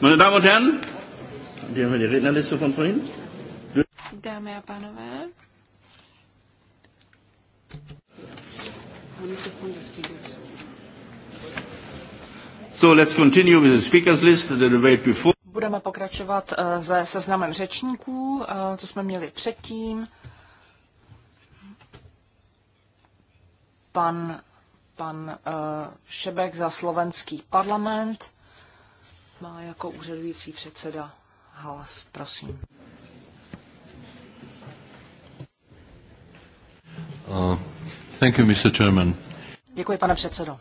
Meine Damen und Herren, wir haben die Rednerliste von vorhin. Dame a pánové. So let's continue with the speakers list, the debate before. Budeme pokračovat eh, se seznamem řečníků, eh, co jsme měli předtím. Pan pan eh, Šebek za slovenský parlament. Má jako úřadující předseda hlas, prosím. Uh, thank you, Mr. Chairman. Děkuji, pane předsedo.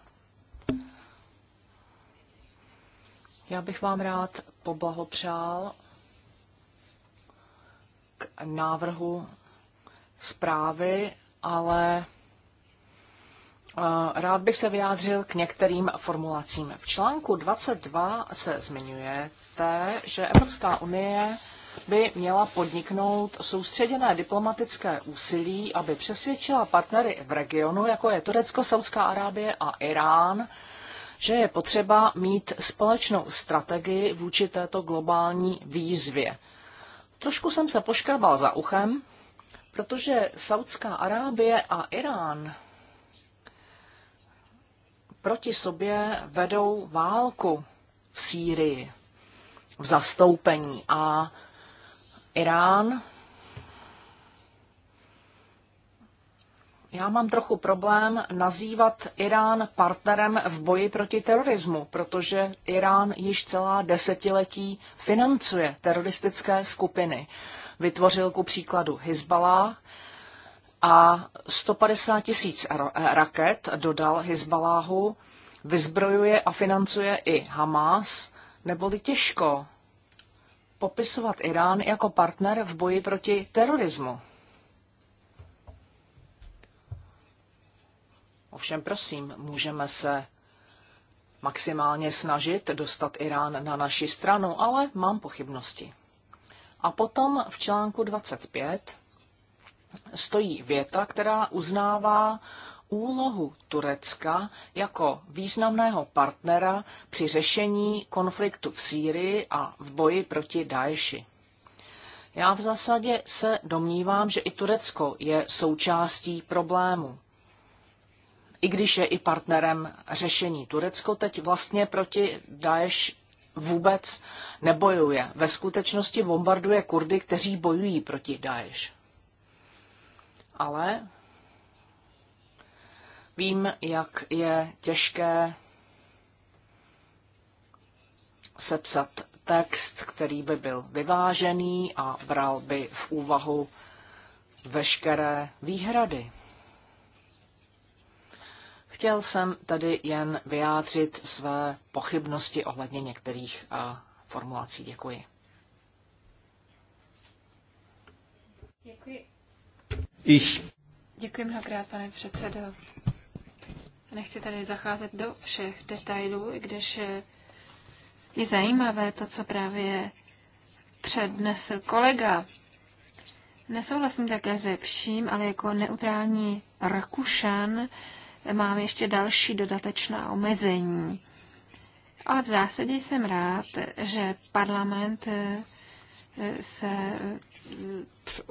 Já bych vám rád poblahopřál k návrhu zprávy, ale Rád bych se vyjádřil k některým formulacím. V článku 22 se zmiňujete, že Evropská unie by měla podniknout soustředěné diplomatické úsilí, aby přesvědčila partnery v regionu, jako je Turecko, Saudská Arábie a Irán, že je potřeba mít společnou strategii vůči této globální výzvě. Trošku jsem se poškrabal za uchem, protože Saudská Arábie a Irán proti sobě vedou válku v Sýrii, v zastoupení a Irán. Já mám trochu problém nazývat Irán partnerem v boji proti terorismu, protože Irán již celá desetiletí financuje teroristické skupiny. Vytvořil ku příkladu Hezbollah, a 150 tisíc eh, raket dodal Hezbaláhu, vyzbrojuje a financuje i Hamas, neboli těžko popisovat Irán jako partner v boji proti terorismu. Ovšem prosím, můžeme se maximálně snažit dostat Irán na naši stranu, ale mám pochybnosti. A potom v článku 25 stojí věta, která uznává úlohu Turecka jako významného partnera při řešení konfliktu v Sýrii a v boji proti Daeši. Já v zásadě se domnívám, že i Turecko je součástí problému. I když je i partnerem řešení. Turecko teď vlastně proti Daesh vůbec nebojuje. Ve skutečnosti bombarduje Kurdy, kteří bojují proti Daesh ale vím, jak je těžké sepsat text, který by byl vyvážený a bral by v úvahu veškeré výhrady. Chtěl jsem tedy jen vyjádřit své pochybnosti ohledně některých eh, formulací. Děkuji. Děkuji. Ich... Děkuji mnohokrát, pane předsedo. Nechci tady zacházet do všech detailů, i když eh, je zajímavé to, co právě přednesl kolega. Nesouhlasím také se vším, ale jako neutrální Rakušan mám ještě další dodatečná omezení. Ale v zásadě jsem rád, že parlament eh, se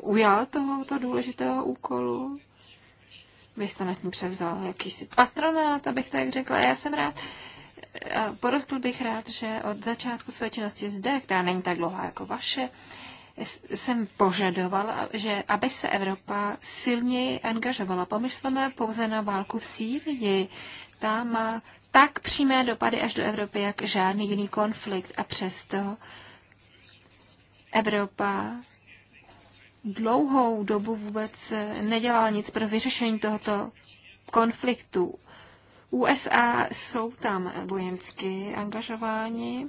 ujal tohoto důležitého úkolu. Vy jste nad ním převzal jakýsi patronát, abych tak řekla. Já jsem rád, a podotkl bych rád, že od začátku své činnosti zde, která není tak dlouhá jako vaše, jsem požadoval, že aby se Evropa silněji angažovala. Pomyšleme pouze na válku v Sýrii. Ta má tak přímé dopady až do Evropy, jak žádný jiný konflikt. A přesto Evropa dlouhou dobu vůbec nedělala nic pro vyřešení tohoto konfliktu. USA jsou tam vojensky angažováni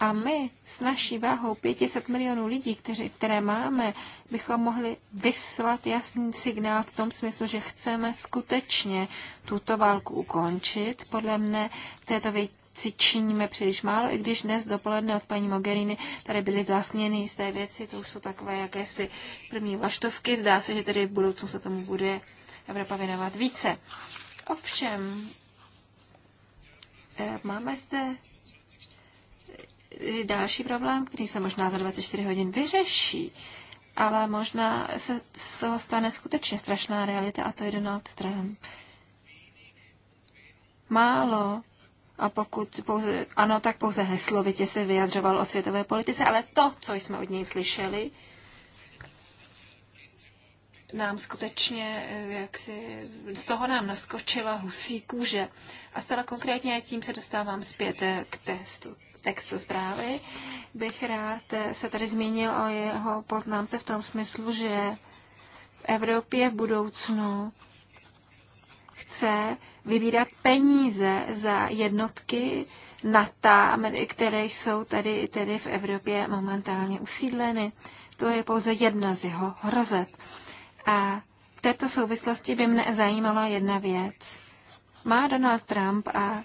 a my s naší váhou 500 milionů lidí, kteři, které máme, bychom mohli vyslat jasný signál v tom smyslu, že chceme skutečně tuto válku ukončit. Podle mne v této si činíme příliš málo, i když dnes dopoledne od paní Mogherini tady byly zásněny té věci, to už jsou takové jakési první vaštovky, zdá se, že tedy v budoucnu se tomu bude Evropa věnovat více. Ovšem, eh, máme zde eh, další problém, který se možná za 24 hodin vyřeší, ale možná se z toho stane skutečně strašná realita a to je Donald Trump. Málo a pokud pouze, ano, tak pouze heslovitě se vyjadřoval o světové politice, ale to, co jsme od něj slyšeli, nám skutečně, eh, jak si, z toho nám naskočila husí kůže. A stala konkrétně tím se dostávám zpět eh, k testu, textu zprávy. Bych rád eh, se tady zmínil o jeho poznámce v tom smyslu, že v Evropě v budoucnu chce vybírat peníze za jednotky NATO, které jsou tady, tedy v Evropě momentálně usídleny. To je pouze jedna z jeho hrozeb. A v této souvislosti by mne zajímala jedna věc. Má Donald Trump a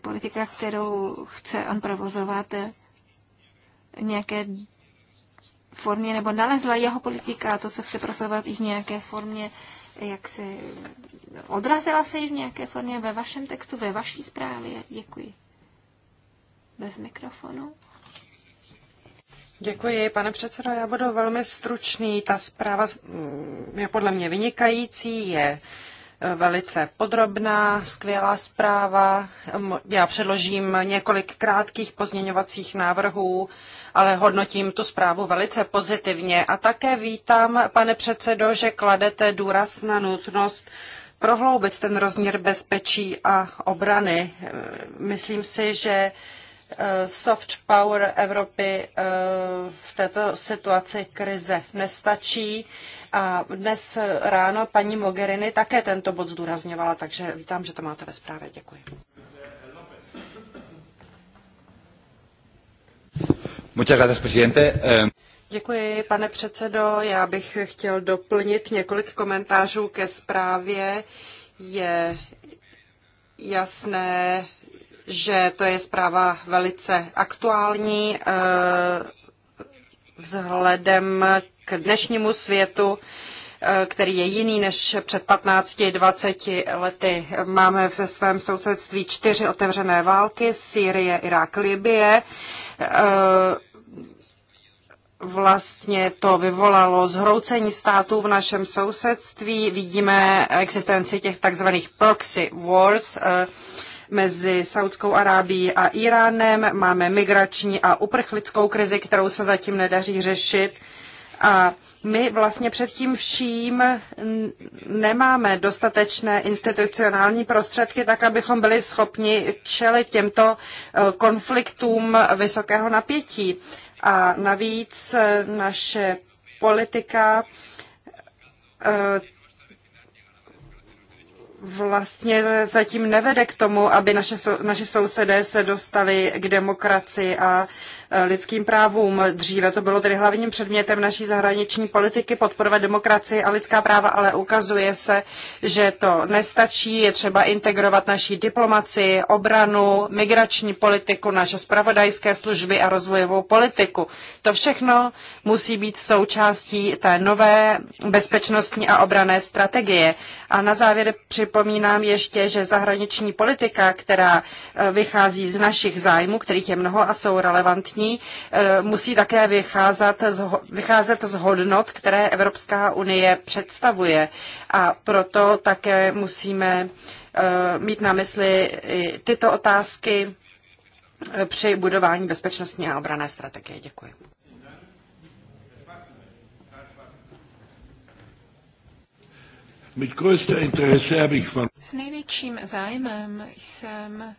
politika, kterou chce on provozovat, nějaké formě, nebo nalezla jeho politika to, se chce prosovat i v nějaké formě jak se odrazila se již v nějaké formě ve vašem textu, ve vaší zprávě? Děkuji. Bez mikrofonu. Děkuji, pane předsedo. Já budu velmi stručný. Ta zpráva mm, je podle mě vynikající, je velice podrobná, skvělá zpráva. Já předložím několik krátkých pozměňovacích návrhů, ale hodnotím tu zprávu velice pozitivně. A také vítám, pane předsedo, že kladete důraz na nutnost prohloubit ten rozměr bezpečí a obrany. Myslím si, že Eh, soft power Evropy eh, v této situaci krize nestačí. A dnes ráno paní Mogherini také tento bod zdůrazňovala, takže vítám, že to máte ve zprávě. Děkuji. Eh, Děkuji, pane předsedo. Já bych chtěl doplnit několik komentářů ke zprávě. Je jasné, že to je zpráva velice aktuální eh, vzhledem k dnešnímu světu, eh, který je jiný než před 15-20 lety. Máme ve svém sousedství čtyři otevřené války, Sýrie, Irák, Libie. Eh, vlastně to vyvolalo zhroucení států v našem sousedství. Vidíme existenci těch takzvaných proxy wars, mezi Saudskou Arábií a Iránem, máme migrační a uprchlickou krizi, kterou se zatím nedaří řešit. A my vlastně před tím vším nemáme dostatečné institucionální prostředky, tak abychom byli schopni čelit těmto eh, konfliktům vysokého napětí. A navíc eh, naše politika eh, vlastně zatím nevede k tomu, aby naše, naši sousedé se dostali k demokracii a lidským právům. Dříve to bylo tedy hlavním předmětem naší zahraniční politiky podporovat demokracii a lidská práva, ale ukazuje se, že to nestačí. Je třeba integrovat naší diplomaci, obranu, migrační politiku, naše spravodajské služby a rozvojovou politiku. To všechno musí být součástí té nové bezpečnostní a obrané strategie. A na závěr připomínám ještě, že zahraniční politika, která eh, vychází z našich zájmů, kterých je mnoho a jsou relevantní, ostatní, eh, musí také vycházet z, vycházet z hodnot, které Evropská unie představuje. A proto také musíme eh, mít na mysli tyto otázky eh, při budování bezpečnostní a obrané strategie. Děkuji. S největším zájmem jsem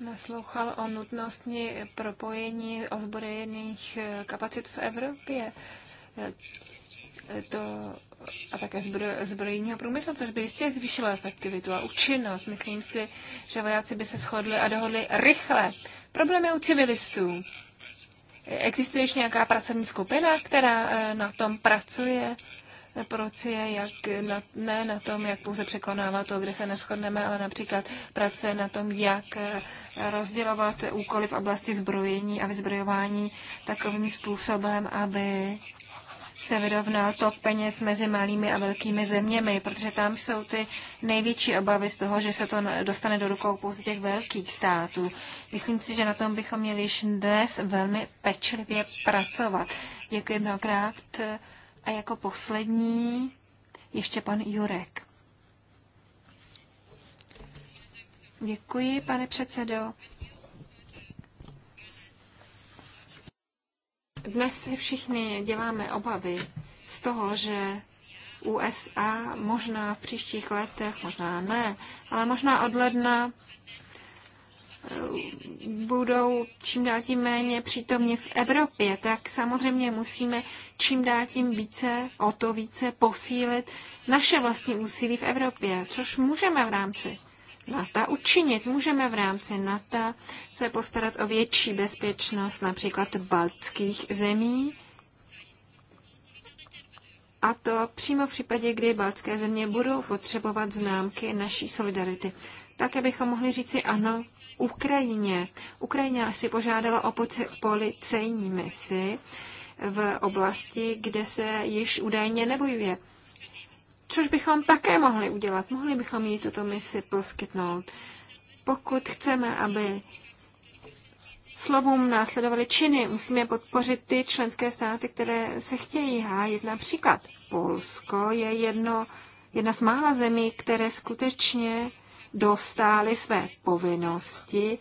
naslouchal o nutnosti propojení ozbrojených eh, kapacit v Evropě. Eh, to a také zbrojního průmyslu, což by jistě zvýšilo efektivitu a účinnost. Myslím si, že vojáci by se shodli a dohodli rychle. Problém je u civilistů. Existuje ještě nějaká pracovní skupina, která eh, na tom pracuje? proci je jak na, ne na tom, jak pouze překonávat to, kde se neschodneme, ale například práce na tom, jak eh, rozdělovat úkoly v oblasti zbrojení a vyzbrojování takovým způsobem, aby se vyrovnal tok peněz mezi malými a velkými zeměmi, protože tam jsou ty největší obavy z toho, že se to dostane do rukou pouze těch velkých států. Myslím si, že na tom bychom měli již dnes velmi pečlivě pracovat. Děkuji mnohokrát. Eh, a jako poslední ještě pan Jurek. Děkuji, pane předsedo. Dnes si všichni děláme obavy z toho, že USA možná v příštích letech, možná ne, ale možná od ledna budou čím dál tím méně přítomně v Evropě, tak samozřejmě musíme čím dál tím více, o to více posílit naše vlastní úsilí v Evropě, což můžeme v rámci NATO učinit. Můžeme v rámci NATO se postarat o větší bezpečnost například baltských zemí, a to přímo v případě, kdy baltské země budou potřebovat známky naší solidarity. Také bychom mohli říci ano, Ukrajině. Ukrajina si požádala o policejní misi v oblasti, kde se již údajně nebojuje. Což bychom také mohli udělat. Mohli bychom jí tuto misi poskytnout. Pokud chceme, aby slovům následovaly činy. Musíme podpořit ty členské státy, které se chtějí hájit. Například Polsko je jedno, jedna z mála zemí, které skutečně dostáli své povinnosti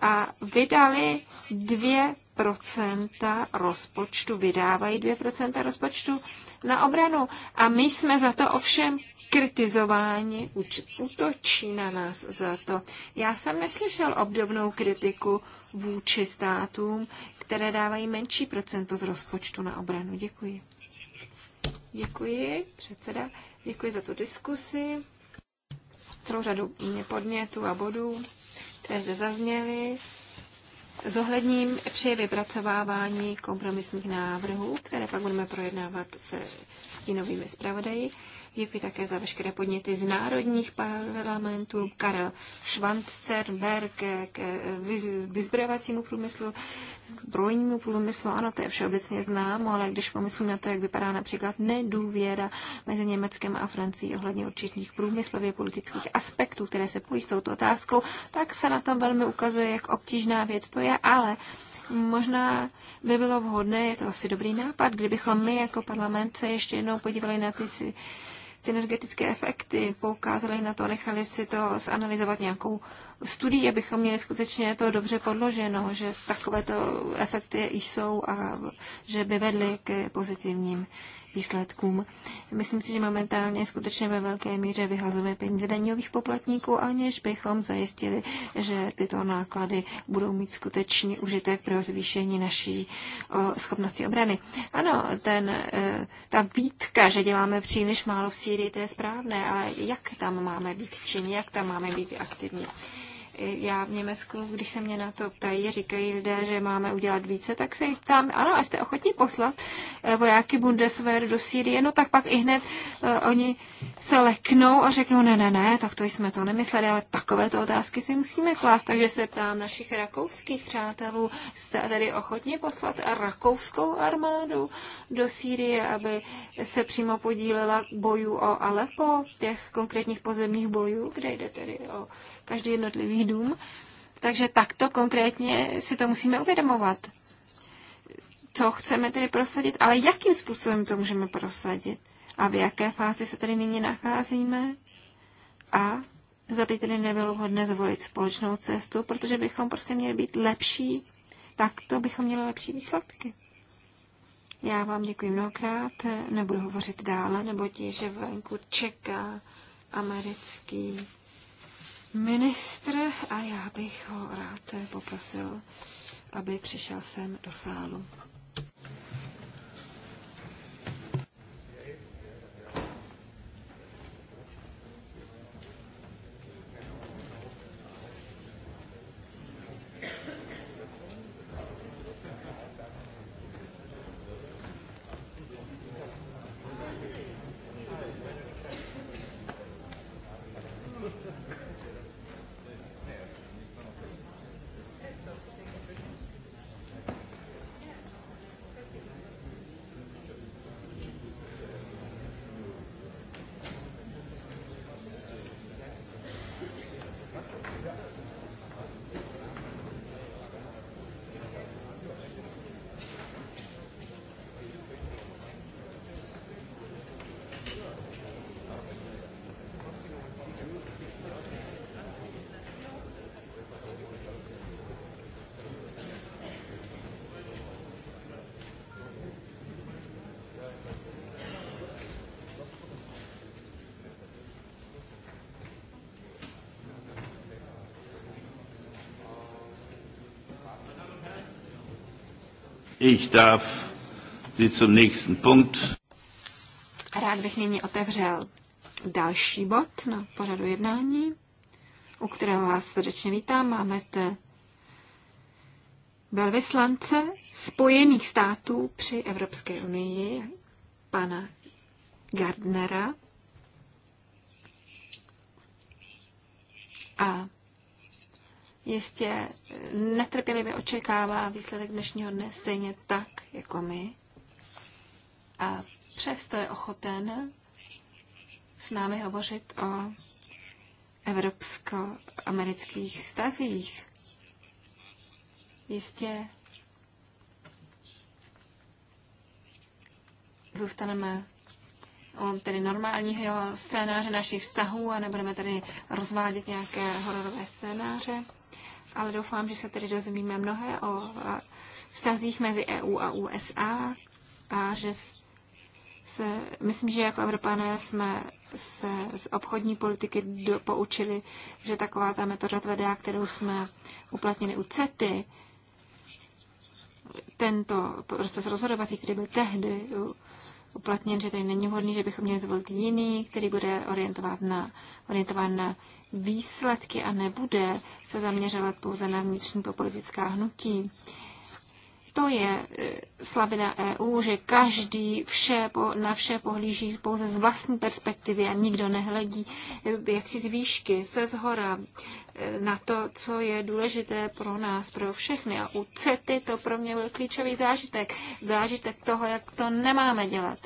a vydali 2 rozpočtu, vydávají 2 rozpočtu na obranu. A my jsme za to ovšem kritizováni, útočí na nás za to. Já jsem neslyšel obdobnou kritiku vůči státům, které dávají menší procento z rozpočtu na obranu. Děkuji. Děkuji, předseda. Děkuji za tu diskusi celou řadu podnětů a bodů, které zde zazněly. Zohledním při vypracovávání kompromisních návrhů, které pak budeme projednávat se stínovými zpravodaji. Děkuji také za veškeré podněty z národních parlamentů. Karel Schwanzerberg k vyzbrojovacímu průmyslu, zbrojnímu průmyslu. Ano, to je všeobecně známo, ale když pomyslím na to, jak vypadá například nedůvěra mezi Německem a Francií ohledně určitých průmyslově politických aspektů, které se pojí s touto otázkou, tak se na tom velmi ukazuje, jak obtížná věc to je, ale možná by bylo vhodné, je to asi dobrý nápad, kdybychom my jako parlament se ještě jednou podívali na ty synergetické efekty, poukázali na to, nechali si to zanalizovat nějakou studii, abychom měli skutečně to dobře podloženo, že takovéto efekty jsou a že by vedly k pozitivním výsledkům. Myslím si, že momentálně skutečně ve velké míře vyhazujeme peníze daňových poplatníků, aniž bychom zajistili, že tyto náklady budou mít skutečný užitek pro zvýšení naší schopnosti obrany. Ano, ten, e, ta výtka, že děláme příliš málo v Sýrii, to je správné, ale jak tam máme být činní, jak tam máme být aktivní? já v Německu, když se mě na to ptají, říkají lidé, že máme udělat více, tak se jich ptám, ano, a jste ochotní poslat eh, vojáky Bundeswehr do Sýrie, no tak pak i hned uh, oni se leknou a řeknou, ne, ne, ne, tak to jsme to nemysleli, ale takovéto otázky si musíme klást, takže se ptám našich rakouských přátelů, jste tady ochotni poslat rakouskou armádu do Sýrie, aby se přímo podílela bojů o Alepo, těch konkrétních pozemních bojů, kde jde tedy o každý jednotlivý dům. Takže takto konkrétně si to musíme uvědomovat. Co chceme tedy prosadit, ale jakým způsobem to můžeme prosadit a v jaké fázi se tedy nyní nacházíme a za by tedy nebylo vhodné zvolit společnou cestu, protože bychom prostě měli být lepší, tak to bychom měli lepší výsledky. Já vám děkuji mnohokrát, nebudu hovořit dále, neboť že venku čeká americký ministr a já bych ho rád poprosil, aby přišel sem do sálu. Ich darf Sie zum nächsten Punkt. Rád bych nyní otevřel další bod na pořadu jednání, u kterého vás srdečně vítám. Máme zde velvyslance Spojených států při Evropské unii, pana Gardnera. A jistě netrpělivě očekává výsledek dnešního dne stejně tak, jako my. A přesto je ochoten s námi hovořit o evropsko-amerických stazích. Jistě zůstaneme u tedy normálního scénáře našich vztahů a nebudeme tady rozvádět nějaké hororové scénáře ale doufám, že se tedy dozvíme mnohé o vztazích mezi EU a USA a že se, myslím, že jako Evropané jsme se z obchodní politiky do, poučili, že taková ta metoda tvrdá, kterou jsme uplatnili u CETY, tento proces rozhodovací, který byl tehdy uplatněn, že tady není vhodný, že bychom měli zvolit jiný, který bude orientován na, orientován na výsledky a nebude se zaměřovat pouze na vnitřní populistická hnutí. To je e, slabina EU, že každý vše, na vše pohlíží pouze z vlastní perspektivy a nikdo nehledí e, jaksi z výšky, se zhora e, na to, co je důležité pro nás, pro všechny. A u CETY to pro mě byl klíčový zážitek. Zážitek toho, jak to nemáme dělat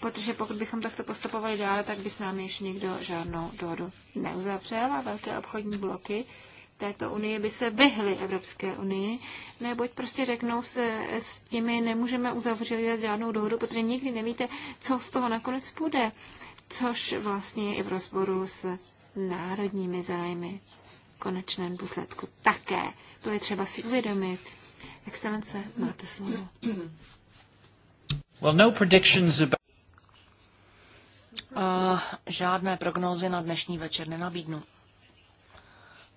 protože pokud bychom takto postupovali dále, tak by s námi ještě nikdo žádnou dohodu neuzavřel a velké obchodní bloky této unie by se vyhly Evropské unii, neboť prostě řeknou se, s těmi nemůžeme uzavřít žádnou dohodu, protože nikdy nevíte, co z toho nakonec bude, což vlastně je i v rozboru s národními zájmy v konečném důsledku také. To je třeba si uvědomit. Excelence, máte slovo. Well, no predictions about... Uh, žádné prognózy na dnešní večer nenabídnu.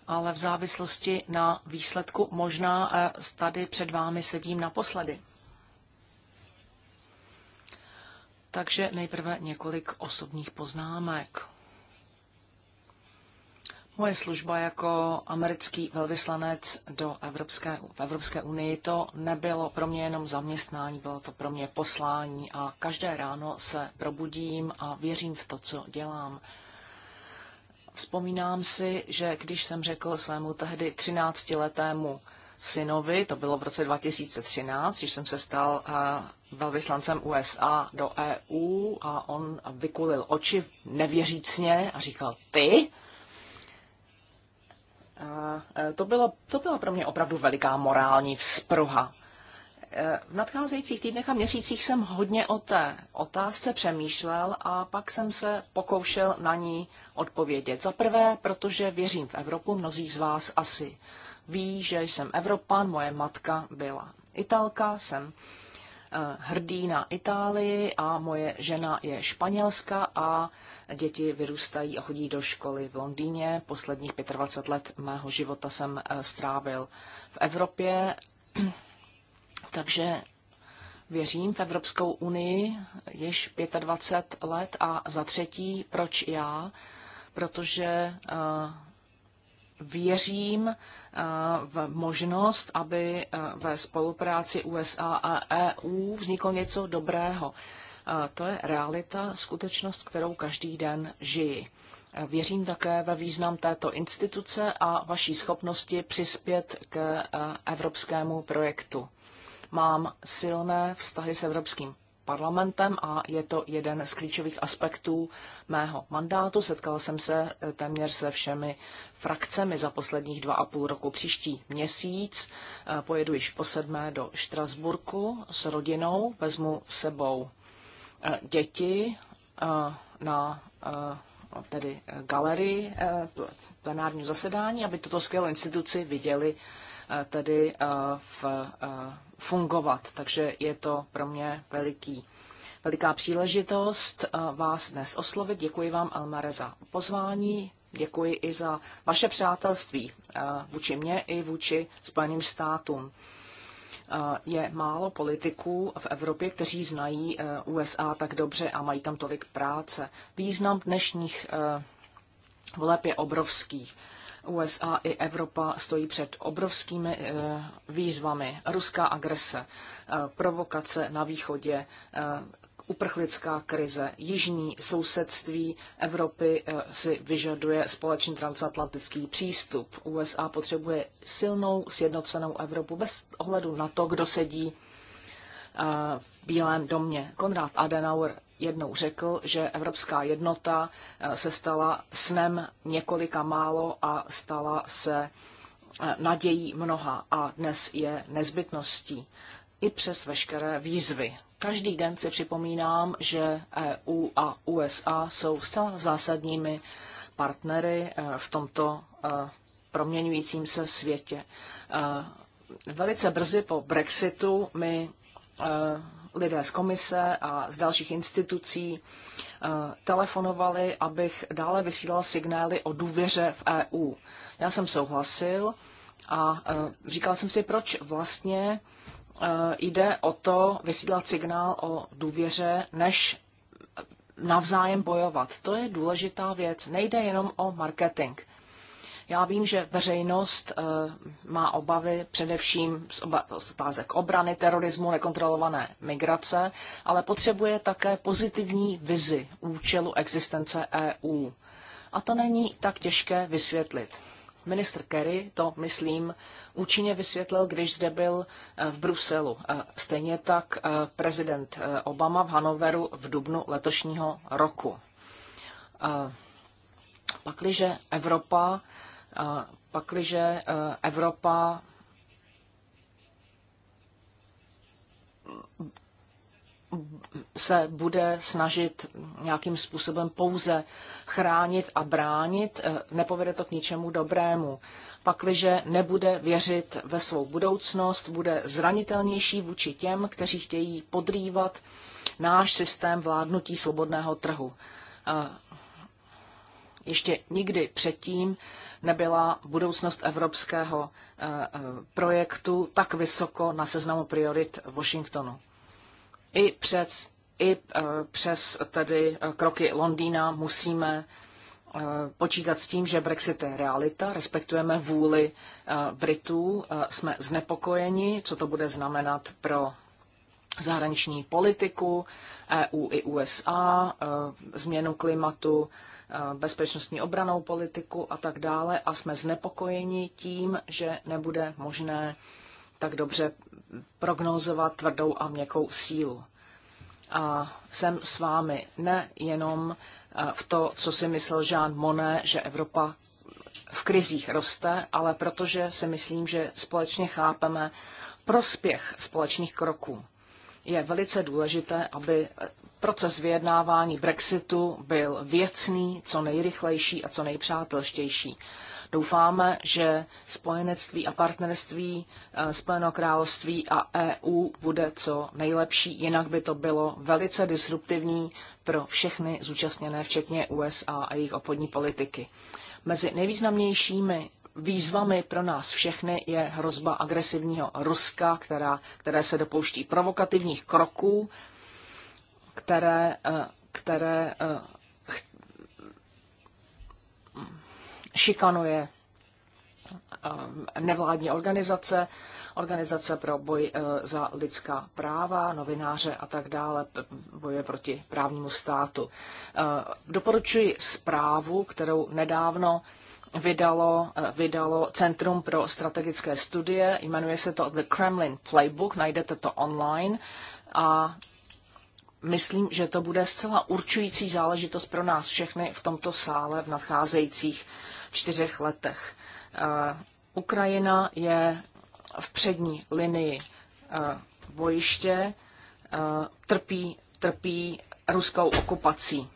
Ale v závislosti na výsledku možná uh, tady před vámi sedím naposledy. Takže nejprve několik osobních poznámek. Moje služba jako americký velvyslanec do Evropské, v Evropské unii to nebylo pro mě jenom zaměstnání, bylo to pro mě poslání a každé ráno se probudím a věřím v to, co dělám. Vzpomínám si, že když jsem řekl svému tehdy 13-letému synovi, to bylo v roce 2013, když jsem se stal eh, velvyslancem USA do EU a on vykulil oči nevěřícně a říkal, ty? A e, to, bylo, to byla pro mě opravdu veliká morální vzpruha. E, v nadcházejících týdnech a měsících jsem hodně o té otázce přemýšlel a pak jsem se pokoušel na ní odpovědět. Za prvé, protože věřím v Evropu, mnozí z vás asi ví, že jsem Evropan, moje matka byla Italka, jsem Eh, hrdý na Itálii a moje žena je španělska a děti vyrůstají a chodí do školy v Londýně. Posledních 25 let mého života jsem eh, strávil v Evropě, takže věřím v Evropskou unii již 25 let a za třetí, proč já? Protože eh, věřím eh, v možnost, aby eh, ve spolupráci USA a EU vzniklo něco dobrého. Eh, to je realita, skutečnost, kterou každý den žiji. Věřím také ve význam této instituce a vaší schopnosti přispět k evropskému projektu. Mám silné vztahy s Evropským parlamentem a je to jeden z klíčových aspektů mého mandátu. Setkal jsem se eh, téměř se všemi frakcemi za posledních dva a půl roku. Příští měsíc eh, pojedu již po sedmé do Štrasburku s rodinou, vezmu sebou eh, děti na tedy galerii plenárního zasedání, aby toto skvělou instituci viděli tedy v, fungovat. Takže je to pro mě veliký, veliká příležitost vás dnes oslovit. Děkuji vám, Elmare, za pozvání. Děkuji i za vaše přátelství vůči mně i vůči Spojeným státům je málo politiků v Evropě, kteří znají e, USA tak dobře a mají tam tolik práce. Význam dnešních e, voleb je obrovský. USA i Evropa stojí před obrovskými eh, výzvami. Ruská agrese, eh, provokace na východě, eh, uprchlická krize, jižní sousedství Evropy si vyžaduje společný transatlantický přístup. USA potřebuje silnou, sjednocenou Evropu bez ohledu na to, kdo sedí v Bílém domě. Konrad Adenauer jednou řekl, že evropská jednota eh, se stala snem několika málo a stala se eh, nadějí mnoha a dnes je nezbytností. I přes veškeré výzvy. Každý den si připomínám, že EU a USA jsou zcela zásadními partnery eh, v tomto proměňujícím se světě. Velice brzy po Brexitu my lidé z komise a z dalších institucí eh, telefonovali, abych dále vysílal signály o důvěře v EU. Já jsem souhlasil a eh, říkal jsem si, proč vlastně eh, jde o to vysílat signál o důvěře, než navzájem bojovat. To je důležitá věc. Nejde jenom o marketing. Já vím, že veřejnost eh, má obavy především z, otázek obrany, terorismu, nekontrolované migrace, ale potřebuje také pozitivní vizi účelu existence EU. A to není tak těžké vysvětlit. Ministr Kerry to, myslím, účinně vysvětlil, když zde byl eh, v Bruselu. Eh, stejně tak prezident Obama v Hanoveru v dubnu letošního roku. Pakliže Evropa Pakliže e, Evropa se bude snažit nějakým způsobem pouze chránit a bránit, e, nepovede to k ničemu dobrému. Pakliže nebude věřit ve svou budoucnost, bude zranitelnější vůči těm, kteří chtějí podrývat náš systém vládnutí svobodného trhu. E, ještě nikdy předtím nebyla budoucnost evropského eh, eh, projektu tak vysoko na seznamu priorit Washingtonu. I přes, i eh, přes tedy kroky Londýna musíme počítat s tím, že Brexit je realita, respektujeme vůli Britů, jsme znepokojeni, co to bude znamenat pro zahraniční politiku EU i USA, e, změnu klimatu, e, bezpečnostní obranou politiku a tak dále a jsme znepokojeni tím, že nebude možné tak dobře prognozovat tvrdou a měkkou sílu. A jsem s vámi nejenom e, v to, co si myslel Jean Monnet, že Evropa v krizích roste, ale protože si myslím, že společně chápeme prospěch společných kroků je velice důležité, aby proces vyjednávání Brexitu byl věcný, co nejrychlejší a co nejpřátelštější. Doufáme, že spojenectví a partnerství eh, Spojeného království a EU bude co nejlepší, jinak by to bylo velice disruptivní pro všechny zúčastněné, včetně USA a jejich obchodní politiky. Mezi nejvýznamnějšími výzvami pro nás všechny je hrozba agresivního Ruska, která, které se dopouští provokativních kroků, které, eh, které eh, šikanuje eh, nevládní organizace, organizace pro boj za lidská práva, novináře a tak dále, boje proti právnímu státu. Doporučuji zprávu, kterou nedávno vydalo, eh, vydalo Centrum pro strategické studie, jmenuje se to The Kremlin Playbook, najdete to online a myslím, že to bude zcela určující záležitost pro nás všechny v tomto sále v nadcházejících čtyřech letech. Eh, Ukrajina je v přední linii eh, bojiště, trpí, trpí ruskou okupací.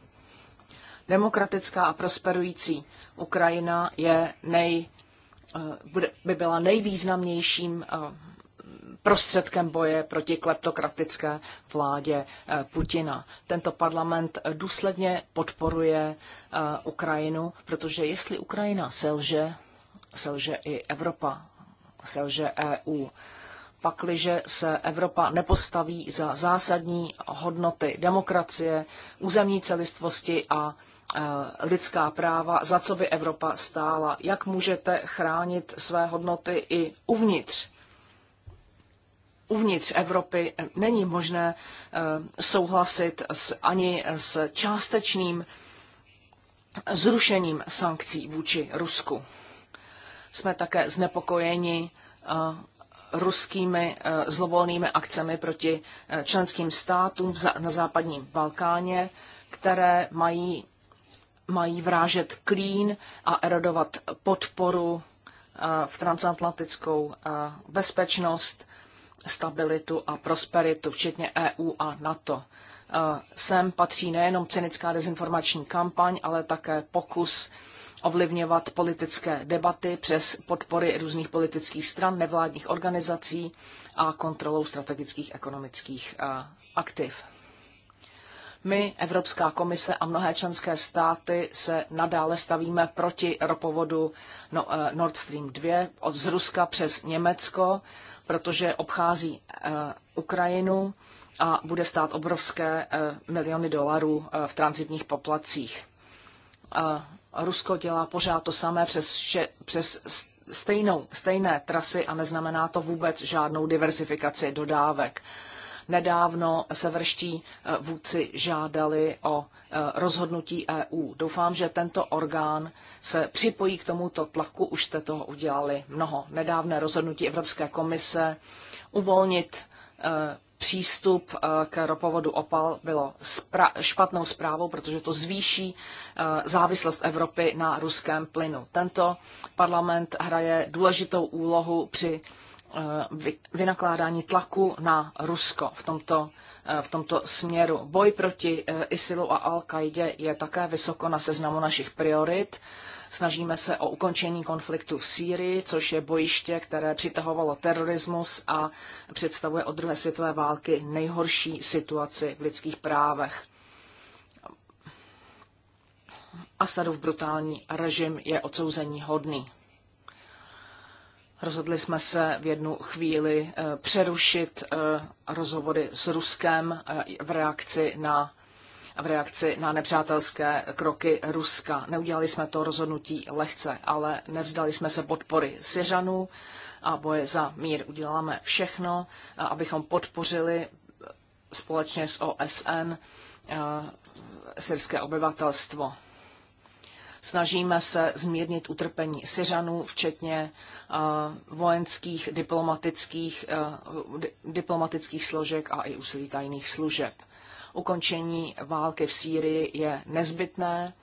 Demokratická a prosperující Ukrajina je nej, eh, by byla nejvýznamnějším eh, prostředkem boje proti kleptokratické vládě eh, Putina. Tento parlament důsledně podporuje Ukrajinu, protože jestli Ukrajina selže, selže i Evropa, selže EU pakliže se Evropa nepostaví za zásadní hodnoty demokracie, územní celistvosti a e, lidská práva, za co by Evropa stála. Jak můžete chránit své hodnoty i uvnitř? Uvnitř Evropy není možné e, souhlasit ani s částečným zrušením sankcí vůči Rusku. Jsme také znepokojeni e, ruskými eh, zlovolnými akcemi proti eh, členským státům na západním Balkáně, které mají, mají vrážet klín a erodovat podporu eh, v transatlantickou bezpečnost, stabilitu a prosperitu, včetně EU a NATO. Sem patří nejenom cynická dezinformační kampaň, ale také pokus ovlivňovat politické debaty přes podpory různých politických stran, nevládních organizací a kontrolou strategických ekonomických eh, aktiv. My, Evropská komise a mnohé členské státy se nadále stavíme proti ropovodu no, eh, Nord Stream 2 od z Ruska přes Německo, protože obchází eh, Ukrajinu a bude stát obrovské miliony dolarů v transitních poplacích. Rusko dělá pořád to samé přes, vše, přes stejnou, stejné trasy a neznamená to vůbec žádnou diversifikaci dodávek. Nedávno severští e, vůdci žádali o e, rozhodnutí EU. Doufám, že tento orgán se připojí k tomuto tlaku. Už jste toho udělali mnoho. Nedávné rozhodnutí Evropské komise uvolnit e, přístup eh, k ropovodu OPAL bylo špatnou zprávou, protože to zvýší eh, závislost Evropy na ruském plynu. Tento parlament hraje důležitou úlohu při eh, vynakládání tlaku na Rusko v tomto, v tomto směru. Boj proti ISILu a al qaidě je také vysoko na seznamu našich priorit Snažíme se o ukončení konfliktu v Sýrii, což je bojiště, které přitahovalo terorismus a představuje od druhé světové války nejhorší situaci v lidských právech. Asadův brutální režim je odsouzení hodný. Rozhodli jsme se v jednu chvíli eh, přerušit eh, rozhovory s Ruskem eh, v reakci na v reakci na nepřátelské kroky Ruska. Neudělali jsme to rozhodnutí lehce, ale nevzdali jsme se podpory Syřanů a boje za mír. Uděláme všechno, eh, abychom podpořili eh, společně s OSN eh, syrské obyvatelstvo. Snažíme se zmírnit utrpení Syřanů, včetně vojenských, diplomatických, diplomatických složek a i úsilí tajných služeb. Ukončení války v Sýrii je nezbytné,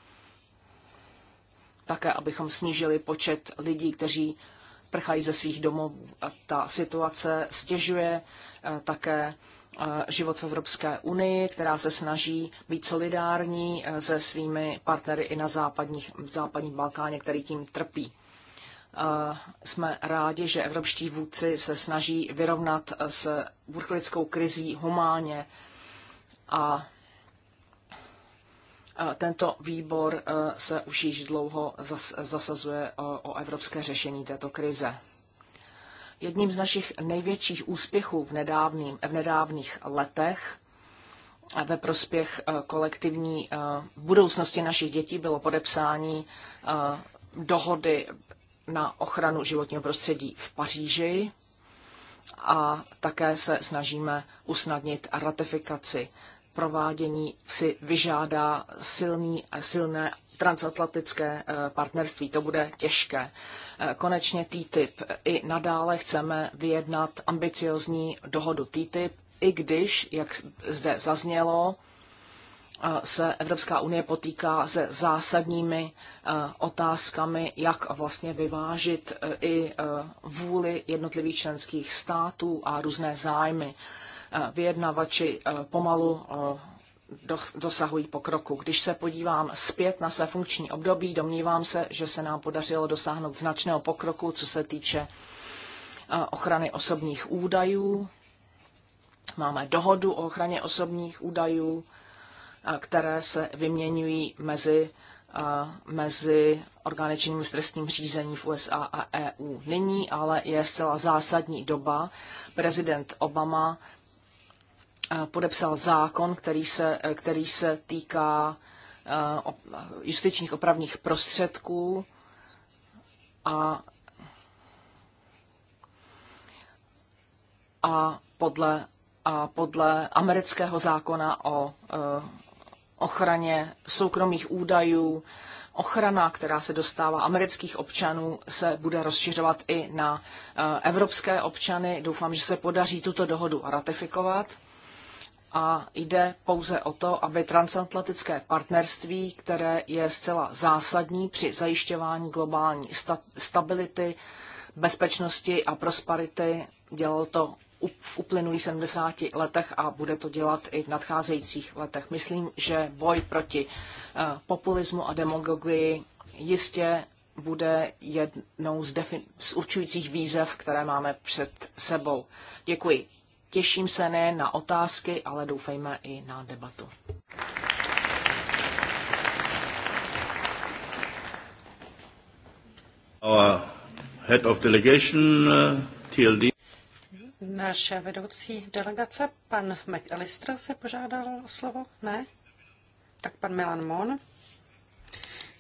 také abychom snížili počet lidí, kteří prchají ze svých domovů. Ta situace stěžuje eh, také eh, život v Evropské unii, která se snaží být solidární eh, se svými partnery i na západních, západním Balkáně, který tím trpí. Jsme rádi, že evropští vůdci se snaží vyrovnat s uprchlickou krizí humánně a tento výbor e, se už již dlouho zasazuje o evropské řešení této krize. Jedním z našich největších úspěchů v, nedávným, v nedávných letech ve prospěch e, kolektivní e, budoucnosti našich dětí bylo podepsání dohody na ochranu životního prostředí v Paříži a také se snažíme usnadnit ratifikaci provádění si vyžádá silný, silné transatlantické eh, partnerství. To bude těžké. Eh, konečně TTIP. I nadále chceme vyjednat ambiciozní dohodu TTIP, i když, jak zde zaznělo, eh, se Evropská unie potýká se zásadními otázkami, jak vlastně vyvážit i vůli jednotlivých členských států a různé zájmy. E, vyjednavači e, pomalu e, dosahují pokroku. Když se podívám zpět na své funkční období, domnívám se, že se nám podařilo dosáhnout značného pokroku, co se týče ochrany osobních údajů. Máme dohodu o ochraně osobních údajů, které se vyměňují mezi, mezi orgány činným v trestním řízení v USA a EU. Nyní ale je zcela zásadní doba. Prezident Obama podepsal zákon, který se, který se týká eh, justičních opravních prostředků a, a, podle, a podle amerického zákona o eh, ochraně soukromých údajů ochrana, která se dostává amerických občanů, se bude rozšiřovat i na eh, evropské občany. Doufám, že se podaří tuto dohodu ratifikovat a jde pouze o to, aby transatlantické partnerství, které je zcela zásadní při zajišťování globální stability, bezpečnosti a prosperity, dělalo to v uplynulých 70 letech a bude to dělat i v nadcházejících letech. Myslím, že boj proti eh, populismu a demagogii jistě bude jednou z, defin- z určujících výzev, které máme před sebou. Děkuji Těším se ne na otázky, ale doufejme i na debatu. Our head of delegation, uh, TLD. Náš vedoucí delegace, pan McAllister, se požádal o slovo? Ne? Tak pan Milan Mon.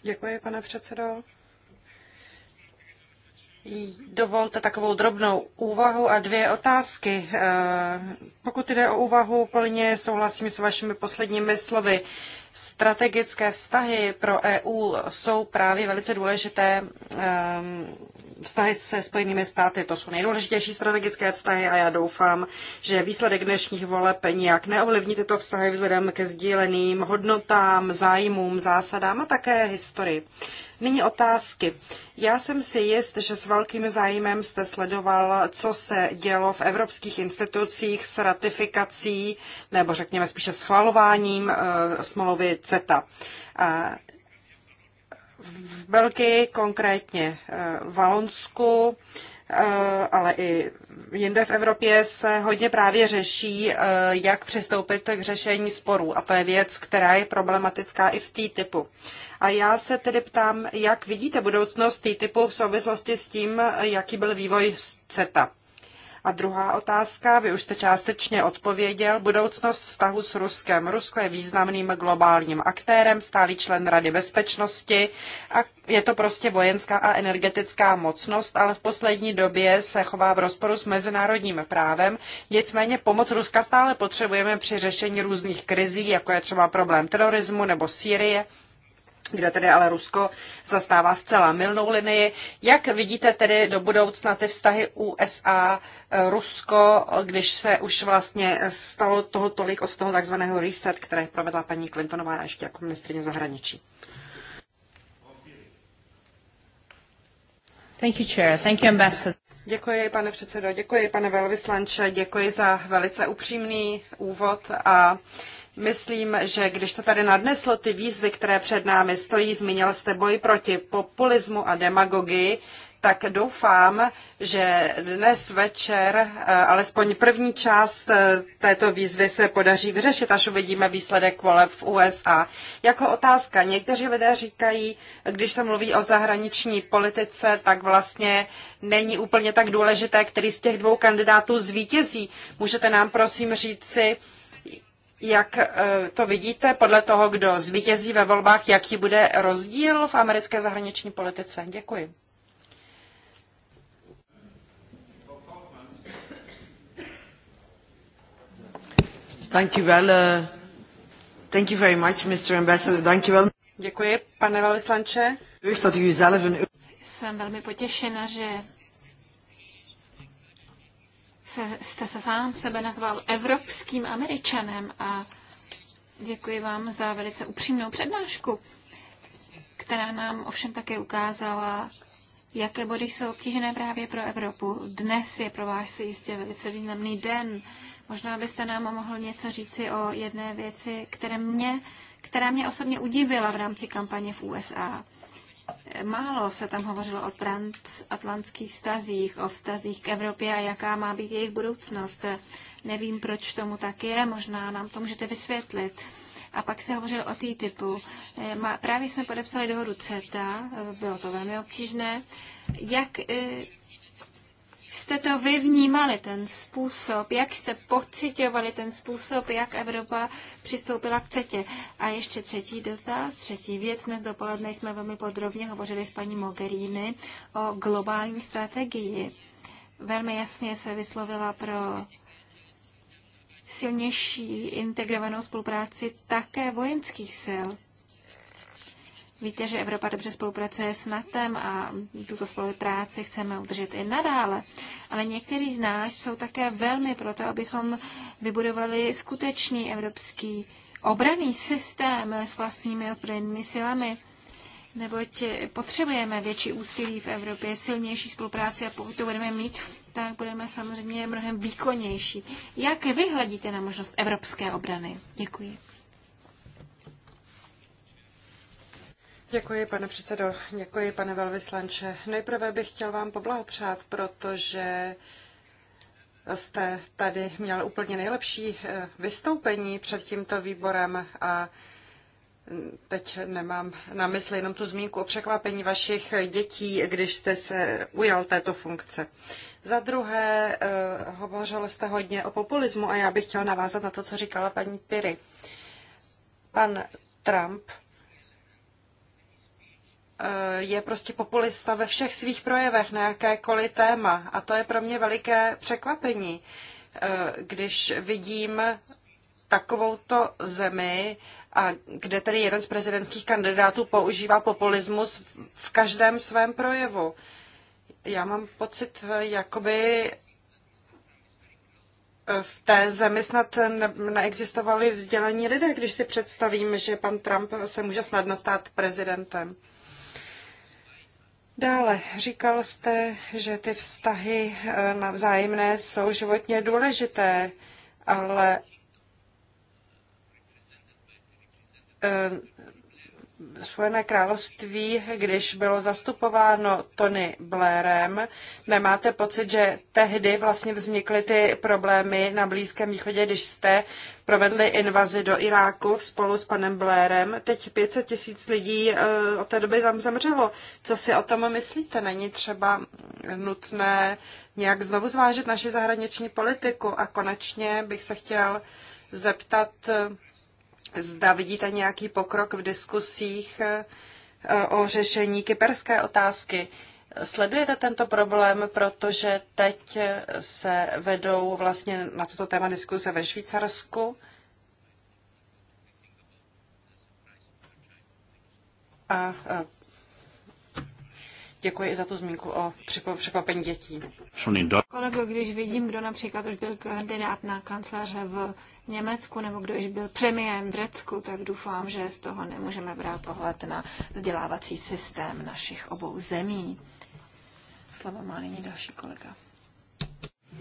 Děkuji, pane předsedo. Dovolte takovou drobnou úvahu a dvě otázky. Eh, pokud jde o úvahu, plně souhlasím s vašimi posledními slovy. Strategické vztahy pro EU jsou právě velice důležité. Ehm, vztahy se Spojenými státy, to jsou nejdůležitější strategické vztahy a já doufám, že výsledek dnešních voleb nijak neovlivní tyto vztahy vzhledem ke sdíleným hodnotám, zájmům, zásadám a také historii. Nyní otázky. Já jsem si jist, že s velkým zájmem jste sledoval, co se dělo v evropských institucích s ratifikací, nebo řekněme spíše schvalováním eh, smlouvy CETA. A v Belgii, konkrétně eh, v Valonsku, Eh, ale i jinde v Evropě se hodně právě řeší, eh, jak přistoupit k řešení sporů. A to je věc, která je problematická i v T-typu. A já se tedy ptám, jak vidíte budoucnost T-typu v souvislosti s tím, eh, jaký byl vývoj CETA. A druhá otázka, vy už jste částečně odpověděl, budoucnost vztahu s Ruskem. Rusko je významným globálním aktérem, stálý člen Rady bezpečnosti a je to prostě vojenská a energetická mocnost, ale v poslední době se chová v rozporu s mezinárodním právem. Nicméně pomoc Ruska stále potřebujeme při řešení různých krizí, jako je třeba problém terorismu nebo Sýrie kde tedy ale Rusko zastává zcela milnou linii. Jak vidíte tedy do budoucna ty vztahy USA-Rusko, eh, když se už vlastně stalo toho tolik od toho takzvaného reset, které provedla paní Clintonová ještě jako ministrině zahraničí? Thank you, Chair. Thank you, Ambassador. Děkuji, pane předsedo, děkuji, pane velvyslanče, děkuji za velice upřímný úvod a uh, Myslím, že když jste tady nadnesl ty výzvy, které před námi stojí, zmínil jste boj proti populismu a demagogii, tak doufám, že dnes večer eh, alespoň první část eh, této výzvy se podaří vyřešit, až uvidíme výsledek voleb v USA. Jako otázka, někteří lidé říkají, když se mluví o zahraniční politice, tak vlastně není úplně tak důležité, který z těch dvou kandidátů zvítězí. Můžete nám prosím říci, jak eh, to vidíte podle toho, kdo zvítězí ve volbách, jaký bude rozdíl v americké zahraniční politice? Děkuji. Děkuji, pane velvyslanče. Jsem velmi potěšena, že se, jste se sám sebe nazval evropským američanem a děkuji vám za velice upřímnou přednášku, která nám ovšem také ukázala, jaké body jsou obtížené právě pro Evropu. Dnes je pro vás si jistě velice významný den. Možná byste nám mohl něco říci o jedné věci, které mě, která mě osobně udivila v rámci kampaně v USA. Málo se tam hovořilo o transatlantských vztazích, o vztazích k Evropě a jaká má být jejich budoucnost. Nevím, proč tomu tak je, možná nám to můžete vysvětlit. A pak se hovořil o TTIPu. Eh, právě jsme podepsali dohodu CETA, bylo to velmi obtížné. Jak eh, jste to vy vnímali, ten způsob, jak jste pocitovali ten způsob, jak Evropa přistoupila k CETě. A ještě třetí dotaz, třetí věc. Dnes dopoledne jsme velmi podrobně hovořili s paní Mogherini o globální strategii. Velmi jasně se vyslovila pro silnější integrovanou spolupráci také vojenských sil. Víte, že Evropa dobře spolupracuje s NATEM a tuto spolupráci chceme udržet i nadále. Ale někteří z nás jsou také velmi proto, abychom vybudovali skutečný evropský obraný systém s vlastními ozbrojenými silami neboť potřebujeme větší úsilí v Evropě, silnější spolupráci a pokud to budeme mít, tak budeme samozřejmě mnohem výkonnější. Jak vyhledíte na možnost evropské obrany? Děkuji. Děkuji, pane předsedo. Děkuji, pane velvyslanče. Nejprve bych chtěl vám poblahopřát, protože jste tady měl úplně nejlepší eh, vystoupení před tímto výborem a teď nemám na mysli jenom tu zmínku o překvapení vašich dětí, když jste se ujal této funkce. Za druhé, eh, hovořil jste hodně o populismu a já bych chtěl navázat na to, co říkala paní Piry. Pan Trump Eh, je prostě populista ve všech svých projevech na jakékoliv téma. A to je pro mě veliké překvapení, eh, když vidím takovouto zemi, a kde tedy jeden z prezidentských kandidátů používá populismus v každém svém projevu. Já mám pocit, eh, jakoby v té zemi snad neexistovali vzdělaní lidé, když si představím, že pan Trump se může snadno stát prezidentem. Dále říkal jste, že ty vztahy eh, navzájemné jsou životně důležité, ale eh, Spojené království, když bylo zastupováno Tony Blairem, nemáte pocit, že tehdy vlastně vznikly ty problémy na Blízkém východě, když jste provedli invazi do Iráku spolu s panem Blairem. Teď 500 tisíc lidí eh, od té doby tam zemřelo. Co si o tom myslíte? Není třeba nutné nějak znovu zvážit naši zahraniční politiku? A konečně bych se chtěl zeptat eh, Zda vidíte nějaký pokrok v diskusích eh, o řešení kyperské otázky. Sledujete tento problém, protože teď eh, se vedou vlastně na toto téma diskuse ve Švýcarsku. A eh, Děkuji i za tu zmínku o překvapení dětí. Kolego, když vidím, kdo například už byl kandidát na kanceláře v Německu nebo kdo již byl premiérem v Řecku, tak doufám, že z toho nemůžeme brát ohled na vzdělávací systém našich obou zemí. Slovo má nyní další kolega.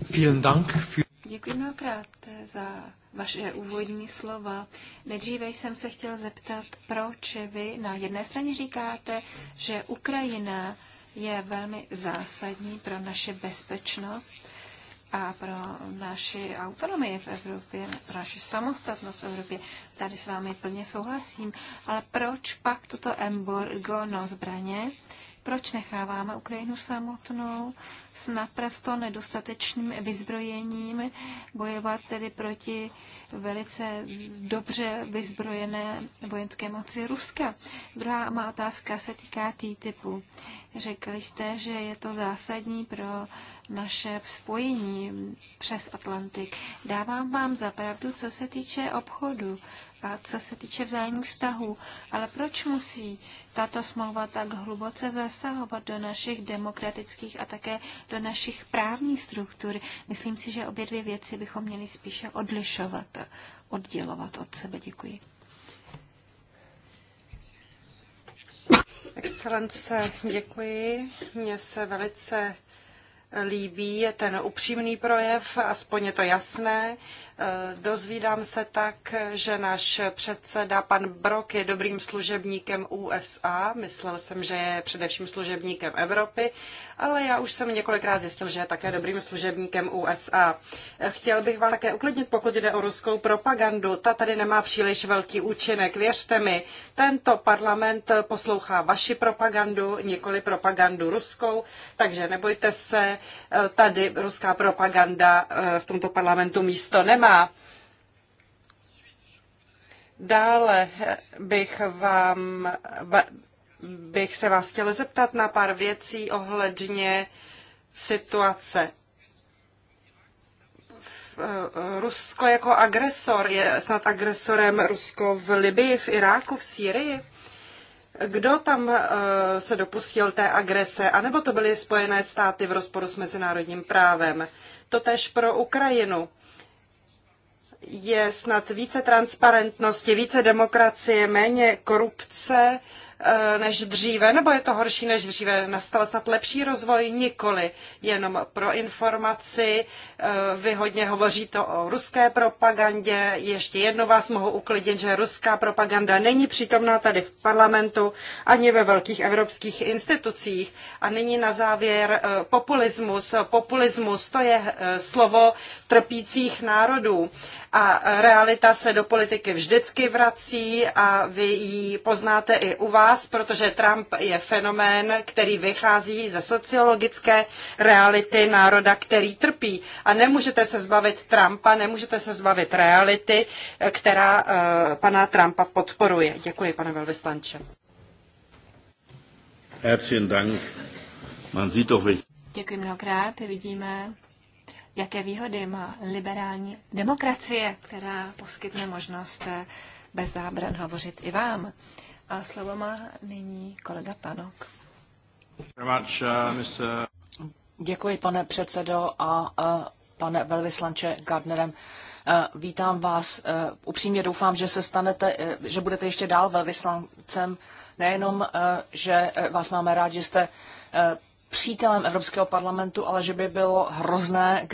Vielen Dank. Děkuji mnohokrát za vaše úvodní slova. Nejdříve jsem se chtěl zeptat, proč vy na jedné straně říkáte, že Ukrajina je velmi zásadní pro naše bezpečnost a pro naši autonomii v Evropě, pro naši samostatnost v Evropě. Tady s vámi plně souhlasím. Ale proč pak toto embargo na zbraně proč necháváme Ukrajinu samotnou s naprosto nedostatečným vyzbrojením bojovat tedy proti velice dobře vyzbrojené vojenské moci Ruska? Druhá má otázka se týká TTIPu. Řekli jste, že je to zásadní pro naše spojení přes Atlantik. Dávám vám zapravdu, co se týče obchodu, a co se týče vzájemných vztahů. Ale proč musí tato smlouva tak hluboce zasahovat do našich demokratických a také do našich právních struktur? Myslím si, že obě dvě věci bychom měli spíše odlišovat, oddělovat od sebe. Děkuji. Excelence, děkuji. Mně se velice líbí ten upřímný projev, aspoň je to jasné. Eh, dozvídám se tak, že náš předseda pan Brok je dobrým služebníkem USA. Myslel jsem, že je především služebníkem Evropy, ale já už jsem několikrát zjistil, že je také dobrým služebníkem USA. Eh, chtěl bych vám také uklidnit, pokud jde o ruskou propagandu. Ta tady nemá příliš velký účinek. Věřte mi, tento parlament poslouchá vaši propagandu, nikoli propagandu ruskou, takže nebojte se, eh, tady ruská propaganda v tomto parlamentu místo nemá chystá. Dále bych vám bych se vás chtěla zeptat na pár věcí ohledně situace. Eh, Rusko jako agresor je snad agresorem Rusko v Libii, v Iráku, v Sýrii. Kdo tam eh, se dopustil té agrese, anebo to byly Spojené státy v rozporu s mezinárodním právem? Totež pro Ukrajinu je snad více transparentnosti, více demokracie, méně korupce eh, než dříve, nebo je to horší než dříve? Nastal snad lepší rozvoj? Nikoli. Jenom pro informaci, eh, vy hodně hovoříte o ruské propagandě. Ještě jedno vás mohu uklidnit, že ruská propaganda není přítomná tady v parlamentu ani ve velkých evropských institucích. A nyní na závěr eh, populismus. Populismus to je slovo trpících národů a realita se do politiky vždycky vrací a vy ji poznáte i u vás, protože Trump je fenomén, který vychází ze sociologické reality národa, který trpí. A nemůžete se zbavit Trumpa, nemůžete se zbavit reality, která eh, pana Trumpa podporuje. Děkuji, pane velvyslanče. Herzlichen Dank. Man sieht doch, Děkuji mnohokrát, vidíme, jaké výhody má liberální demokracie, která poskytne možnost eh, bez zábran hovořit i vám. A slovo má nyní kolega Tanok. Uh, Děkuji, pane předsedo a, pane velvyslanče Gardnerem. Eh, vítám vás. Eh, upřímně doufám, že se stanete, že budete ještě dál velvyslancem. Nejenom, že vás máme rádi, že jste přítelem Evropského parlamentu, ale že by bylo hrozné,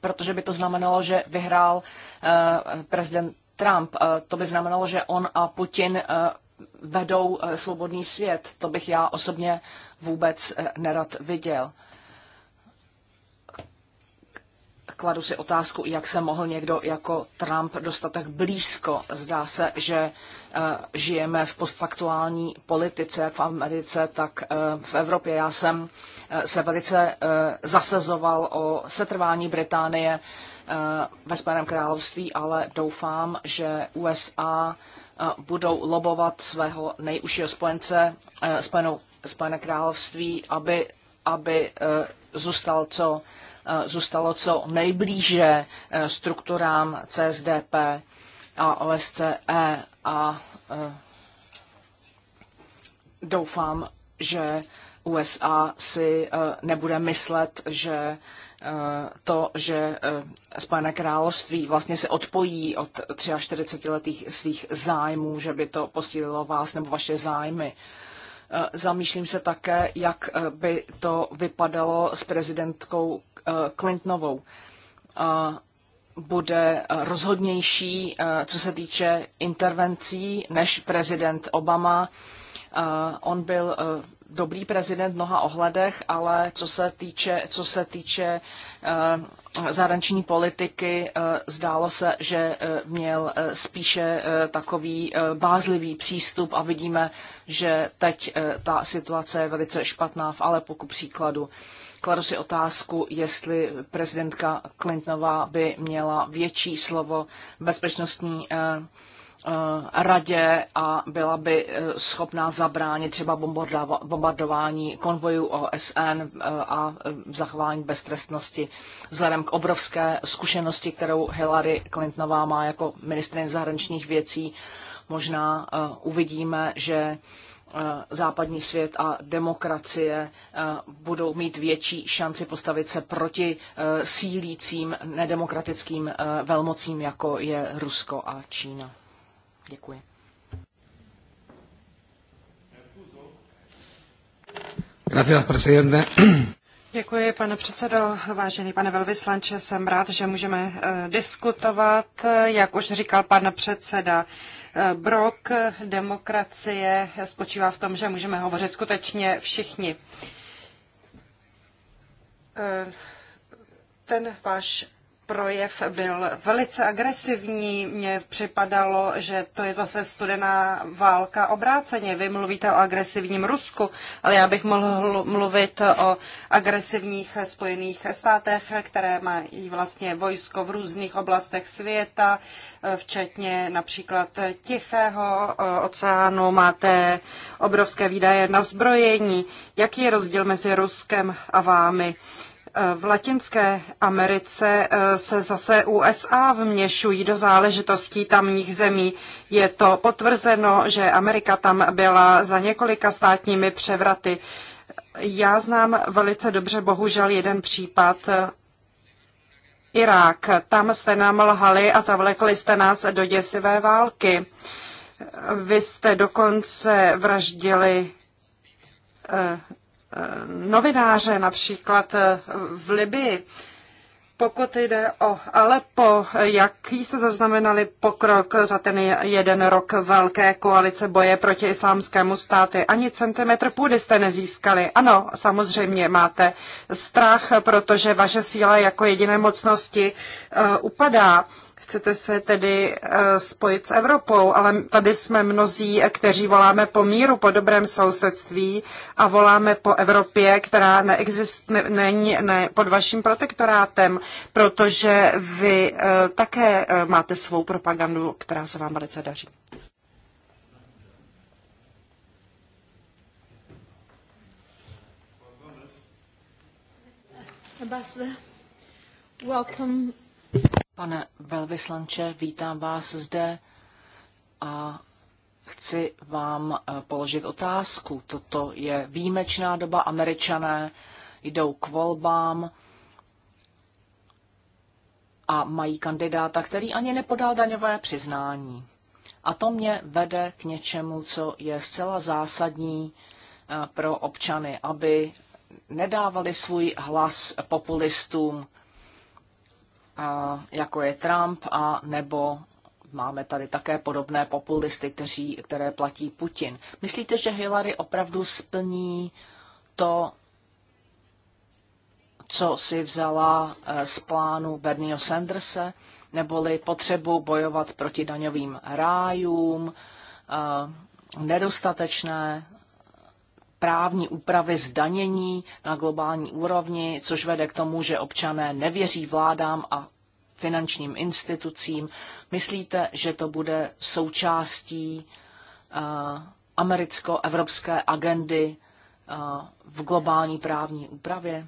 protože by to znamenalo, že vyhrál eh, prezident Trump. Eh, to by znamenalo, že on a Putin eh, vedou svobodný svět. To bych já osobně vůbec nerad viděl. Kladu si otázku, jak se mohl někdo jako Trump dostat tak blízko. Zdá se, že Eh, žijeme v postfaktuální politice, jak v Americe, tak eh, v Evropě. Já jsem eh, se velice zasazoval o setrvání Británie ve Spojeném království, ale doufám, že USA budou lobovat svého nejužšího spojence, Spojenou, Spojené království, aby, aby zůstal co, zůstalo co nejblíže strukturám CSDP a OSCE a e, doufám, že USA si e, nebude myslet, že e, to, že Spojené království vlastně se odpojí od 43-letých svých zájmů, že by to posílilo vás nebo vaše zájmy. Zamýšlím se také, jak by to vypadalo s prezidentkou Clintonovou bude eh, rozhodnější, eh, co se týče intervencí, než prezident Obama. Eh, on byl dobrý prezident v mnoha ohledech, ale co se týče, co se týče zahraniční politiky, zdálo se, že měl spíše takový bázlivý přístup a vidíme, že teď ta situace je velice špatná v Alepo ku příkladu. Kladu si otázku, jestli prezidentka Clintonová by měla větší slovo v bezpečnostní eh, eh, radě a byla by eh, schopná zabránit třeba bombardování konvojů OSN a zachování beztrestnosti vzhledem k obrovské zkušenosti, kterou Hillary Clintonová má jako ministrině zahraničních věcí. Možná uvidíme, že západní svět a demokracie budou mít větší šanci postavit se proti e, sílícím nedemokratickým e, velmocím, jako je Rusko a Čína. Děkuji. Gracias, presidente. Děkuji, pane předsedo. Vážený pane velvyslanče, jsem rád, že můžeme eh, diskutovat. Jak už říkal pan předseda eh, Brok, demokracie spočívá v tom, že můžeme hovořit skutečně všichni. Eh, ten váš projev byl velice agresivní. Mně připadalo, že to je zase studená válka obráceně. Vy mluvíte o agresivním Rusku, ale já bych mohl mluvit o agresivních spojených státech, které mají vlastně vojsko v různých oblastech světa, včetně například Tichého oceánu. Máte obrovské výdaje na zbrojení. Jaký je rozdíl mezi Ruskem a vámi? Eh, v Latinské Americe eh, se zase USA vměšují do záležitostí tamních zemí. Je to potvrzeno, že Amerika tam byla za několika státními převraty. Já znám velice dobře, bohužel, jeden případ eh, Irák. Tam jste nám lhali a zavlekli jste nás do děsivé války. Vy jste dokonce vraždili novináře, například eh, v Libii. Pokud jde o Alepo, jaký se zaznamenali pokrok za ten jeden rok velké koalice boje proti islámskému státy? Ani centimetr půdy jste nezískali. Ano, samozřejmě máte strach, protože vaše síla jako jediné mocnosti uh, upadá. Uh, Chcete se tedy eh, spojit s Evropou, ale tady jsme mnozí, eh, kteří voláme po míru, po dobrém sousedství a voláme po Evropě, která neexist, ne, není ne, pod vaším protektorátem, protože vy eh, také máte svou propagandu, která se vám velice daří. Ambassador, welcome. Pane velvyslanče, vítám vás zde a chci vám eh, položit otázku. Toto je výjimečná doba. Američané jdou k volbám a mají kandidáta, který ani nepodal daňové přiznání. A to mě vede k něčemu, co je zcela zásadní eh, pro občany, aby nedávali svůj hlas populistům, jako je Trump, a nebo máme tady také podobné populisty, kteří, které platí Putin. Myslíte, že Hillary opravdu splní to, co si vzala e, z plánu Bernieho Sandersa, neboli potřebu bojovat proti daňovým rájům, e, nedostatečné právní úpravy zdanění na globální úrovni, což vede k tomu, že občané nevěří vládám a finančním institucím. Myslíte, že to bude součástí eh, americko-evropské agendy eh, v globální právní úpravě?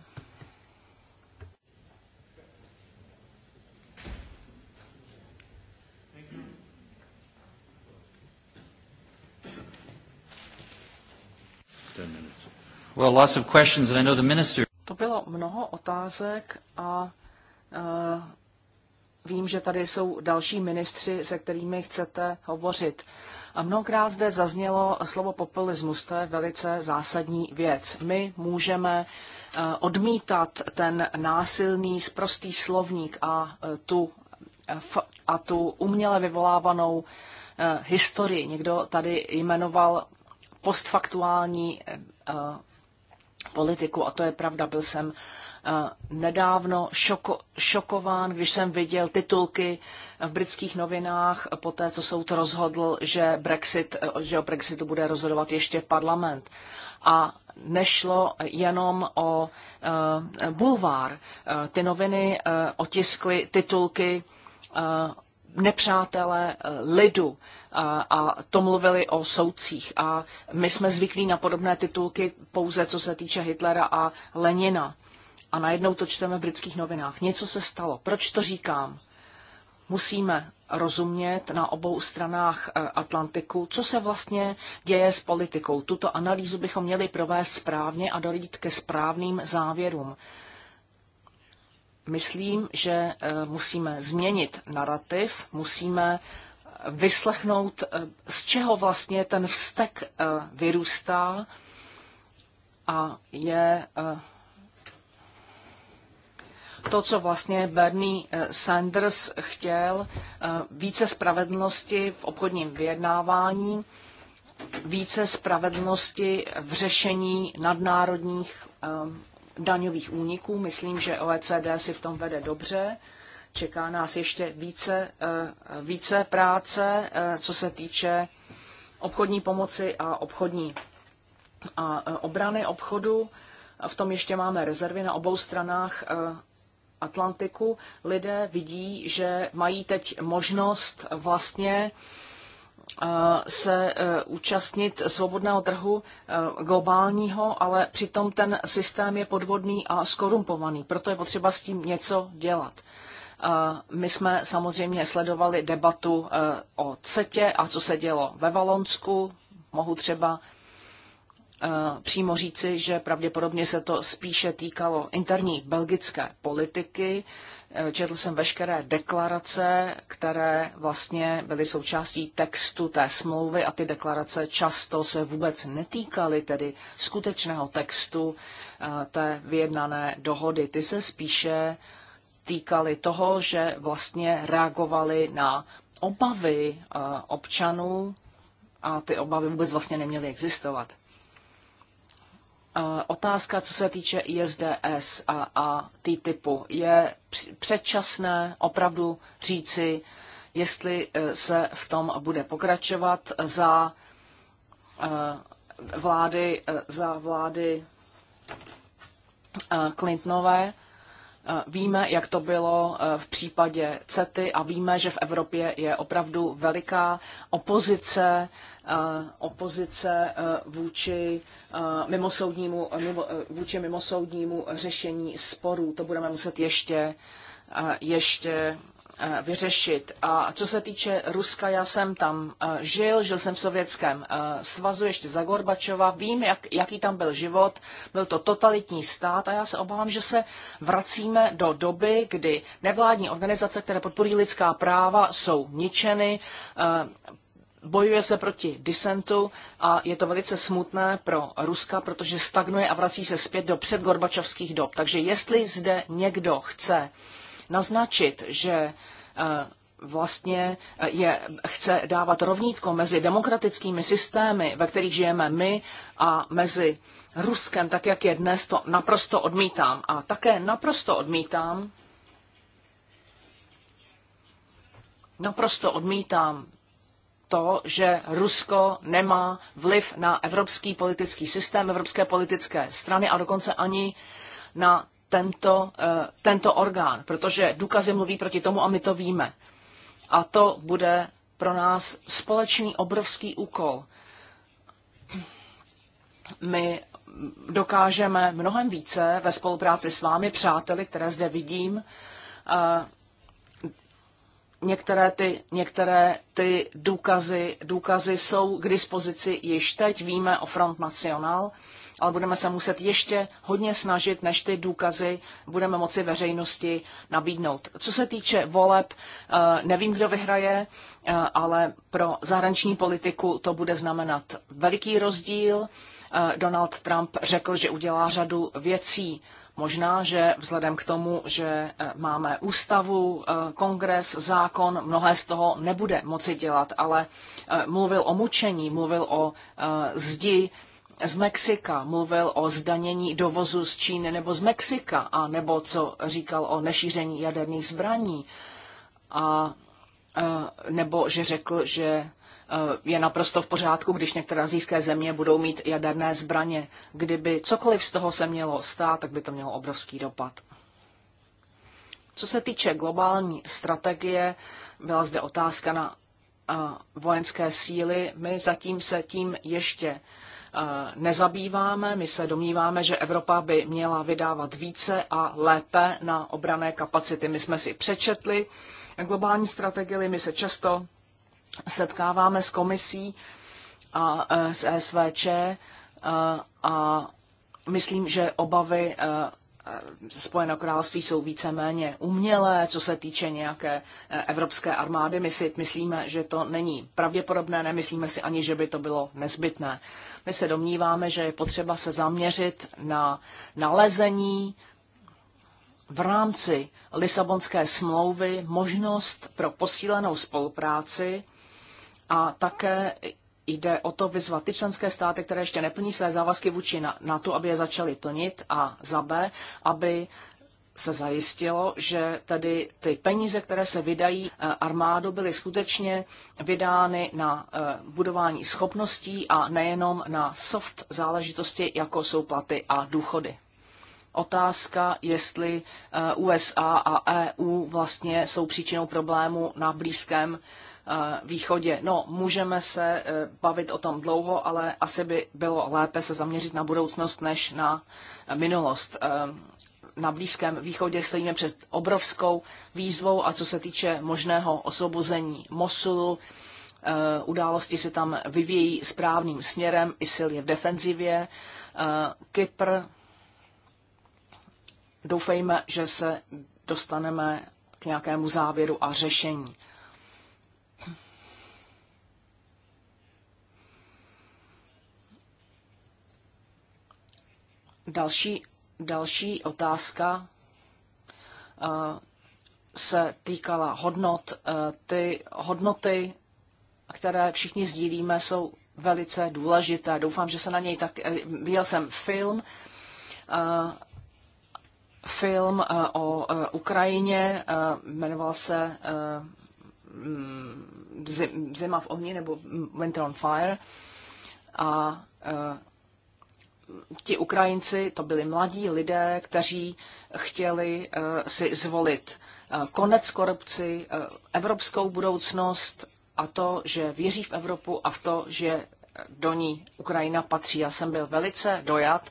Well, lots of questions, and I know the minister... To bylo mnoho otázek a uh, vím, že tady jsou další ministři, se kterými chcete hovořit. A mnohokrát zde zaznělo slovo populismus, to je velice zásadní věc. My můžeme uh, odmítat ten násilný, sprostý slovník a uh, tu a tu uměle vyvolávanou historii. Někdo tady jmenoval postfaktuální politiku a to je pravda. Byl jsem eh, nedávno šoko, šokován, když jsem viděl titulky v britských novinách po té, co soud rozhodl, že, Brexit, eh, že o Brexitu bude rozhodovat ještě parlament. A nešlo jenom o eh, bulvár. Ty noviny otiskly titulky nepřátelé eh, lidu a to mluvili o soudcích. A my jsme zvyklí na podobné titulky pouze co se týče Hitlera a Lenina. A najednou to čteme v britských novinách. Něco se stalo. Proč to říkám? Musíme rozumět na obou stranách eh, Atlantiku, co se vlastně děje s politikou. Tuto analýzu bychom měli provést správně a dojít ke správným závěrům myslím, že eh, musíme změnit narrativ, musíme eh, vyslechnout, eh, z čeho vlastně ten vztek vyrůstá a je to, co vlastně Bernie Sanders chtěl, více spravedlnosti v obchodním vyjednávání, více spravedlnosti v řešení nadnárodních daňových úniků. Myslím, že OECD si v tom vede dobře. Čeká nás ještě více, eh, více práce, eh, co se týče obchodní pomoci a obchodní a eh, obrany obchodu. V tom ještě máme rezervy na obou stranách Atlantiku. Lidé vidí, že mají teď možnost vlastně Eh, se eh, účastnit svobodného trhu eh, globálního, ale přitom ten systém je podvodný a skorumpovaný. Proto je potřeba s tím něco dělat. My jsme samozřejmě sledovali debatu o CETě a co se dělo ve Valonsku. Mohu třeba přímo říci, že pravděpodobně se to spíše týkalo interní belgické politiky, Eh, četl jsem veškeré deklarace, které vlastně byly součástí textu té smlouvy a ty deklarace často se vůbec netýkaly tedy skutečného textu eh, té vyjednané dohody. Ty se spíše týkaly toho, že vlastně reagovali na obavy eh, občanů a ty obavy vůbec vlastně neměly existovat. Eh, otázka, co se týče ISDS a, a typu, Je předčasné opravdu říci, jestli eh, se v tom bude pokračovat za eh, vlády, za vlády Clintonové. Eh, víme, jak to bylo eh, v případě CETY a víme, že v Evropě je opravdu veliká opozice, eh, opozice vůči mimosoudnímu, vůči mimosoudnímu řešení sporů. To budeme muset ještě, ještě Eh, vyřešit. A co se týče Ruska, já jsem tam eh, žil, žil jsem v Sovětském eh, svazu ještě za Gorbačova, vím, jak, jaký tam byl život, byl to totalitní stát a já se obávám, že se vracíme do doby, kdy nevládní organizace, které podporují lidská práva, jsou ničeny, bojuje se proti disentu a je to velice smutné pro Ruska, protože stagnuje a vrací se zpět do předgorbačovských dob. Takže jestli zde někdo chce naznačit, že eh, vlastně eh, je, chce dávat rovnítko mezi demokratickými systémy, ve kterých žijeme my, a mezi Ruskem, tak jak je dnes, to naprosto odmítám. A také naprosto odmítám, naprosto odmítám to, že Rusko nemá vliv na evropský politický systém, evropské politické strany a dokonce ani na tento, eh, tento orgán, protože důkazy mluví proti tomu a my to víme. A to bude pro nás společný obrovský úkol. My dokážeme mnohem více ve spolupráci s vámi, přáteli, které zde vidím, eh, některé ty, některé ty důkazy, důkazy jsou k dispozici již teď, víme o Front National, ale budeme se muset ještě hodně snažit, než ty důkazy budeme moci veřejnosti nabídnout. Co se týče voleb, eh, nevím, kdo vyhraje, eh, ale pro zahraniční politiku to bude znamenat veliký rozdíl. Eh, Donald Trump řekl, že udělá řadu věcí. Možná, že vzhledem k tomu, že máme ústavu, kongres, zákon, mnohé z toho nebude moci dělat, ale mluvil o mučení, mluvil o zdi, z Mexika, mluvil o zdanění dovozu z Číny nebo z Mexika, a nebo co říkal o nešíření jaderných zbraní, a, e, nebo že řekl, že e, je naprosto v pořádku, když některé azijské země budou mít jaderné zbraně. Kdyby cokoliv z toho se mělo stát, tak by to mělo obrovský dopad. Co se týče globální strategie, byla zde otázka na e, vojenské síly. My zatím se tím ještě Eh, nezabýváme. My se domníváme, že Evropa by měla vydávat více a lépe na obrané kapacity. My jsme si přečetli globální strategii, my se často setkáváme s komisí a eh, s SVČ eh, a myslím, že obavy Spojené království jsou víceméně umělé, co se týče nějaké eh, evropské armády. My si myslíme, že to není pravděpodobné, nemyslíme si ani, že by to bylo nezbytné. My se domníváme, že je potřeba se zaměřit na nalezení v rámci Lisabonské smlouvy možnost pro posílenou spolupráci a také jde o to vyzvat ty členské státy, které ještě neplní své závazky vůči na, na to, aby je začaly plnit a za B, aby se zajistilo, že tedy ty peníze, které se vydají e, armádu, byly skutečně vydány na e, budování schopností a nejenom na soft záležitosti, jako jsou platy a důchody. Otázka, jestli e, USA a EU vlastně jsou příčinou problému na Blízkém Eh, východě. No, můžeme se eh, bavit o tom dlouho, ale asi by bylo lépe se zaměřit na budoucnost než na eh, minulost. Na Blízkém východě stojíme před obrovskou výzvou a co se týče možného osvobození Mosulu, události se tam vyvíjí správným směrem, ISIL je v defenzivě, Kypr, doufejme, že se dostaneme k nějakému závěru a řešení. Další, další otázka eh, se týkala hodnot. Eh, ty hodnoty, které všichni sdílíme, jsou velice důležité. Doufám, že se na něj tak... Eh, viděl jsem film, film o Ukrajině, jmenoval se mm, Zima v ohni nebo Winter on Fire a ti Ukrajinci to byli mladí lidé, kteří chtěli eh, si zvolit eh, konec korupci, eh, evropskou budoucnost a to, že věří v Evropu a v to, že do ní Ukrajina patří. Já jsem byl velice dojat.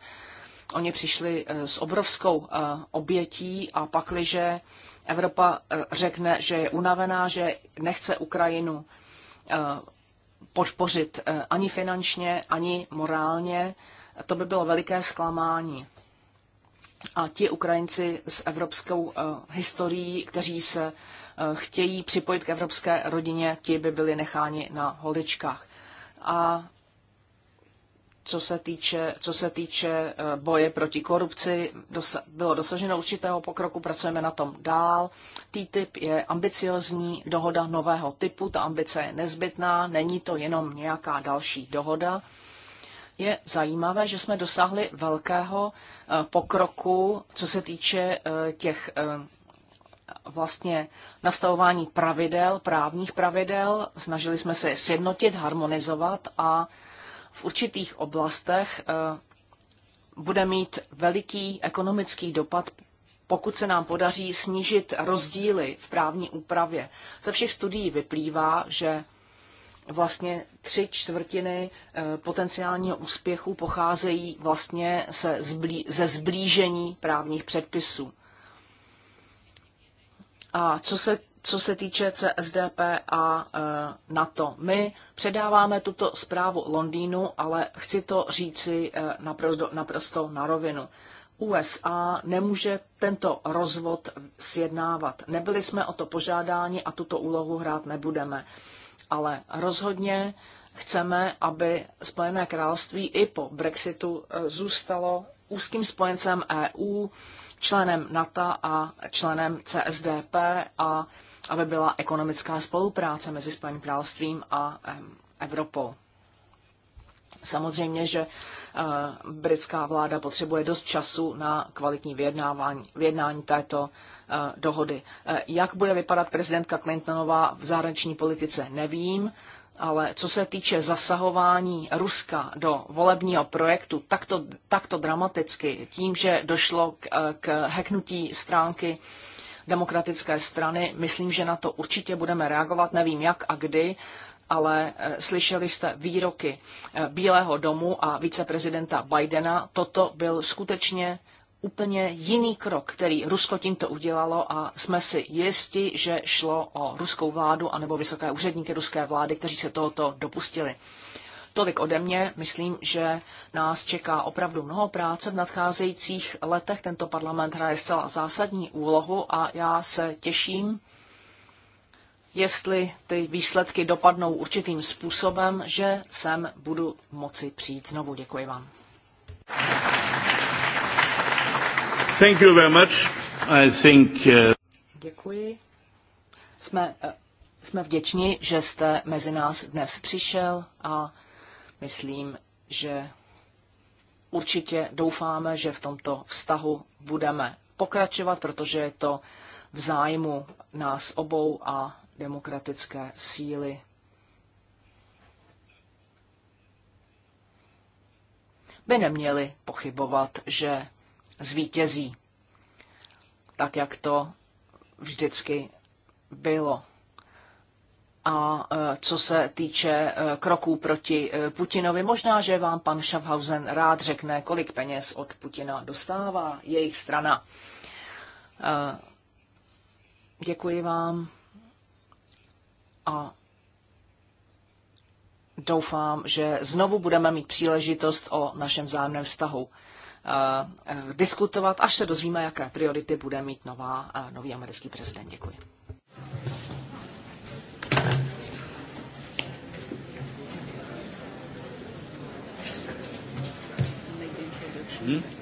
Oni přišli s obrovskou obětí a že Evropa řekne, že je unavená, že nechce Ukrajinu podpořit ani finančně, ani morálně, to by bylo veliké zklamání. A ti Ukrajinci s evropskou uh, historií, kteří se uh, chtějí připojit k evropské rodině, ti by byli necháni na holičkách. A co se týče, co se týče eh, boje proti korupci, dosa- bylo dosaženo určitého pokroku, pracujeme na tom dál. TTIP je ambiciozní dohoda nového typu, ta ambice je nezbytná, není to jenom nějaká další dohoda. Je zajímavé, že jsme dosáhli velkého eh, pokroku, co se týče eh, těch eh, vlastně nastavování pravidel, právních pravidel. Snažili jsme se sjednotit, harmonizovat a v určitých oblastech bude mít veliký ekonomický dopad, pokud se nám podaří snížit rozdíly v právní úpravě. Ze všech studií vyplývá, že vlastně tři čtvrtiny eh, potenciálního úspěchu pocházejí vlastně se zblí, ze zblížení právních předpisů. A co se, co se týče CSDP a e, NATO, my předáváme tuto zprávu Londýnu, ale chci to říci e, naprosto, naprosto na rovinu. USA nemůže tento rozvod sjednávat. Nebyli jsme o to požádáni a tuto úlohu hrát nebudeme. E, ale rozhodně chceme, aby Spojené království i po Brexitu e, zůstalo úzkým spojencem EU, členem NATO a členem CSDP a aby byla ekonomická spolupráce mezi Spojeným královstvím a Evropou. Samozřejmě, že eh, britská vláda potřebuje dost času na kvalitní vyjednávání, vyjednání této eh, dohody. Eh, jak bude vypadat prezidentka Clintonová v zahraniční politice, nevím, ale co se týče zasahování Ruska do volebního projektu takto, takto dramaticky, tím, že došlo k, k heknutí stránky demokratické strany. Myslím, že na to určitě budeme reagovat, nevím jak a kdy, ale eh, slyšeli jste výroky eh, Bílého domu a viceprezidenta Bidena. Toto byl skutečně úplně jiný krok, který Rusko tímto udělalo a jsme si jisti, že šlo o ruskou vládu anebo vysoké úředníky ruské vlády, kteří se tohoto dopustili. Tolik ode mě. Myslím, že nás čeká opravdu mnoho práce v nadcházejících letech. Tento parlament hraje zcela zásadní úlohu a já se těším jestli ty výsledky dopadnou určitým způsobem, že sem budu moci přijít znovu. Děkuji vám. Thank you very much. I think, uh... Děkuji. Jsme, eh, jsme vděční, že jste mezi nás dnes přišel a myslím, že určitě doufáme, že v tomto vztahu budeme pokračovat, protože je to v zájmu nás obou a demokratické síly. By neměli pochybovat, že zvítězí, tak jak to vždycky bylo. A e, co se týče e, kroků proti e, Putinovi, možná, že vám pan Schaffhausen rád řekne, kolik peněz od Putina dostává jejich strana. Děkuji vám a doufám, že znovu budeme mít příležitost o našem vzájemném vztahu eh, eh, diskutovat, až se dozvíme, jaké priority bude mít nová, eh, nový americký prezident. Děkuji. Hmm?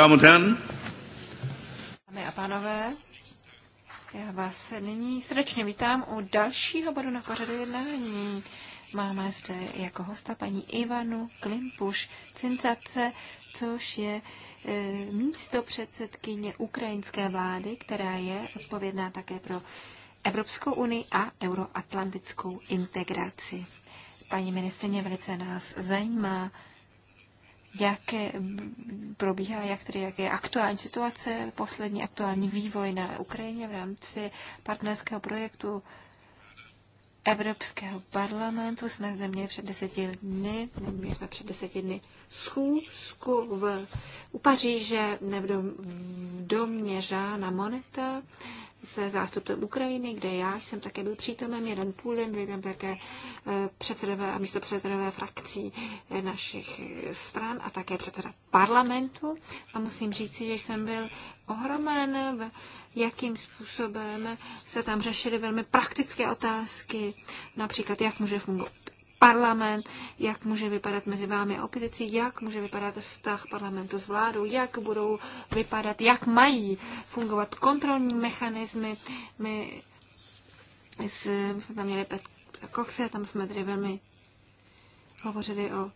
Dámy a pánové, já vás nyní srdečně vítám u dalšího bodu na pořadu jednání. Máme zde jako hosta paní Ivanu Klimpuš Cincace, což je e, místo předsedkyně ukrajinské vlády, která je odpovědná také pro Evropskou unii a euroatlantickou integraci. Paní ministrině velice nás zajímá, jaké probíhá, jak tedy, jak je aktuální situace, poslední aktuální vývoj na Ukrajině v rámci partnerského projektu Evropského parlamentu. Jsme zde měli před deseti dny, měli jsme před deseti dny schůzku v, u Paříže v, dom, v domě Žána Moneta se zástupcem Ukrajiny, kde já jsem také byl přítomem, jeden půlem, byli tam také předsedové a místopředsedové frakcí eh, našich eh, stran a také předseda parlamentu. A musím říci, že jsem byl ohromen, jakým způsobem se tam řešily velmi praktické otázky, například jak může fungovat parlament, jak může vypadat mezi vámi a opozicí, jak může vypadat vztah parlamentu s vládou, jak budou vypadat, jak mají fungovat kontrolní mechanismy. My jsme tam měli Pet Coxe, tam jsme tedy velmi hovořili o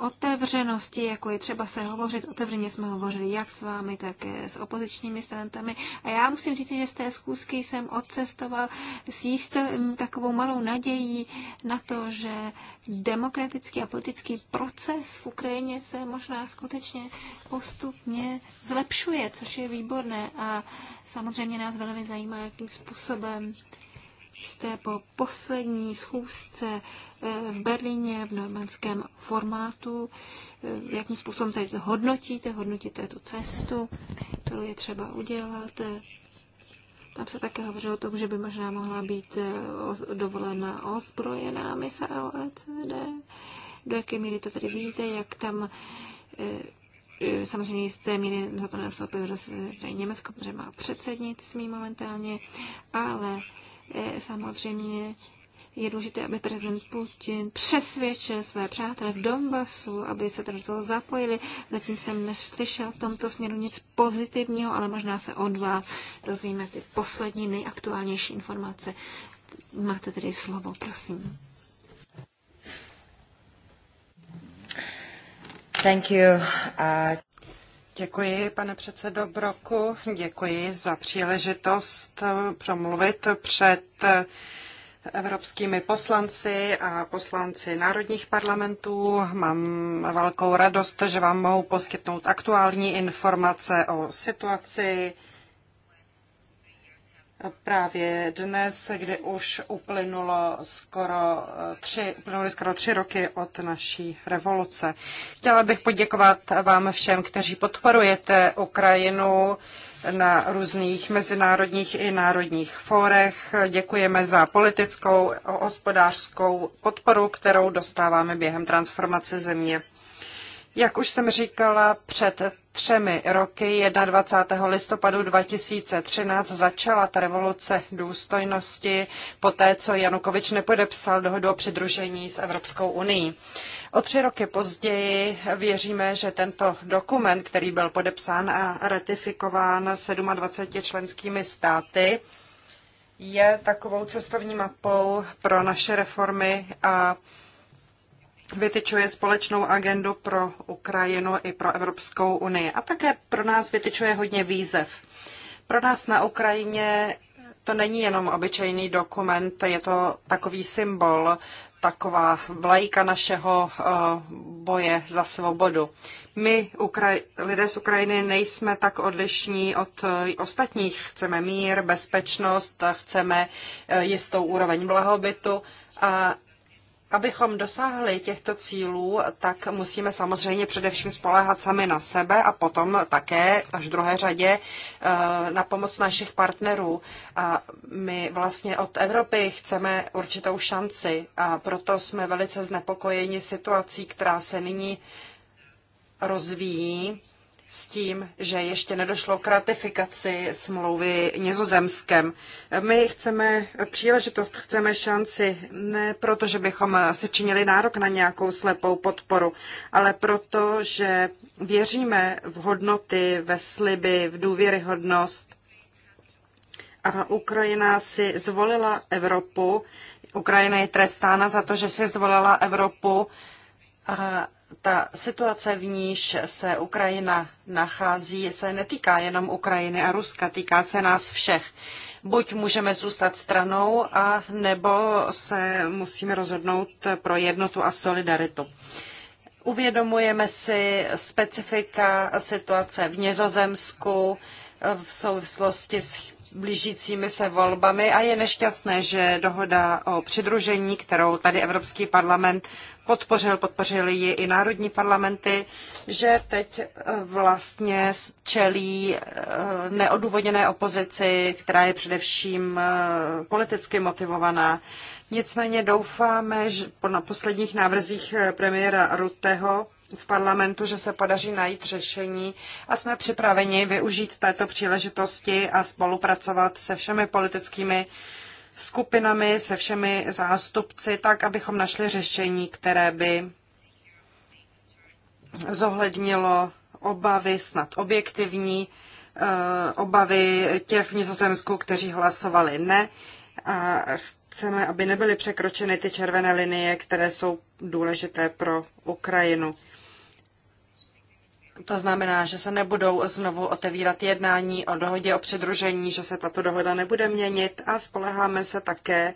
otevřenosti, jako je třeba se hovořit, otevřeně jsme hovořili jak s vámi, tak s opozičními stranami. A já musím říct, že z té zkusky jsem odcestoval s jistou takovou malou nadějí na to, že demokratický a politický proces v Ukrajině se možná skutečně postupně zlepšuje, což je výborné. A samozřejmě nás velmi zajímá, jakým způsobem jste po poslední schůzce v Berlíně v normandském formátu. Eh, jakým způsobem tady hodnotíte, hodnotíte tu cestu, kterou je třeba udělat. Tam se také hovořilo o tom, že by možná mohla být eh, dovolena ozbrojená mise OECD. Do jaké míry to tady vidíte, jak tam eh, samozřejmě jisté míry za to neslo Německo, protože má předsednictví momentálně, ale samozřejmě je důležité, aby prezident Putin přesvědčil své přátelé v Donbasu, aby se do toho zapojili. Zatím jsem neslyšel v tomto směru nic pozitivního, ale možná se od vás dozvíme ty poslední nejaktuálnější informace. Máte tedy slovo, prosím. Thank you. Uh... Děkuji, pane předsedo Broku. Děkuji za příležitost promluvit před evropskými poslanci a poslanci národních parlamentů. Mám velkou radost, že vám mohu poskytnout aktuální informace o situaci právě dnes, kdy už uplynulo skoro tři, uplynuly skoro tři roky od naší revoluce. Chtěla bych poděkovat vám všem, kteří podporujete Ukrajinu na různých mezinárodních i národních fórech. Děkujeme za politickou, hospodářskou podporu, kterou dostáváme během transformace země. Jak už jsem říkala, před třemi roky, 21. listopadu 2013, začala ta revoluce důstojnosti po té, co Janukovič nepodepsal dohodu o přidružení s Evropskou unii. O tři roky později věříme, že tento dokument, který byl podepsán a ratifikován 27 členskými státy, je takovou cestovní mapou pro naše reformy a vytyčuje společnou agendu pro Ukrajinu i pro Evropskou unii. A také pro nás vytyčuje hodně výzev. Pro nás na Ukrajině to není jenom obyčejný dokument, je to takový symbol, taková vlajka našeho eh, boje za svobodu. My, Ukraj- lidé z Ukrajiny, nejsme tak odlišní od eh, ostatních. Chceme mír, bezpečnost, chceme eh, jistou úroveň blahobytu a Abychom dosáhli těchto cílů, tak musíme samozřejmě především spoléhat sami na sebe a potom také až v druhé řadě eh, na pomoc našich partnerů. A my vlastně od Evropy chceme určitou šanci a proto jsme velice znepokojeni situací, která se nyní rozvíjí s tím, že ještě nedošlo k ratifikaci smlouvy nizozemskem. My chceme příležitost, chceme šanci, ne proto, že bychom si činili nárok na nějakou slepou podporu, ale proto, že věříme v hodnoty, ve sliby, v důvěryhodnost. A Ukrajina si zvolila Evropu. Ukrajina je trestána za to, že si zvolila Evropu. A ta situace, v níž se Ukrajina nachází, se netýká jenom Ukrajiny a Ruska, týká se nás všech. Buď můžeme zůstat stranou, a nebo se musíme rozhodnout pro jednotu a solidaritu. Uvědomujeme si specifika situace v Nězozemsku v souvislosti s blížícími se volbami a je nešťastné, že dohoda o přidružení, kterou tady Evropský parlament podpořil, podpořili ji i národní parlamenty, že teď eh, vlastně čelí eh, neodůvodněné opozici, která je především eh, politicky motivovaná. Nicméně doufáme, že po na posledních návrzích premiéra Rutteho, v parlamentu, že se podaří najít řešení a jsme připraveni využít této příležitosti a spolupracovat se všemi politickými skupinami, se všemi zástupci, tak, abychom našli řešení, které by zohlednilo obavy, snad objektivní eh, obavy těch v Nizozemsku, kteří hlasovali ne. A chceme, aby nebyly překročeny ty červené linie, které jsou důležité pro Ukrajinu. To znamená, že se nebudou znovu otevírat jednání o dohodě o přidružení, že se tato dohoda nebude měnit a spoleháme se také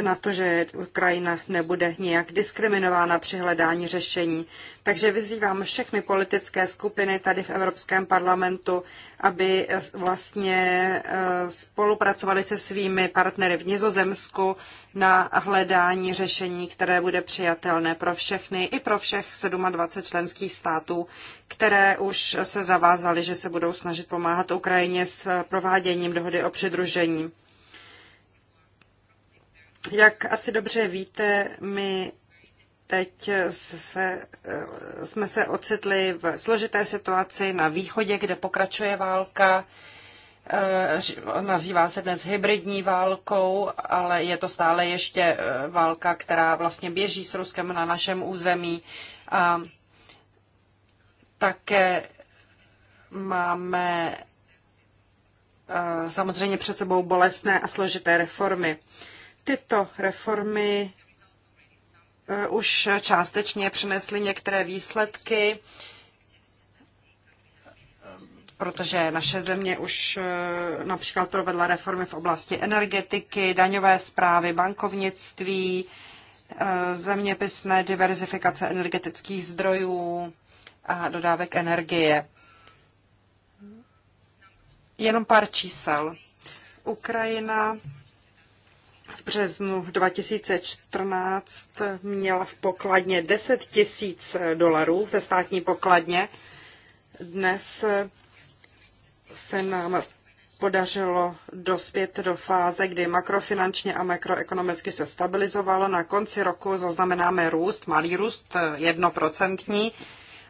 na to, že Ukrajina nebude nijak diskriminována při hledání řešení. Takže vyzývám všechny politické skupiny tady v Evropském parlamentu, aby vlastně eh, spolupracovali se svými partnery v Nizozemsku na hledání řešení, které bude přijatelné pro všechny i pro všech 27 členských států, které už se zavázaly, že se budou snažit pomáhat Ukrajině s prováděním dohody o přidružení. Jak asi dobře víte, my teď se, jsme se ocitli v složité situaci na východě, kde pokračuje válka. Eh, nazývá se dnes hybridní válkou, ale je to stále ještě eh, válka, která vlastně běží s Ruskem na našem území. A také máme eh, samozřejmě před sebou bolestné a složité reformy. Tyto reformy eh, už částečně přinesly některé výsledky, protože naše země už eh, například provedla reformy v oblasti energetiky, daňové zprávy, bankovnictví, eh, zeměpisné diverzifikace energetických zdrojů a dodávek energie. Jenom pár čísel. Ukrajina v březnu 2014 měl v pokladně 10 tisíc dolarů ve státní pokladně. Dnes se nám podařilo dospět do fáze, kdy makrofinančně a makroekonomicky se stabilizovalo. Na konci roku zaznamenáme růst, malý růst, eh, jednoprocentní,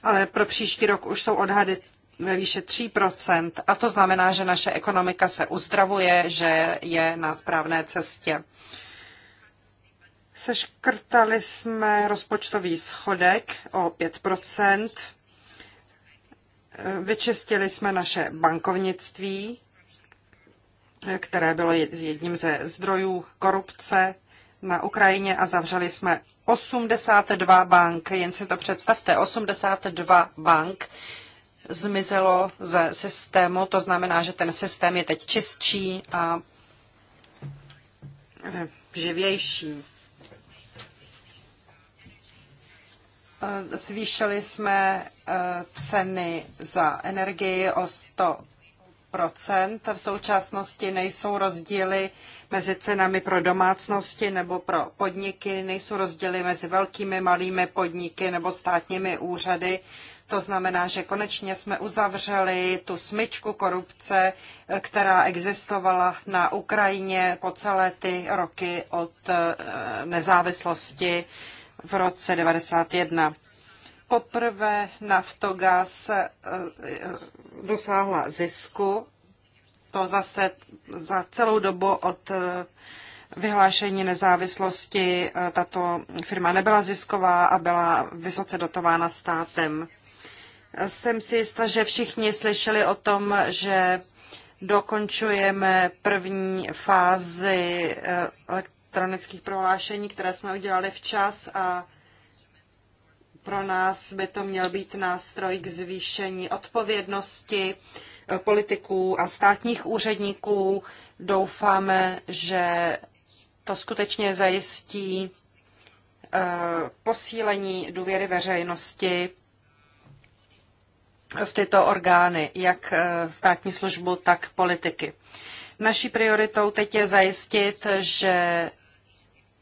ale pro příští rok už jsou odhady ve výše 3%. A to znamená, že naše ekonomika se uzdravuje, že je na správné cestě. Seškrtali jsme rozpočtový schodek o 5%. Vyčistili jsme naše bankovnictví, které bylo jedním ze zdrojů korupce na Ukrajině a zavřeli jsme 82 bank. Jen si to představte, 82 bank zmizelo ze systému. To znamená, že ten systém je teď čistší a eh, živější. Eh, zvýšili jsme eh, ceny za energii o 100 v současnosti nejsou rozdíly mezi cenami pro domácnosti nebo pro podniky, nejsou rozdíly mezi velkými, malými podniky nebo státními úřady. To znamená, že konečně jsme uzavřeli tu smyčku korupce, která existovala na Ukrajině po celé ty roky od eh, nezávislosti v roce 91. Poprvé Naftogaz eh, dosáhla zisku, to zase za celou dobu od eh, vyhlášení nezávislosti tato firma nebyla zisková a byla vysoce dotována státem. Jsem si jistá, že všichni slyšeli o tom, že dokončujeme první fázi eh, elektronických prohlášení, které jsme udělali včas a pro nás by to měl být nástroj k zvýšení odpovědnosti eh, politiků a státních úředníků. Doufáme, že to skutečně zajistí eh, posílení důvěry veřejnosti v tyto orgány, jak eh, státní službu, tak politiky. Naší prioritou teď je zajistit, že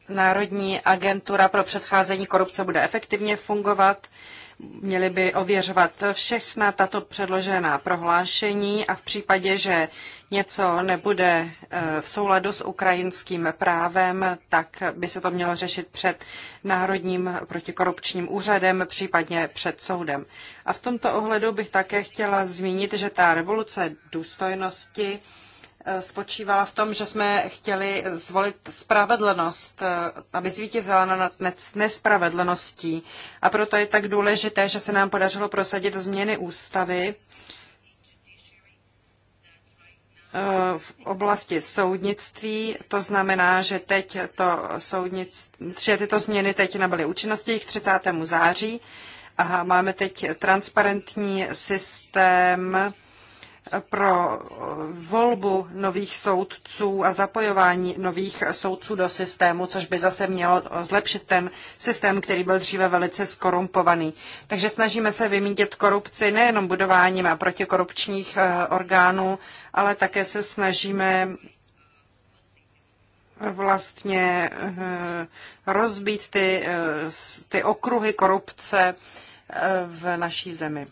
Národní agentura pro předcházení korupce bude efektivně fungovat, Měli by ověřovat všechna tato předložená prohlášení a v případě, že něco nebude eh, v souladu s ukrajinským právem, tak by se to mělo řešit před Národním protikorupčním úřadem, případně před soudem. A v tomto ohledu bych také chtěla zmínit, že ta revoluce důstojnosti Eh, spočívala v tom, že jsme chtěli zvolit spravedlnost, eh, aby zvítězila nad nespravedlností. A proto je tak důležité, že se nám podařilo prosadit změny ústavy eh, v oblasti soudnictví. To znamená, že teď to soudnictví, že tyto změny teď nabyly účinnosti k 30. září. A máme teď transparentní systém pro eh, volbu nových soudců a zapojování nových soudců do systému, což by zase mělo zlepšit ten systém, který byl dříve velice skorumpovaný. Takže snažíme se vymítit korupci nejenom budováním a protikorupčních eh, orgánů, ale také se snažíme eh, vlastně rozbít ty, ty okruhy korupce v naší zemi.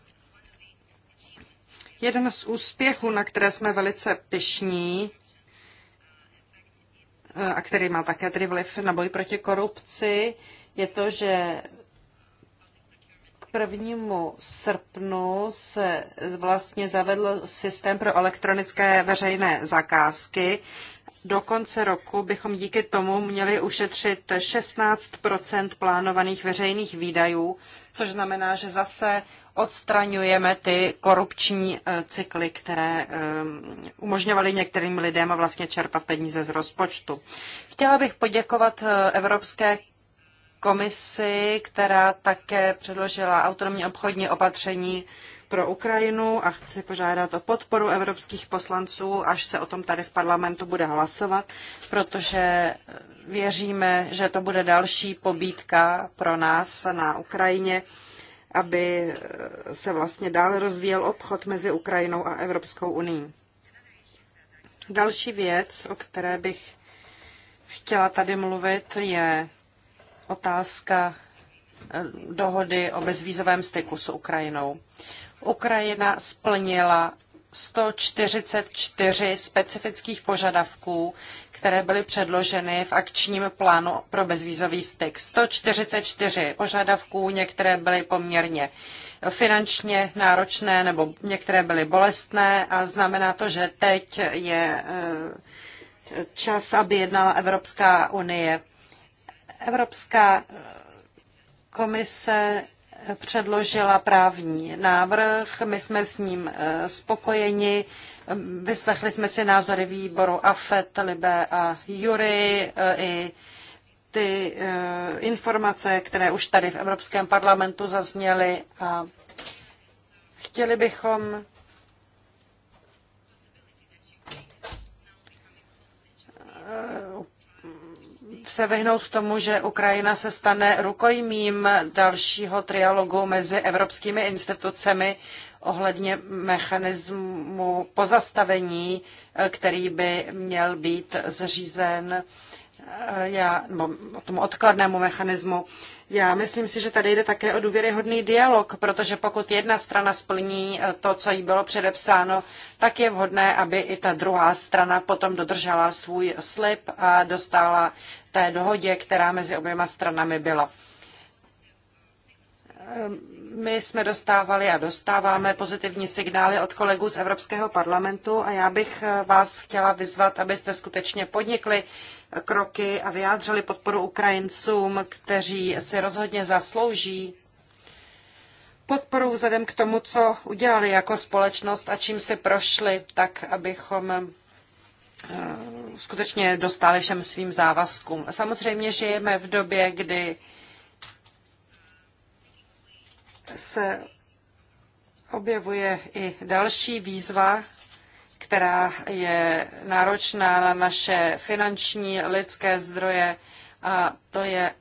Jeden z úspěchů, na které jsme velice pyšní, eh, a který má také tedy vliv na boj proti korupci, je to, že prvnímu srpnu se vlastně zavedl systém pro elektronické veřejné zakázky. Do konce roku bychom díky tomu měli ušetřit 16 plánovaných veřejných výdajů, což znamená, že zase odstraňujeme ty korupční eh, cykly, které eh, umožňovaly některým lidem vlastně čerpat peníze z rozpočtu. Chtěla bych poděkovat eh, Evropské komisi, která také předložila autonomní obchodní opatření pro Ukrajinu a chci požádat o podporu evropských poslanců, až se o tom tady v parlamentu bude hlasovat, protože věříme, že to bude další pobídka pro nás na Ukrajině, aby se vlastně dále rozvíjel obchod mezi Ukrajinou a Evropskou unii. Další věc, o které bych chtěla tady mluvit, je otázka eh, dohody o bezvízovém styku s Ukrajinou. Ukrajina splnila 144 specifických požadavků, které byly předloženy v akčním plánu pro bezvízový styk. 144 požadavků, některé byly poměrně finančně náročné nebo některé byly bolestné a znamená to, že teď je eh, čas, aby jednala Evropská unie Evropská eh, komise předložila právní návrh, my jsme s ním eh, spokojeni, vyslechli jsme si názory výboru AFET, Libe a Jury eh, i ty informace, které už tady v Evropském parlamentu zazněly a chtěli bychom se vyhnout tomu, že Ukrajina se stane rukojmím dalšího trialogu mezi evropskými institucemi ohledně mechanismu pozastavení, eh, který by měl být zřízen eh, já, nebo o tom odkladnému mechanismu. Já myslím si, že tady jde také o důvěryhodný dialog, protože pokud jedna strana splní eh, to, co jí bylo předepsáno, tak je vhodné, aby i ta druhá strana potom dodržela svůj slib a dostala té dohodě, která mezi oběma stranami byla. My jsme dostávali a dostáváme pozitivní signály od kolegů z Evropského parlamentu a já bych vás chtěla vyzvat, abyste skutečně podnikli kroky a vyjádřili podporu Ukrajincům, kteří si rozhodně zaslouží podporu vzhledem k tomu, co udělali jako společnost a čím si prošli, tak abychom Eh, skutečně dostali všem svým závazkům. Samozřejmě žijeme v době, kdy se objevuje i další výzva, která je náročná na naše finanční, lidské zdroje a to je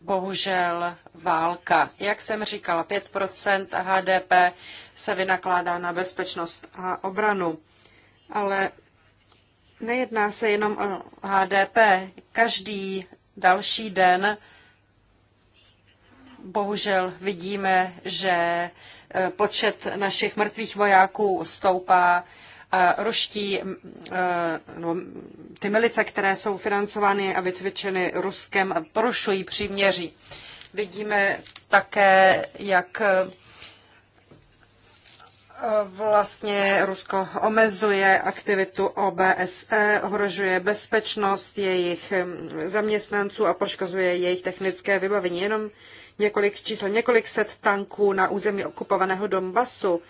bohužel válka. Jak jsem říkala, 5% HDP se vynakládá na bezpečnost a obranu, ale Nejedná se jenom o HDP. Každý další den bohužel vidíme, že e, počet našich mrtvých vojáků stoupá. A ruští, no, ty milice, které jsou financovány a vycvičeny Ruskem, porušují příměří. Vidíme také, jak e, vlastně Rusko omezuje aktivitu OBSE, ohrožuje bezpečnost jejich zaměstnanců a poškozuje jejich technické vybavení. Jenom několik čísel, několik set tanků na území okupovaného Donbasu,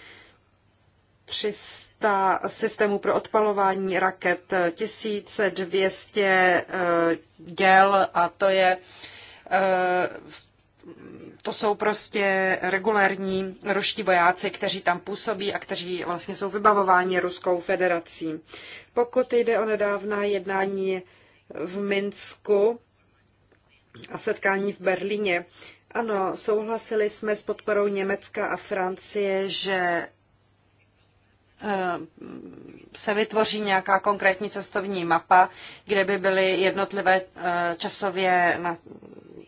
300 systémů pro odpalování raket, 1200 eh, děl a to je eh, v to jsou prostě regulérní ruští vojáci, kteří tam působí a kteří vlastně jsou vybavováni Ruskou federací. Pokud jde o nedávná jednání v Minsku a setkání v Berlíně, ano, souhlasili jsme s podporou Německa a Francie, že eh, se vytvoří nějaká konkrétní cestovní mapa, kde by byly jednotlivé eh, časově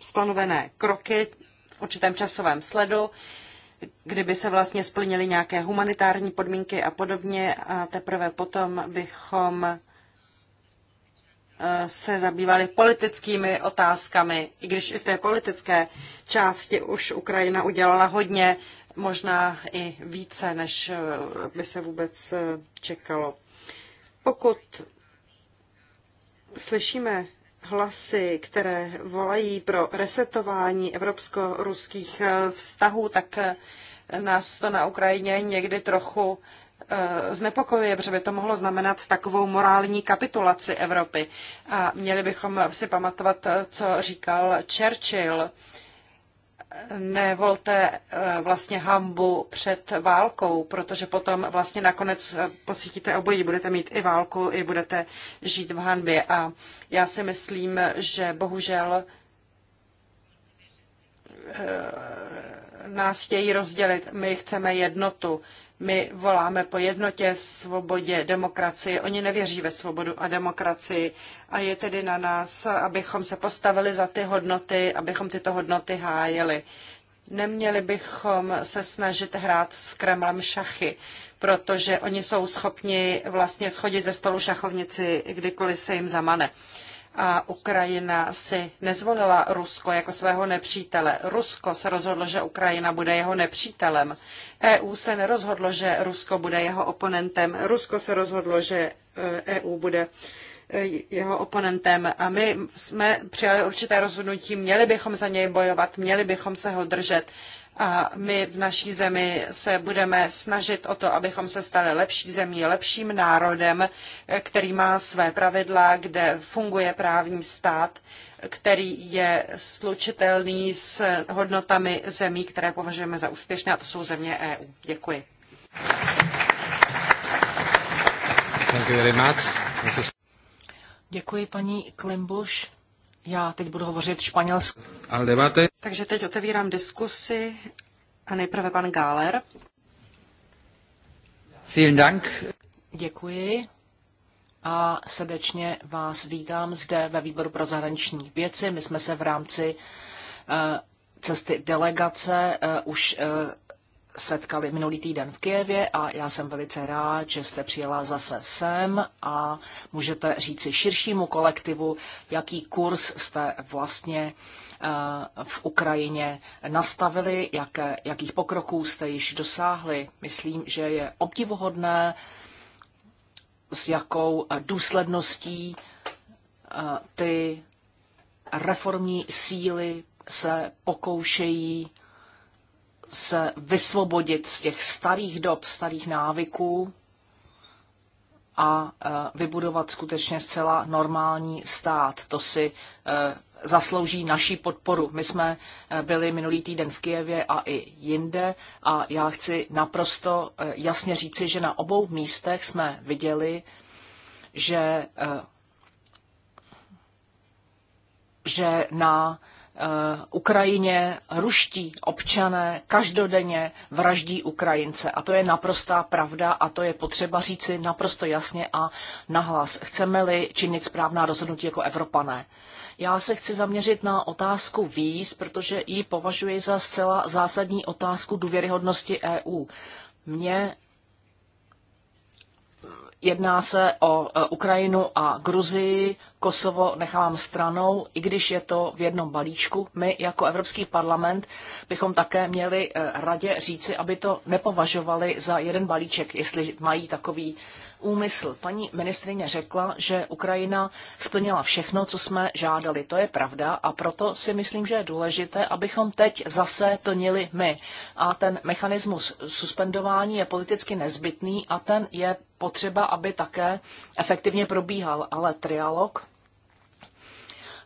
stanovené kroky v určitém časovém sledu, kdyby se vlastně splnily nějaké humanitární podmínky a podobně a teprve potom bychom eh, se zabývali politickými otázkami, i když i v té politické části už Ukrajina udělala hodně, možná i více, než eh, by se vůbec eh, čekalo. Pokud slyšíme hlasy, které volají pro resetování evropsko-ruských eh, vztahů, tak eh, nás to na Ukrajině někdy trochu eh, znepokojuje, protože by to mohlo znamenat takovou morální kapitulaci Evropy. A měli bychom si pamatovat, co říkal Churchill nevolte eh, vlastně hambu před válkou, protože potom vlastně nakonec eh, pocítíte obojí, budete mít i válku, i budete žít v hanbě. A já si myslím, že bohužel eh, nás chtějí rozdělit. My chceme jednotu. My voláme po jednotě, svobodě, demokracii. Oni nevěří ve svobodu a demokracii. A je tedy na nás, abychom se postavili za ty hodnoty, abychom tyto hodnoty hájili. Neměli bychom se snažit hrát s Kremlem šachy, protože oni jsou schopni vlastně schodit ze stolu šachovnici, kdykoliv se jim zamane a Ukrajina si nezvolila Rusko jako svého nepřítele. Rusko se rozhodlo, že Ukrajina bude jeho nepřítelem. EU se nerozhodlo, že Rusko bude jeho oponentem. Rusko se rozhodlo, že EU e bude e, jeho oponentem a my jsme přijali určité rozhodnutí, měli bychom za něj bojovat, měli bychom se ho držet a my v naší zemi se budeme snažit o to, abychom se stali lepší zemí, lepším národem, který má své pravidla, kde funguje právní stát, který je slučitelný s hodnotami zemí, které považujeme za úspěšné, a to jsou země EU. Děkuji. Děkuji, paní Klimbuš. Já teď budu hovořit španělsky. Al debate. Takže teď otevírám diskusi a nejprve pan Gáler. Vielen Dank. Děkuji a srdečně vás vítám zde ve výboru pro zahraniční věci. My jsme se v rámci eh, cesty delegace eh, už eh, setkali minulý týden v Kijevě a já jsem velice rád, že jste přijela zase sem a můžete říci širšímu kolektivu, jaký kurz jste vlastně eh, v Ukrajině nastavili, jaké, jakých pokroků jste již dosáhli. Myslím, že je obdivuhodné, s jakou eh, důsledností eh, ty reformní síly se pokoušejí se vysvobodit z těch starých dob, starých návyků a e, vybudovat skutečně zcela normální stát. To si e, zaslouží naší podporu. My jsme e, byli minulý týden v Kijevě a i jinde a já chci naprosto jasně říci, že na obou místech jsme viděli, že, že na Eh, Ukrajině ruští občané každodenně vraždí Ukrajince. A to je naprostá pravda a to je potřeba říci naprosto jasně a nahlas. Chceme-li činit správná rozhodnutí jako Evropané. Já se chci zaměřit na otázku víz, protože ji považuji za zcela zásadní otázku důvěryhodnosti EU. Mně Jedná se o e, Ukrajinu a Gruzii, Kosovo nechávám stranou, i když je to v jednom balíčku. My jako Evropský parlament bychom také měli e, radě říci, aby to nepovažovali za jeden balíček, jestli mají takový úmysl. Paní ministrině řekla, že Ukrajina splnila všechno, co jsme žádali. To je pravda a proto si myslím, že je důležité, abychom teď zase plnili my. A ten mechanismus suspendování je politicky nezbytný a ten je potřeba, aby také efektivně probíhal. Ale trialog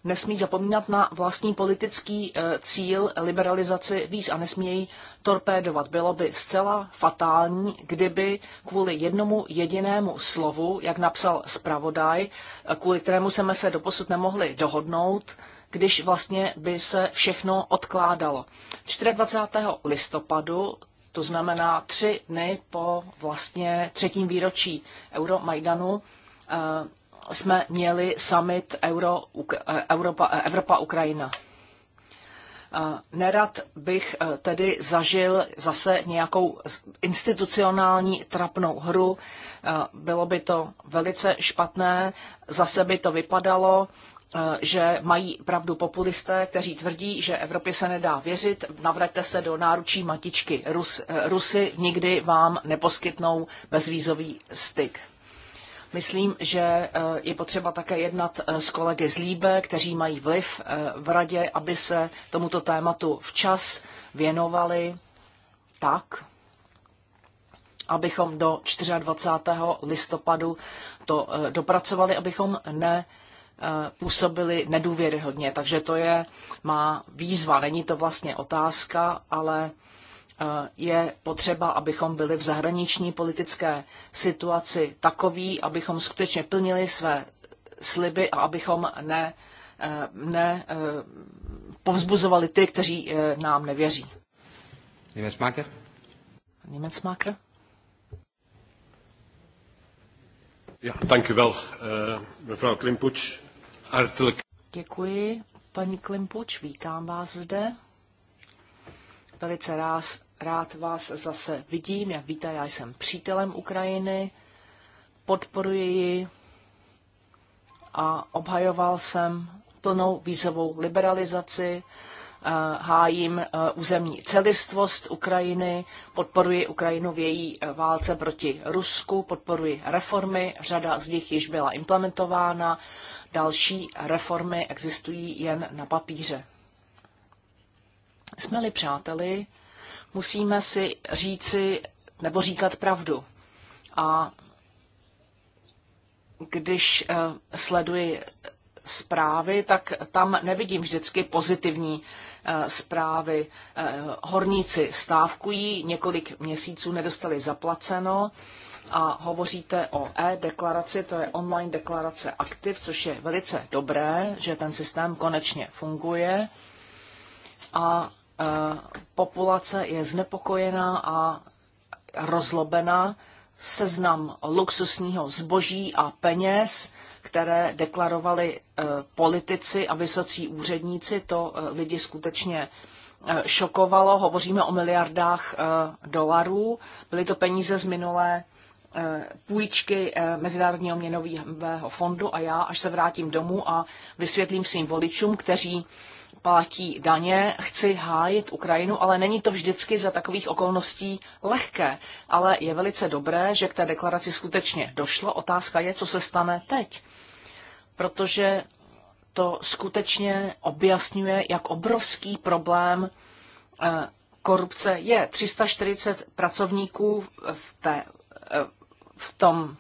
nesmí zapomínat na vlastní politický eh, cíl liberalizaci víz a nesmí jej torpédovat. Bylo by zcela fatální, kdyby kvůli jednomu jedinému slovu, jak napsal zpravodaj, eh, kvůli kterému jsme se doposud nemohli dohodnout, když vlastně by se všechno odkládalo. 24. listopadu to znamená tři dny po vlastně třetím výročí Euromajdanu, eh, jsme měli summit Euro, Europa, eh, eh, Evropa Ukrajina. Nerad bych eh, tedy zažil zase nějakou institucionální trapnou hru. Bylo by to velice špatné, zase by to vypadalo, že mají pravdu populisté, kteří tvrdí, že Evropě se nedá věřit, navraťte se do náručí matičky Rus, Rusy, nikdy vám neposkytnou bezvízový styk. Myslím, že eh, je potřeba také jednat eh, s kolegy z Líbe, kteří mají vliv eh, v radě, aby se tomuto tématu včas věnovali tak, abychom do 24. listopadu to dopracovali, abychom ne působili nedůvěryhodně. Takže to je má výzva. Není to vlastně otázka, ale Eh, je potřeba, abychom byli v zahraniční politické situaci takový, abychom skutečně plnili své sliby a abychom ne, eh, ne eh, povzbuzovali ty, kteří nám nevěří. Němecmáker? Němecmáker? Ja, dank u wel, uh, mevrouw Klimpuč. Hartelijk. Děkuji, paní Klimpuč, vítám vás zde. Velice rád, rád vás zase vidím. Jak víte, já jsem přítelem Ukrajiny, podporuji ji a obhajoval jsem plnou vízovou liberalizaci, eh, hájím eh, územní celistvost Ukrajiny, podporuji Ukrajinu v její eh, válce proti Rusku, podporuji reformy, řada z nich již byla implementována, další reformy existují jen na papíře. Jsme-li přáteli, musíme si říci nebo říkat pravdu. A když eh, sleduji zprávy, tak tam nevidím vždycky pozitivní eh, zprávy. Eh, horníci stávkují, několik měsíců nedostali zaplaceno a hovoříte o e-deklaraci, to je online deklarace aktiv, což je velice dobré, že ten systém konečně funguje. A Eh, populace je znepokojená a rozlobená. Seznam luxusního zboží a peněz, které deklarovali eh, politici a vysocí úředníci, to eh, lidi skutečně šokovalo. Hovoříme o miliardách dolarů. Byly to peníze z minulé půjčky Mezinárodního měnového fondu a já, až se vrátím domů a vysvětlím svým voličům, kteří platí daně, chci hájit Ukrajinu, ale není to vždycky za takových okolností lehké. Ale je velice dobré, že k té deklaraci skutečně došlo. Otázka je, co se stane teď. Protože to skutečně objasňuje, jak obrovský problém eh, korupce je. 340 pracovníků v, té, eh, v tom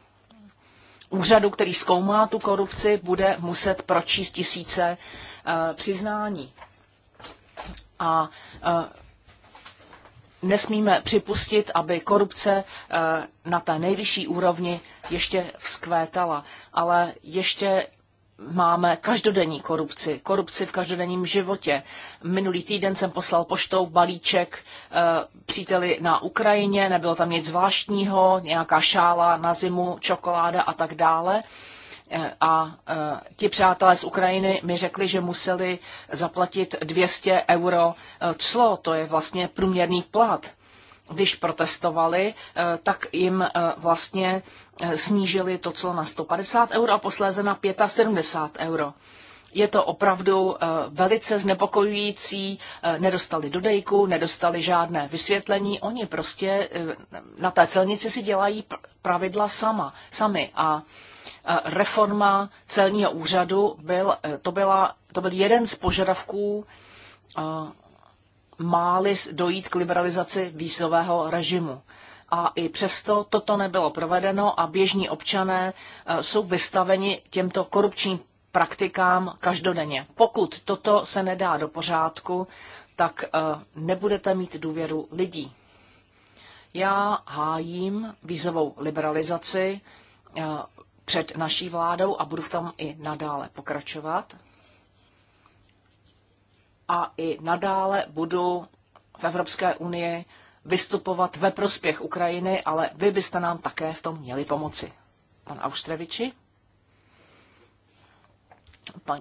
úřadu, který zkoumá tu korupci, bude muset pročíst tisíce Eh, přiznání. A eh, nesmíme připustit, aby korupce eh, na té nejvyšší úrovni ještě vzkvétala, ale ještě máme každodenní korupci, korupci v každodenním životě. Minulý týden jsem poslal poštou balíček e, příteli na Ukrajině, nebylo tam nic zvláštního, nějaká šála na zimu, čokoláda a tak dále. A ti přátelé z Ukrajiny mi řekli, že museli zaplatit 200 euro e, clo, to je vlastně průměrný plat když protestovali, e, tak jim e, vlastně snížili to clo na 150 euro a posléze na 75 euro. Je to opravdu velice znepokojující. Nedostali dodejku, nedostali žádné vysvětlení. Oni prostě na té celnici si dělají pravidla sama, sami. A Eh, reforma celního úřadu byl, eh, to, byla, to byl jeden z požadavků eh, máli dojít k liberalizaci výzového režimu. A i přesto toto nebylo provedeno a běžní občané jsou vystaveni těmto korupčním praktikám každodenně. Pokud toto se nedá do pořádku, tak nebudete mít důvěru lidí. Já hájím vízovou liberalizaci před naší vládou a budu v tom i nadále pokračovat. A i nadále budu v Evropské unii vystupovat ve prospěch Ukrajiny, ale vy byste nám také v tom měli pomoci. Pan Austreviči? Pan,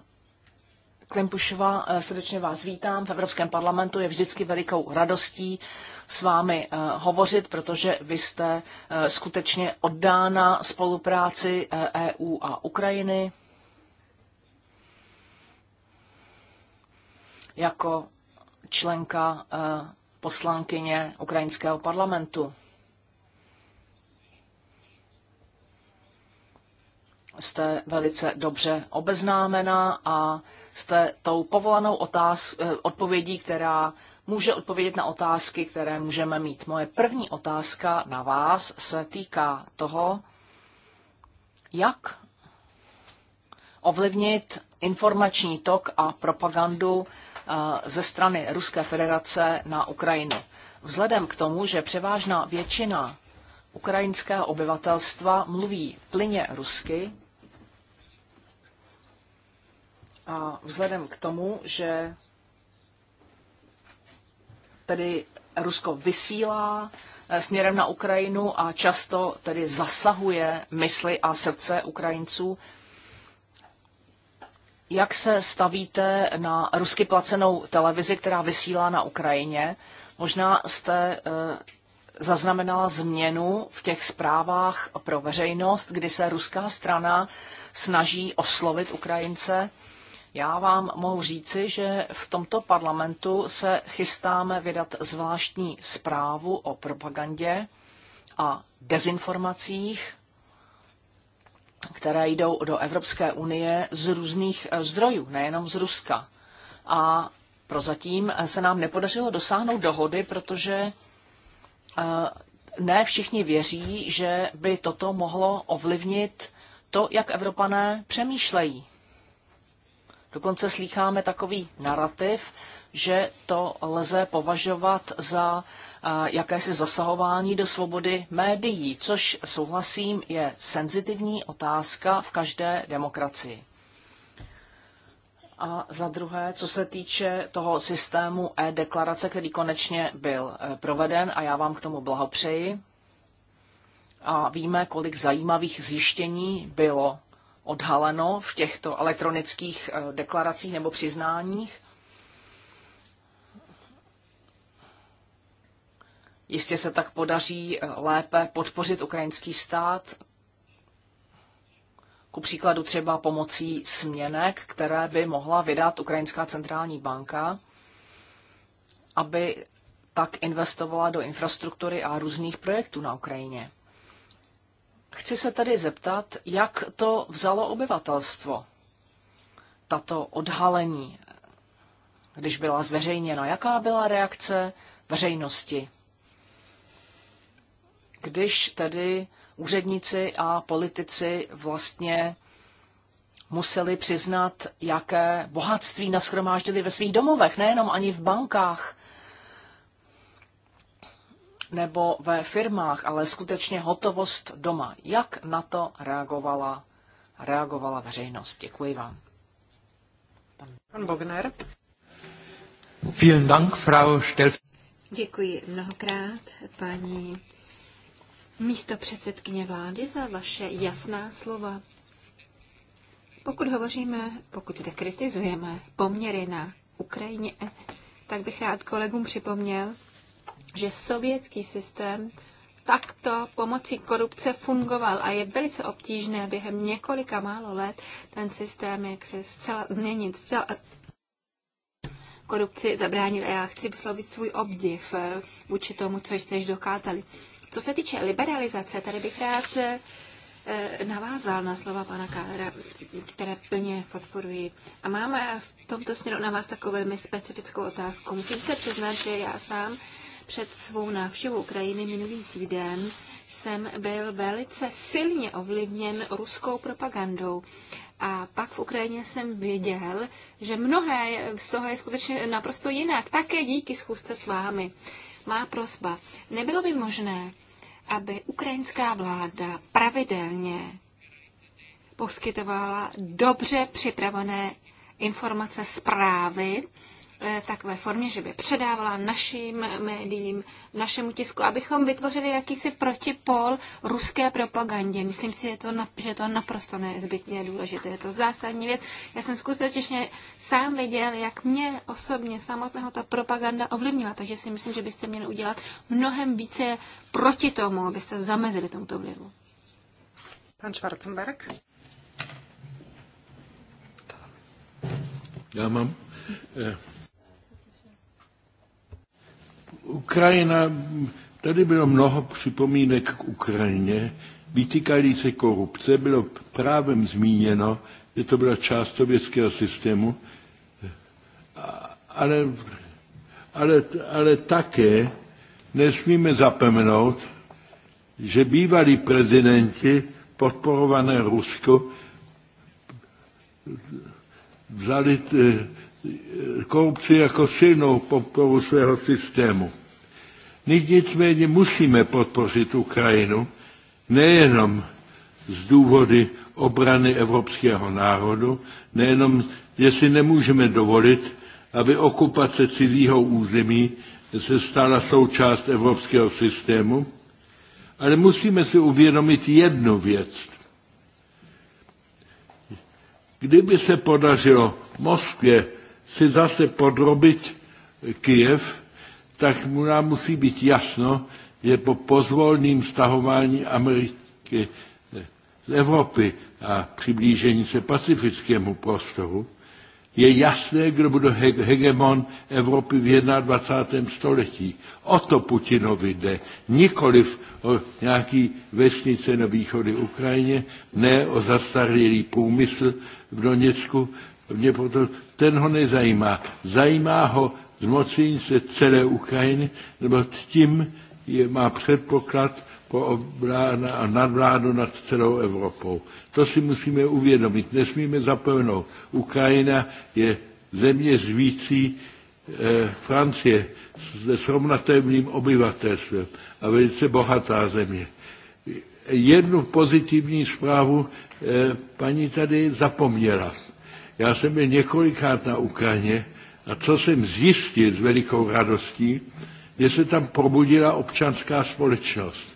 Klimpušová, eh, srdečně vás vítám v Evropském parlamentu. Je vždycky velikou radostí s vámi eh, hovořit, protože vy jste eh, skutečně oddána spolupráci EU e a Ukrajiny. Jako členka poslankyně ukrajinského parlamentu. jste velice dobře obeznámena a jste tou povolanou otáz, eh, odpovědí, která může odpovědět na otázky, které můžeme mít. Moje první otázka na vás se týká toho, jak ovlivnit informační tok a propagandu eh, ze strany Ruské federace na Ukrajinu. Vzhledem k tomu, že převážná většina ukrajinského obyvatelstva mluví plyně rusky, a vzhledem k tomu, že tedy Rusko vysílá eh, směrem na Ukrajinu a často tedy zasahuje mysli a srdce Ukrajinců. Jak se stavíte na rusky placenou televizi, která vysílá na Ukrajině? Možná jste eh, zaznamenala změnu v těch zprávách pro veřejnost, kdy se ruská strana snaží oslovit Ukrajince já vám mohu říci, že v tomto parlamentu se chystáme vydat zvláštní zprávu o propagandě a dezinformacích, které jdou do Evropské unie z různých eh, zdrojů, nejenom z Ruska. A prozatím se nám nepodařilo dosáhnout dohody, protože eh, ne všichni věří, že by toto mohlo ovlivnit to, jak Evropané přemýšlejí. Dokonce slýcháme takový narrativ, že to lze považovat za jakési zasahování do svobody médií, což souhlasím je senzitivní otázka v každé demokracii. A za druhé, co se týče toho systému e-deklarace, který konečně byl e, proveden, a já vám k tomu blahopřeji, a víme, kolik zajímavých zjištění bylo odhaleno v těchto elektronických eh, deklaracích nebo přiznáních. Jistě se tak podaří eh, lépe podpořit ukrajinský stát, ku příkladu třeba pomocí směnek, které by mohla vydat Ukrajinská centrální banka, aby tak investovala do infrastruktury a různých projektů na Ukrajině. Chci se tedy zeptat, jak to vzalo obyvatelstvo, tato odhalení, když byla zveřejněna, jaká byla reakce veřejnosti, když tedy úředníci a politici vlastně museli přiznat, jaké bohatství naschromáždili ve svých domovech, nejenom ani v bankách, nebo ve firmách, ale skutečně hotovost doma. Jak na to reagovala, reagovala veřejnost? Děkuji vám. Pan Bogner. Vielen Dank, Frau Stelf. Děkuji mnohokrát, paní místo předsedkyně vlády, za vaše jasná slova. Pokud hovoříme, pokud zde kritizujeme poměry na Ukrajině, tak bych rád kolegům připomněl, že sovětský systém takto pomocí korupce fungoval a je velice obtížné během několika málo let ten systém, jak se zcela změnit, zcela korupci zabránit a já chci vyslovit svůj obdiv eh, vůči tomu, co jste již dokázali. Co se týče liberalizace, tady bych rád eh, navázal na slova pana Kára, které plně podporuji. A máme eh, v tomto směru na vás takovou velmi specifickou otázku. Musím se přiznat, že já sám před svou návštěvou Ukrajiny minulý týden jsem byl velice silně ovlivněn ruskou propagandou. A pak v Ukrajině jsem věděl, že mnohé z toho je skutečně naprosto jinak. Také díky schůzce s vámi. Má prosba. Nebylo by možné, aby ukrajinská vláda pravidelně poskytovala dobře připravené informace, zprávy E, v takové formě, že by předávala našim médiím, našemu tisku, abychom vytvořili jakýsi protipol ruské propagandě. Myslím si, že to, že to naprosto nezbytně důležité. Je to zásadní věc. Já jsem skutečně sám viděl, jak mě osobně samotného ta propaganda ovlivnila, takže si myslím, že byste měli udělat mnohem více proti tomu, abyste zamezili tomuto vlivu. Pan Schwarzenberg. Já mám eh, Ukrajina, tady bylo mnoho připomínek k Ukrajině, vytýkají se korupce, bylo právem zmíněno, že to byla část sovětského systému, ale, ale, ale také nesmíme zapomenout, že bývalí prezidenti podporované Rusko vzali eh, korupci jako silnou podporu svého systému. Nicméně musíme podpořit Ukrajinu nejenom z důvody obrany evropského národu, nejenom, že si nemůžeme dovolit, aby okupace cizího území se stala součást evropského systému, ale musíme si uvědomit jednu věc. Kdyby se podařilo Moskvě si zase podrobit Kyjev, tak mu nám musí být jasno, že po pozvolným stahování Ameriky z Evropy a přiblížení se pacifickému prostoru, je jasné, kdo bude hegemon Evropy v 21. století. O to Putinovi jde. Nikoliv o nějaký vesnice na východy Ukrajině, ne o zastarělý průmysl v Doněcku, mě proto, ten ho nezajímá. Zajímá ho zmocnění se celé Ukrajiny, nebo tím je, má předpoklad po obrána a nadvládu nad celou Evropou. To si musíme uvědomit, nesmíme zapomenout. Ukrajina je země zvící eh, Francie se srovnatelným obyvatelstvem a velice bohatá země. Jednu pozitivní zprávu eh, paní tady zapomněla já jsem byl několikrát na Ukrajině a co jsem zjistil s velikou radostí, že se tam probudila občanská společnost.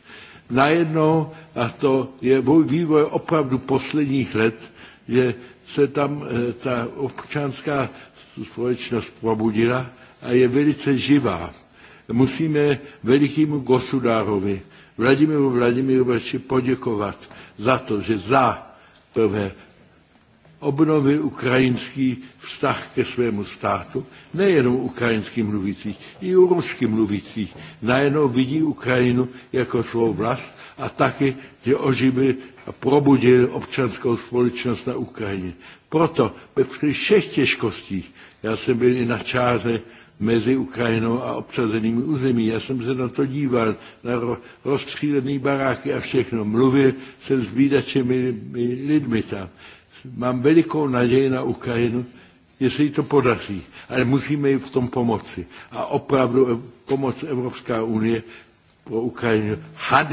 Najednou, a to je můj vývoj opravdu posledních let, že se tam eh, ta občanská společnost probudila a je velice živá. Musíme velikému gosudárovi Vladimiru Vladimiroviči poděkovat za to, že za prvé obnovil ukrajinský vztah ke svému státu, nejenom ukrajinským mluvící, i u rusky mluvící, Najednou vidí Ukrajinu jako svou vlast a taky, že oživil a probudil občanskou společnost na Ukrajině. Proto ve všech těžkostích, já jsem byl i na čáře mezi Ukrajinou a obsazenými území. Já jsem se na to díval, na rozstřílené baráky a všechno. Mluvil jsem s výdačemi lidmi tam mám velikou naději na Ukrajinu, jestli jí to podaří, ale musíme jí v tom pomoci. A opravdu pomoc Evropská unie pro Ukrajinu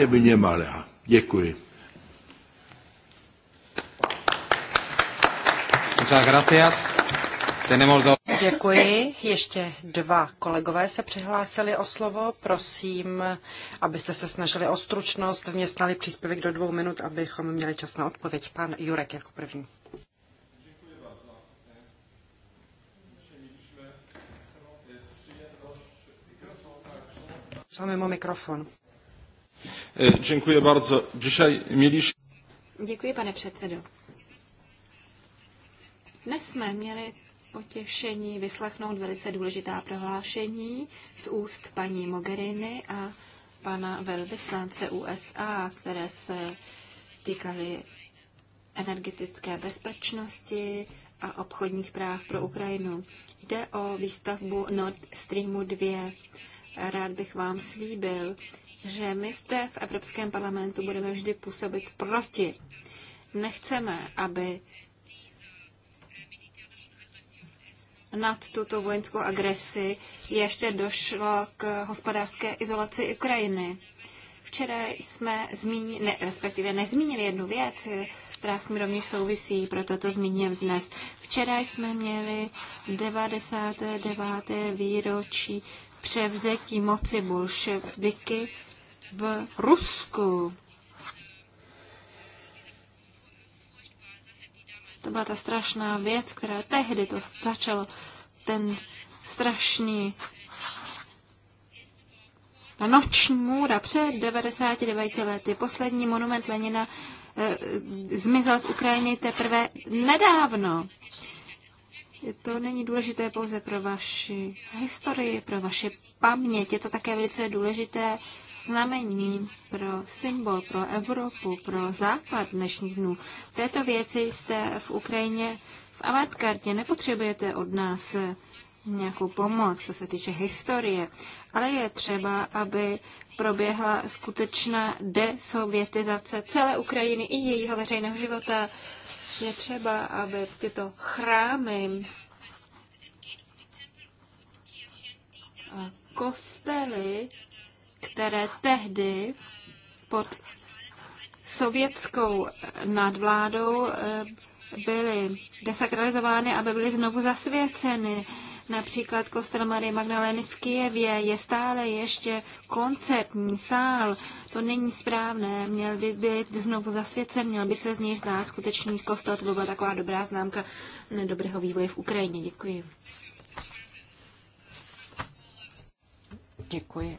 by malá. Děkuji. Muchas gracias. Tenemos dos Děkuji. Ještě dva kolegové se přihlásili o slovo. Prosím, abyste se snažili o stručnost, vměstnali příspěvek do dvou minut, abychom měli čas na odpověď. Pan Jurek jako první. Mimo mikrofon. E, Děkuji bardzo. Dzisiaj mieliš... Děkuji, pane předsedo. Dnes jsme měli potěšení vyslechnout velice důležitá prohlášení z úst paní Mogherini a pana velvyslance USA, které se týkaly energetické bezpečnosti a obchodních práv pro Ukrajinu. Jde o výstavbu Nord Streamu 2. Rád bych vám slíbil, že my jste v Evropském parlamentu budeme vždy působit proti. Nechceme, aby nad tuto vojenskou agresi ještě došlo k hospodářské izolaci Ukrajiny. Včera jsme zmínili, ne, respektive nezmínili jednu věc, která s tím rovněž souvisí, proto to zmíním dnes. Včera jsme měli 99. výročí převzetí moci bolševiky v Rusku. To byla ta strašná věc, která tehdy to začalo, ten strašný ta noční můra před 99 lety, poslední monument Lenina e, zmizel z Ukrajiny teprve nedávno. To není důležité pouze pro vaši historii, pro vaši paměť. Je to také velice důležité znamení, pro symbol, pro Evropu, pro západ dnešních dnů. V této věci jste v Ukrajině v avatkartě. nepotřebujete od nás eh, nějakou pomoc, co se týče historie, ale je třeba, aby proběhla skutečná desovětizace celé Ukrajiny i jejího veřejného života. Je třeba, aby tyto chrámy a kostely které tehdy pod sovětskou nadvládou eh, byly desakralizovány, aby byly znovu zasvěceny. Například kostel Marie Magdalény v Kijevě je stále ještě koncertní sál. To není správné, měl by být znovu zasvěcen, měl by se z něj znát skutečný kostel. To by byla taková dobrá známka dobrého vývoje v Ukrajině. Děkuji. Děkuji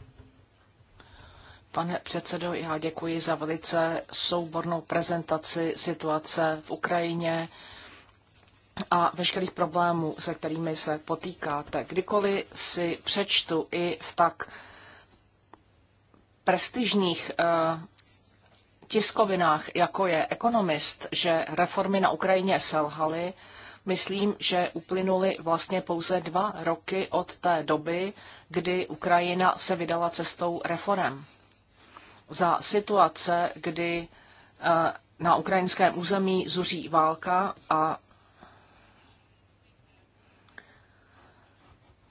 Pane předsedo, já děkuji za velice soubornou prezentaci situace v Ukrajině a veškerých problémů, se kterými se potýkáte. Kdykoliv si přečtu i v tak prestižních eh, tiskovinách, jako je ekonomist, že reformy na Ukrajině selhaly, myslím, že uplynuly vlastně pouze dva roky od té doby, kdy Ukrajina se vydala cestou reform za situace, kdy eh, na ukrajinském území zuří válka a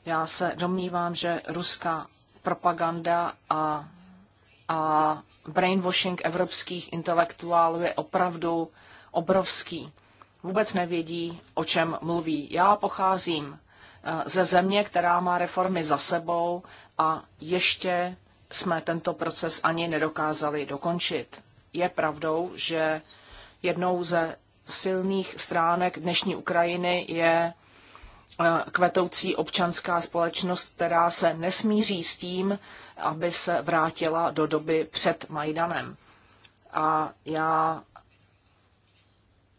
já se domnívám, že ruská propaganda a, a brainwashing evropských intelektuálů je opravdu obrovský. Vůbec nevědí, o čem mluví. Já pocházím eh, ze země, která má reformy za sebou a ještě jsme tento proces ani nedokázali dokončit. Je pravdou, že jednou ze silných stránek dnešní Ukrajiny je eh, kvetoucí občanská společnost, která se nesmíří s tím, aby se vrátila do doby před Majdanem. A já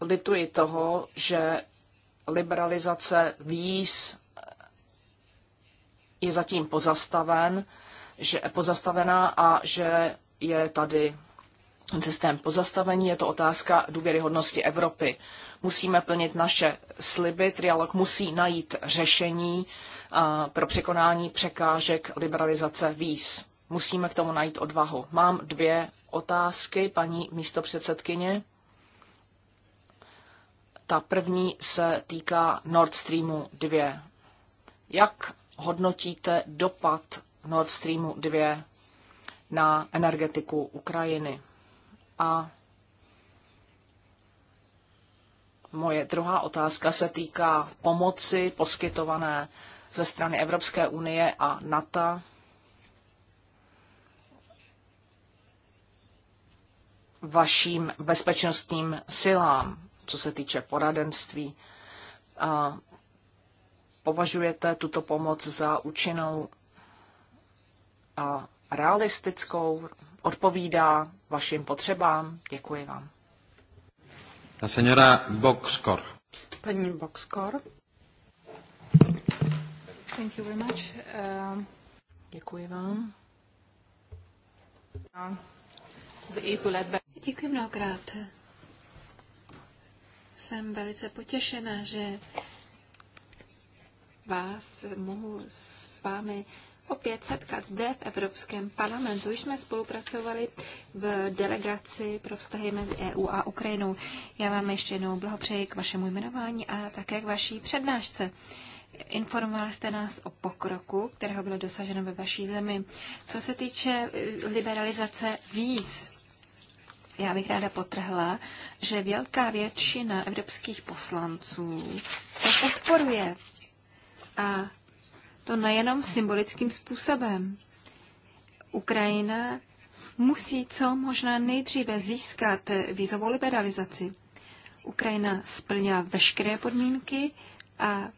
lituji toho, že liberalizace víz je zatím pozastaven že pozastavená a že je tady systém pozastavení. Je to otázka důvěryhodnosti Evropy. Musíme plnit naše sliby. Trialog musí najít řešení pro překonání překážek liberalizace víz. Musíme k tomu najít odvahu. Mám dvě otázky, paní místopředsedkyně. Ta první se týká Nord Streamu 2. Jak hodnotíte dopad Nord Streamu 2 na energetiku Ukrajiny. A moje druhá otázka se týká pomoci poskytované ze strany Evropské unie a NATO vaším bezpečnostním silám, co se týče poradenství. A považujete tuto pomoc za účinnou realistickou, odpovídá vašim potřebám. Děkuji vám. Ta senora Boxkor. Paní Boxkor. Thank you very much. Uh, Děkuji vám. Děkuji mnohokrát. Jsem velice potěšena, že vás mohu s vámi opět setkat zde v Evropském parlamentu. Už jsme spolupracovali v delegaci pro vztahy mezi EU a Ukrajinou. Já vám ještě jednou blahopřeji k vašemu jmenování a také k vaší přednášce. Informoval jste nás o pokroku, kterého bylo dosaženo ve vaší zemi. Co se týče eh, liberalizace víc, já bych ráda potrhla, že velká většina evropských poslanců to podporuje. A to nejenom symbolickým způsobem. Ukrajina musí co možná nejdříve získat vízovou liberalizaci. Ukrajina splnila veškeré podmínky a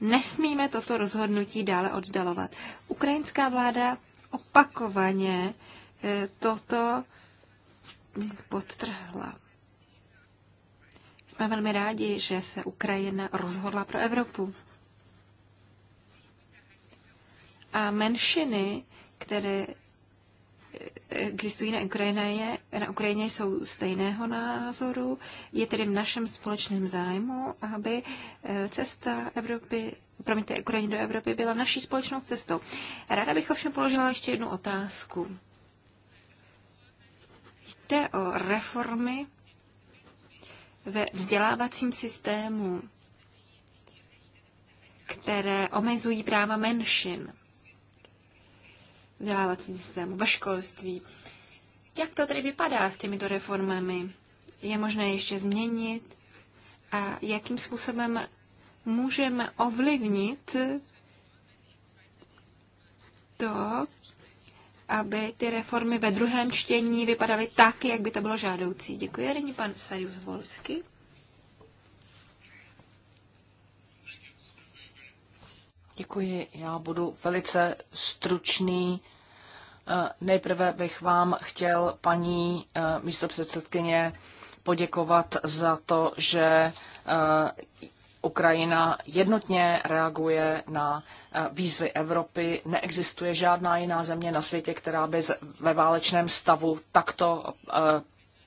nesmíme toto rozhodnutí dále oddalovat. Ukrajinská vláda opakovaně eh, toto podtrhla. Jsme velmi rádi, že se Ukrajina rozhodla pro Evropu. A menšiny, které eh, existují na Ukrajině, na Ukrajině jsou stejného názoru. Je tedy v našem společném zájmu, aby eh, cesta Evropy, promiňte, Ukrajiny do Evropy byla naší společnou cestou. Ráda bych ovšem položila ještě jednu otázku. Jde o reformy ve vzdělávacím systému, které omezují práva menšin vzdělávacím systému, ve školství. Jak to tedy vypadá s těmito reformami? Je možné ještě změnit? A jakým způsobem můžeme ovlivnit to, aby ty reformy ve druhém čtení vypadaly tak, jak by to bylo žádoucí. Děkuji, nyní pan Sarius Volsky. Děkuji, já budu velice stručný. Eh, nejprve bych vám chtěl, paní eh, místopředsedkyně, poděkovat za to, že eh, Ukrajina jednotně reaguje na výzvy Evropy. Neexistuje žádná jiná země na světě, která by ve válečném stavu takto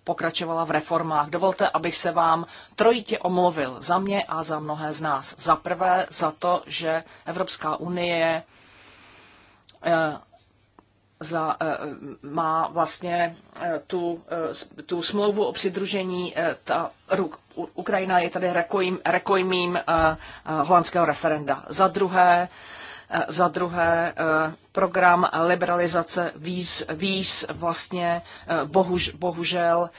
pokračovala v reformách. Dovolte, abych se vám trojitě omluvil za mě a za mnohé z nás. Za prvé za to, že Evropská unie eh, za, eh, má vlastně eh, tu, tu smlouvu o přidružení. Ta, Ukrajina je tady e, e, holandského referenda. Za druhé, Eh, za druhé, eh, program liberalizace víz, víz vlastně eh, bohuž, bohužel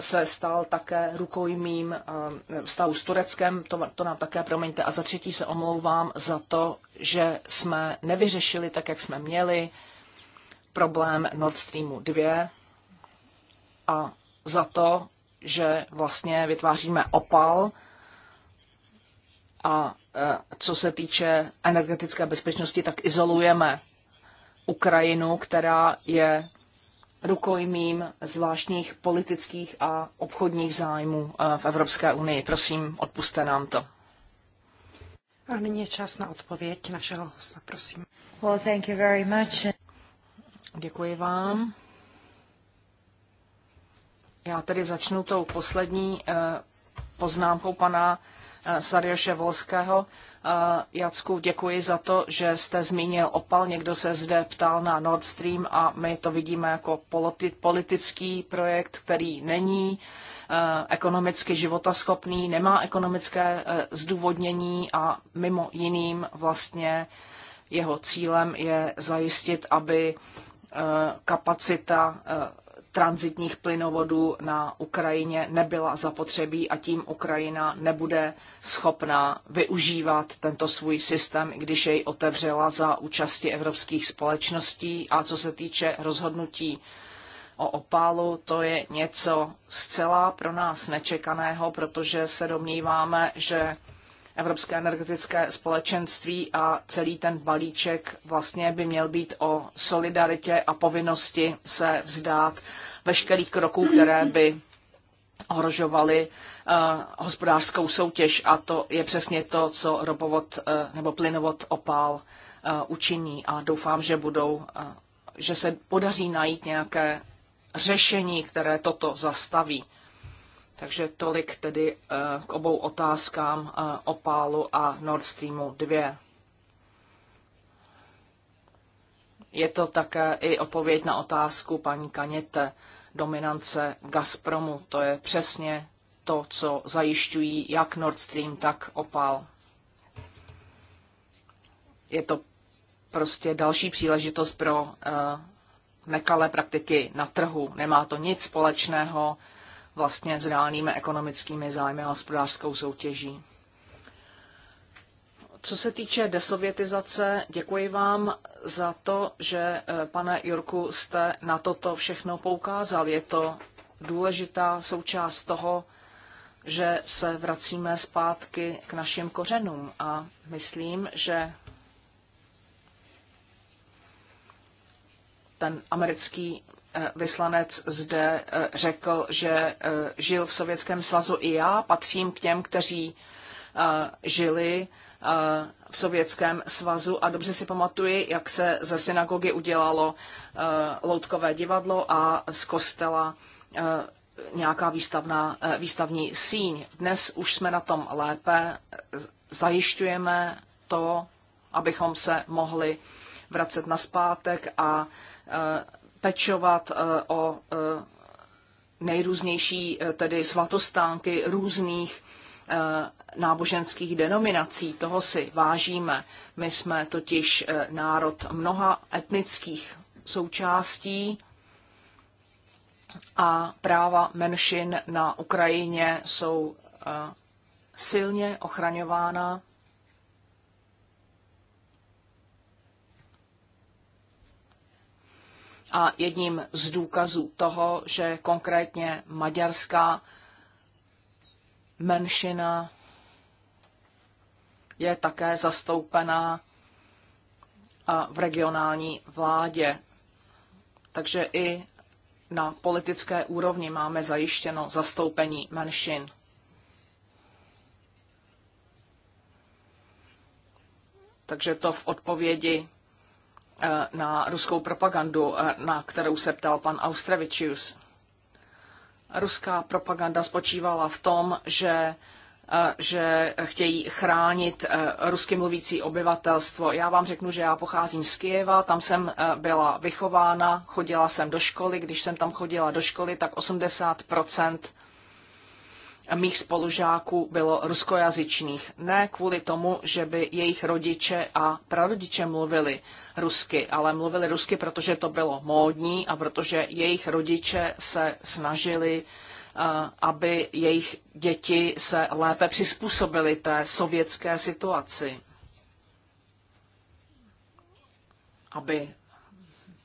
se stal také rukojmím vztahu s Tureckem, to, to nám také promiňte. A za třetí se omlouvám za to, že jsme nevyřešili tak, jak jsme měli, problém Nord Streamu 2 a za to, že vlastně vytváříme opal, a e, co se týče energetické bezpečnosti, tak izolujeme Ukrajinu, která je rukojmím zvláštních politických a obchodních zájmů e, v Evropské unii. Prosím, odpuste nám to. A nyní je čas na odpověď našeho hosta, prosím. Well, thank you very much. Děkuji vám. Já tedy začnu tou poslední e, poznámkou pana Sarjoše Volského. Jacku, děkuji za to, že jste zmínil opal. Někdo se zde ptal na Nord Stream a my to vidíme jako politický projekt, který není e, ekonomicky životaschopný, nemá ekonomické e, zdůvodnění a mimo jiným vlastně jeho cílem je zajistit, aby e, kapacita transitních plynovodů na Ukrajině nebyla zapotřebí a tím Ukrajina nebude schopná využívat tento svůj systém, i když jej otevřela za účasti evropských společností. A co se týče rozhodnutí o opálu, to je něco zcela pro nás nečekaného, protože se domníváme, že Evropské energetické společenství a celý ten balíček vlastně by měl být o solidaritě a povinnosti se vzdát veškerých kroků, které by ohrožovaly uh, hospodářskou soutěž a to je přesně to, co ropovod uh, nebo plynovod opál uh, učiní a doufám, že budou, uh, že se podaří najít nějaké řešení, které toto zastaví. Takže tolik tedy eh, k obou otázkám eh, pálu a Nord Streamu 2. Je to také i odpověď na otázku paní Kaněte, dominance Gazpromu. To je přesně to, co zajišťují jak Nord Stream, tak opal. Je to prostě další příležitost pro uh, nekalé praktiky na trhu. Nemá to nic společného vlastně s reálnými ekonomickými zájmy a hospodářskou soutěží. Co se týče desovětizace, děkuji vám za to, že, eh, pane Jurku, jste na toto všechno poukázal. Je to důležitá součást toho, že se vracíme zpátky k našim kořenům. A myslím, že ten americký Eh, vyslanec zde eh, řekl, že eh, žil v Sovětském svazu i já, patřím k těm, kteří žili v Sovětském svazu a dobře si pamatuji, jak se ze synagogy udělalo loutkové divadlo a z kostela nějaká výstavná, výstavní síň. Dnes už jsme na tom lépe, zajišťujeme to, abychom se mohli vracet na zpátek a pečovat eh, o eh, nejrůznější eh, tedy svatostánky různých náboženských denominací. Toho si vážíme. My jsme totiž národ mnoha etnických součástí a práva menšin na Ukrajině jsou silně ochraňována a jedním z důkazů toho, že konkrétně maďarská menšina je také zastoupená v regionální vládě. Takže i na politické úrovni máme zajištěno zastoupení menšin. Takže to v odpovědi Eh, na ruskou propagandu, eh, na kterou se ptal pan Austrevičius. Ruská propaganda spočívala v tom, že eh, že chtějí chránit rusky mluvící obyvatelstvo. Já vám řeknu, že já pocházím z Kijeva, tam jsem byla vychována, chodila jsem do školy. Když jsem tam chodila do školy, tak 80 mých spolužáků bylo ruskojazyčných. Ne kvůli tomu, že by jejich rodiče a prarodiče mluvili rusky, ale mluvili rusky, protože to bylo módní a protože jejich rodiče se snažili, eh, aby jejich děti se lépe přizpůsobily té sovětské situaci. Aby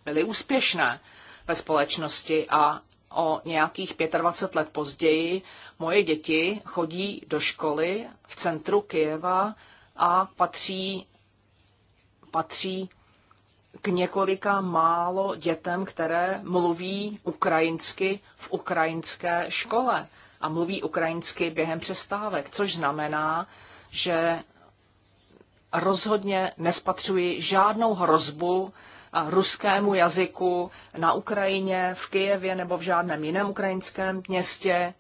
byly úspěšné ve společnosti a o nějakých 25 let později moje děti chodí do školy v centru Kyjeva a patří, patří k několika málo dětem, které mluví ukrajinsky v ukrajinské škole a mluví ukrajinsky během přestávek, což znamená, že rozhodně nespatřuji žádnou hrozbu ruskému jazyku na Ukrajině, v Kijevě nebo v žádném jiném ukrajinském městě.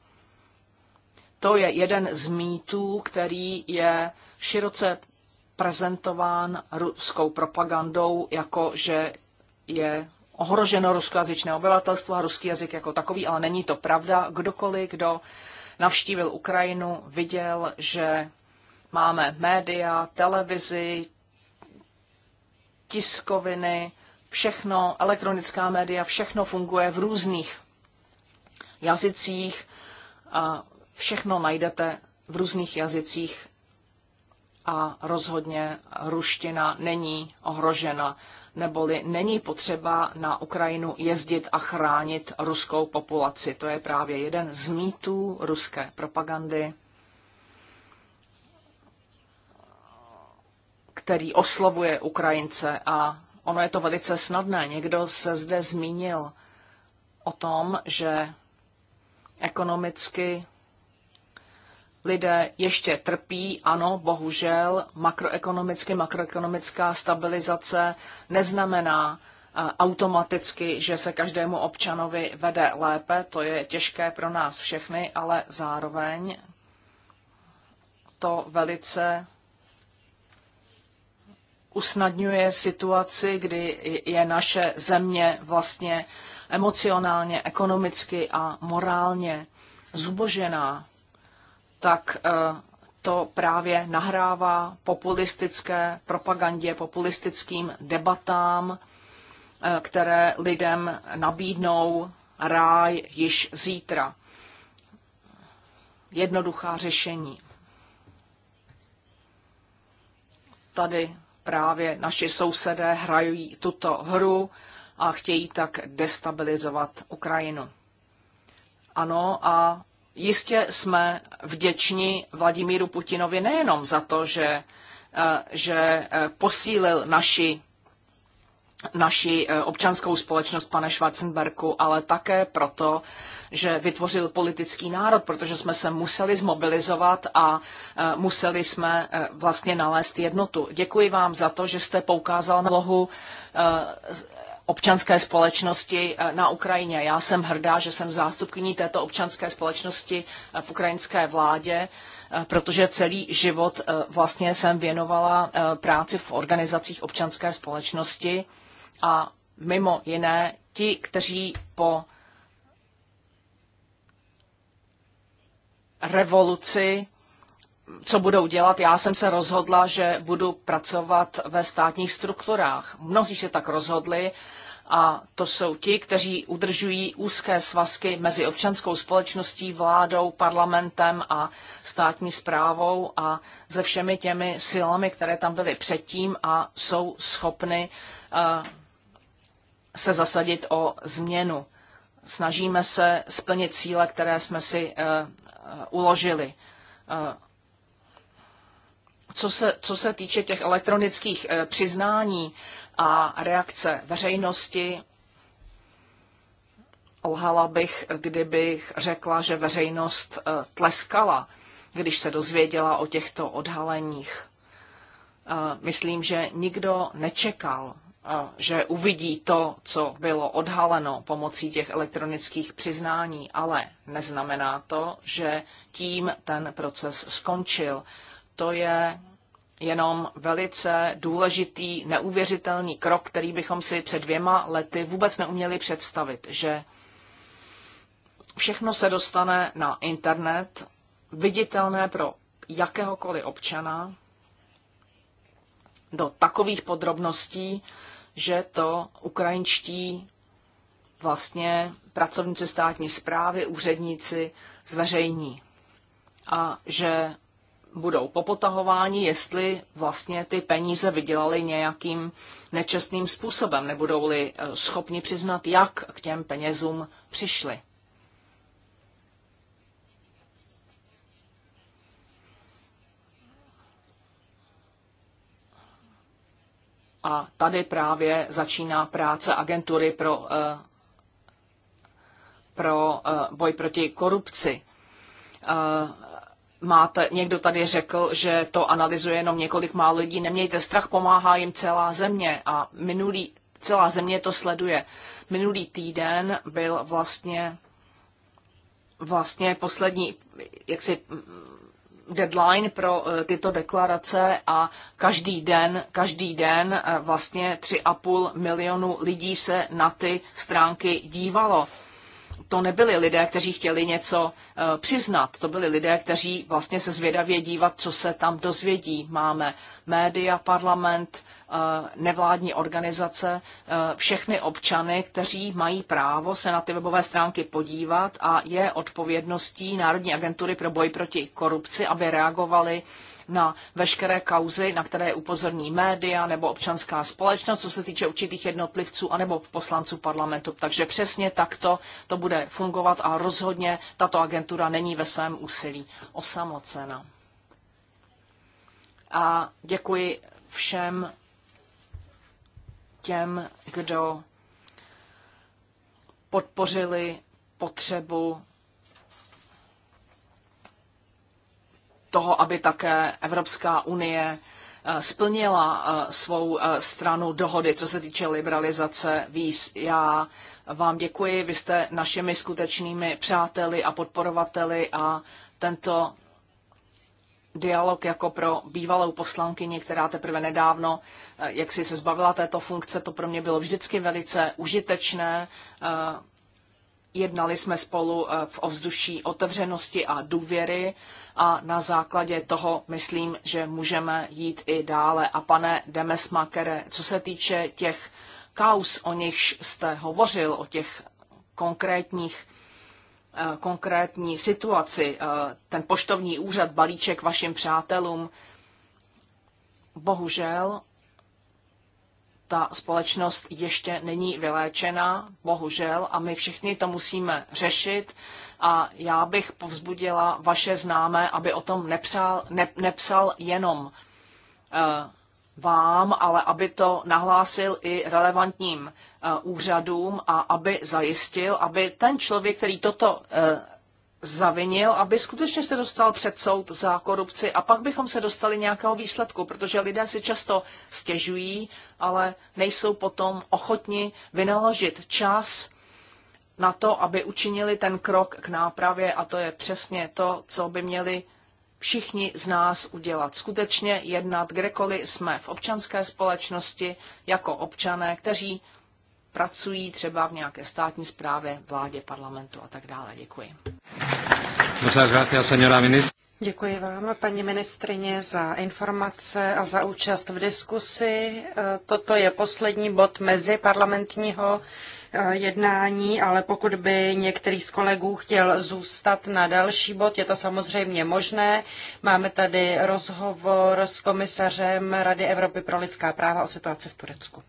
To je jeden z mýtů, který je široce prezentován ruskou propagandou, jako že je ohroženo ruskojazyčné obyvatelstvo a ruský jazyk jako takový, ale není to pravda. Kdokoliv, kdo navštívil Ukrajinu, viděl, že máme média, televizi, tiskoviny, všechno, elektronická média, všechno funguje v různých jazycích a všechno najdete v různých jazycích a rozhodně ruština není ohrožena, neboli není potřeba na Ukrajinu jezdit a chránit ruskou populaci. To je právě jeden z mýtů ruské propagandy, který oslovuje Ukrajince a Ono je to velice snadné. Někdo se zde zmínil o tom, že ekonomicky lidé ještě trpí. Ano, bohužel, makroekonomicky, makroekonomická stabilizace neznamená eh, automaticky, že se každému občanovi vede lépe. To je těžké pro nás všechny, ale zároveň to velice usnadňuje situaci, kdy je naše země vlastně emocionálně, ekonomicky a morálně zubožená, tak eh, to právě nahrává populistické propagandě, populistickým debatám, eh, které lidem nabídnou ráj již zítra. Jednoduchá řešení. Tady právě naši sousedé hrají tuto hru a chtějí tak destabilizovat Ukrajinu. Ano, a jistě jsme vděční Vladimíru Putinovi nejenom za to, že, eh, že eh, posílil naši naši eh, občanskou společnost, pane Schwarzenberku, ale také proto, že vytvořil politický národ, protože jsme se museli zmobilizovat a eh, museli jsme eh, vlastně nalézt jednotu. Děkuji vám za to, že jste poukázal na lohu občanské společnosti na Ukrajině. Já jsem hrdá, že jsem zástupkyní této občanské společnosti v ukrajinské vládě, protože celý život vlastně jsem věnovala práci v organizacích občanské společnosti a mimo jiné ti, kteří po revoluci co budou dělat. Já jsem se rozhodla, že budu pracovat ve státních strukturách. Mnozí se tak rozhodli a to jsou ti, kteří udržují úzké svazky mezi občanskou společností, vládou, parlamentem a státní zprávou a se všemi těmi silami, které tam byly předtím a jsou schopny uh, se zasadit o změnu. Snažíme se splnit cíle, které jsme si eh, eh, uložili. Eh, co se, co se týče těch elektronických přiznání a reakce veřejnosti, lhala bych, kdybych řekla, že veřejnost tleskala, když se dozvěděla o těchto odhaleních. Myslím, že nikdo nečekal, že uvidí to, co bylo odhaleno pomocí těch elektronických přiznání, ale neznamená to, že tím ten proces skončil. To je jenom velice důležitý, neuvěřitelný krok, který bychom si před dvěma lety vůbec neuměli představit, že všechno se dostane na internet, viditelné pro jakéhokoliv občana, do takových podrobností, že to ukrajinští vlastně pracovníci státní zprávy, úředníci zveřejní. A že budou popotahováni, jestli vlastně ty peníze vydělali nějakým nečestným způsobem, nebudou-li eh, schopni přiznat, jak k těm penězům přišli. A tady právě začíná práce agentury pro, eh, pro eh, boj proti korupci. Eh, máte, někdo tady řekl, že to analyzuje jenom několik málo lidí. Nemějte strach, pomáhá jim celá země a minulý, celá země to sleduje. Minulý týden byl vlastně vlastně poslední jak si deadline pro eh, tyto deklarace a každý den, každý den eh, vlastně 3,5 milionu lidí se na ty stránky dívalo to nebyli lidé, kteří chtěli něco eh, přiznat, to byli lidé, kteří vlastně se zvědavě dívat, co se tam dozvědí. Máme média, parlament, eh, nevládní organizace, eh, všechny občany, kteří mají právo se na ty webové stránky podívat a je odpovědností Národní agentury pro boj proti korupci, aby reagovali na veškeré kauzy, na které upozorní média nebo občanská společnost, co se týče určitých jednotlivců anebo poslanců parlamentu. Takže přesně takto to bude fungovat a rozhodně tato agentura není ve svém úsilí osamocena. A děkuji všem těm, kdo podpořili potřebu toho, aby také Evropská unie eh, splnila eh, svou eh, stranu dohody, co se týče liberalizace víz. Já vám děkuji, vy jste našimi skutečnými přáteli a podporovateli a tento dialog jako pro bývalou poslankyni, která teprve nedávno, jak si se zbavila této funkce, to pro mě bylo vždycky velice užitečné Jednali jsme spolu eh, v ovzduší otevřenosti a důvěry a na základě toho myslím, že můžeme jít i dále. A pane Demesmakere, co se týče těch kaus, o nichž jste hovořil, o těch konkrétních eh, konkrétní situaci, eh, ten poštovní úřad, balíček vašim přátelům, bohužel ta společnost ještě není vyléčena, bohužel, a my všichni to musíme řešit. A já bych povzbudila vaše známé, aby o tom nepřál, ne, nepsal jenom uh, vám, ale aby to nahlásil i relevantním eh, úřadům a aby zajistil, aby ten člověk, který toto eh, zavinil, aby skutečně se dostal před soud za korupci a pak bychom se dostali nějakého výsledku, protože lidé si často stěžují, ale nejsou potom ochotni vynaložit čas na to, aby učinili ten krok k nápravě a to je přesně to, co by měli všichni z nás udělat. Skutečně jednat, kdekoliv jsme v občanské společnosti jako občané, kteří pracují třeba v nějaké státní správě, vládě, parlamentu a tak dále. Děkuji. Děkuji vám, paní ministrině, za informace a za účast v diskusi. E, toto je poslední bod mezi parlamentního e, jednání, ale pokud by některý z kolegů chtěl zůstat na další bod, je to samozřejmě možné. Máme tady rozhovor s komisařem Rady Evropy pro lidská práva o situaci v Turecku.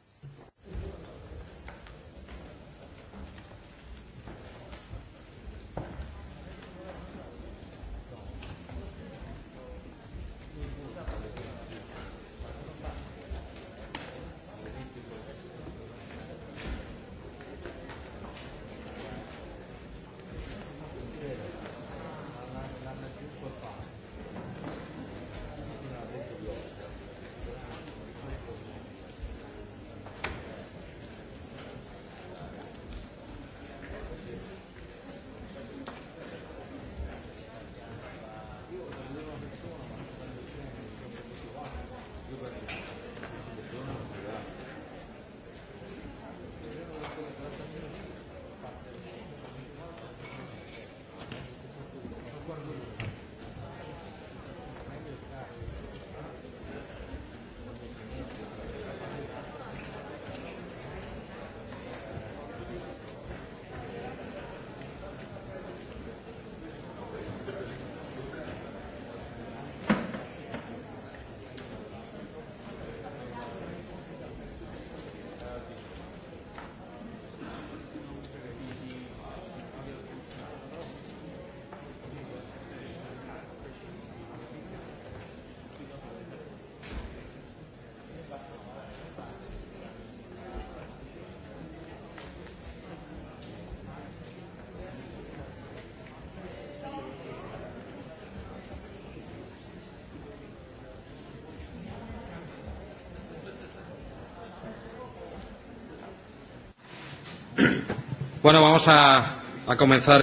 Bueno, vamos a, a comenzar.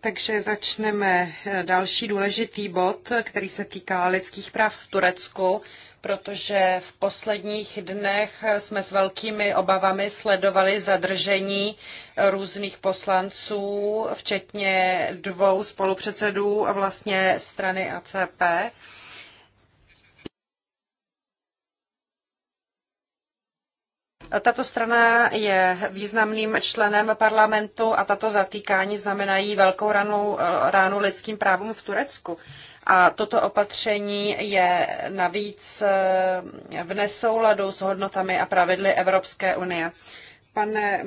Takže začneme eh, další důležitý bod, který se týká lidských práv v Turecku, protože v posledních dnech eh, jsme s velkými obavami sledovali zadržení eh, různých poslanců, včetně dvou spolupředsedů vlastně strany ACP Tato strana je významným členem parlamentu a tato zatýkání znamenají velkou ranu, ránu lidským právům v Turecku. A toto opatření je navíc eh, v nesouladu s hodnotami a pravidly Evropské unie. Pane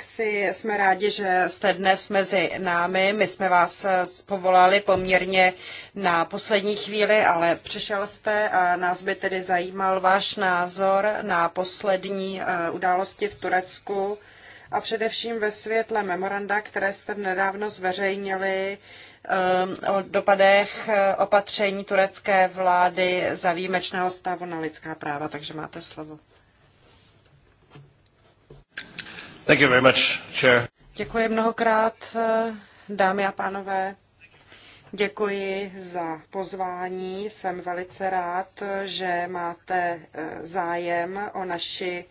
si jsme rádi, že jste dnes mezi námi. My jsme vás eh, povolali poměrně na poslední chvíli, ale přišel jste a nás by tedy zajímal váš názor na poslední eh, události v Turecku a především ve světle memoranda, které jste nedávno zveřejnili ehm, o dopadech eh, opatření turecké vlády za výjimečného stavu na lidská práva. Takže máte slovo. Děkuji mnohokrát, dámy a pánové. Děkuji za pozvání. Jsem velice rád, že máte eh, zájem o naši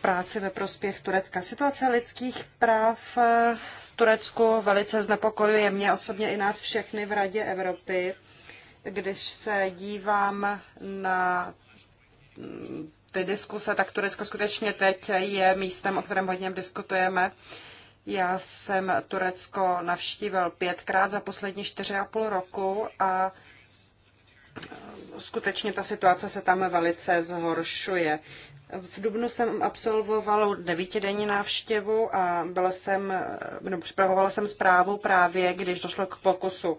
práci ve prospěch Turecka. Situace lidských práv eh, v Turecku velice znepokojuje mě osobně i nás všechny v Radě Evropy. Když se dívám na ty diskuse, tak Turecko skutečně teď je místem, o kterém hodně diskutujeme. Já jsem Turecko navštívil pětkrát za poslední čtyři a půl roku a skutečně ta situace se tam velice zhoršuje. V Dubnu jsem absolvoval devítidenní návštěvu a byla jsem, no, připravovala jsem zprávu právě, když došlo k pokusu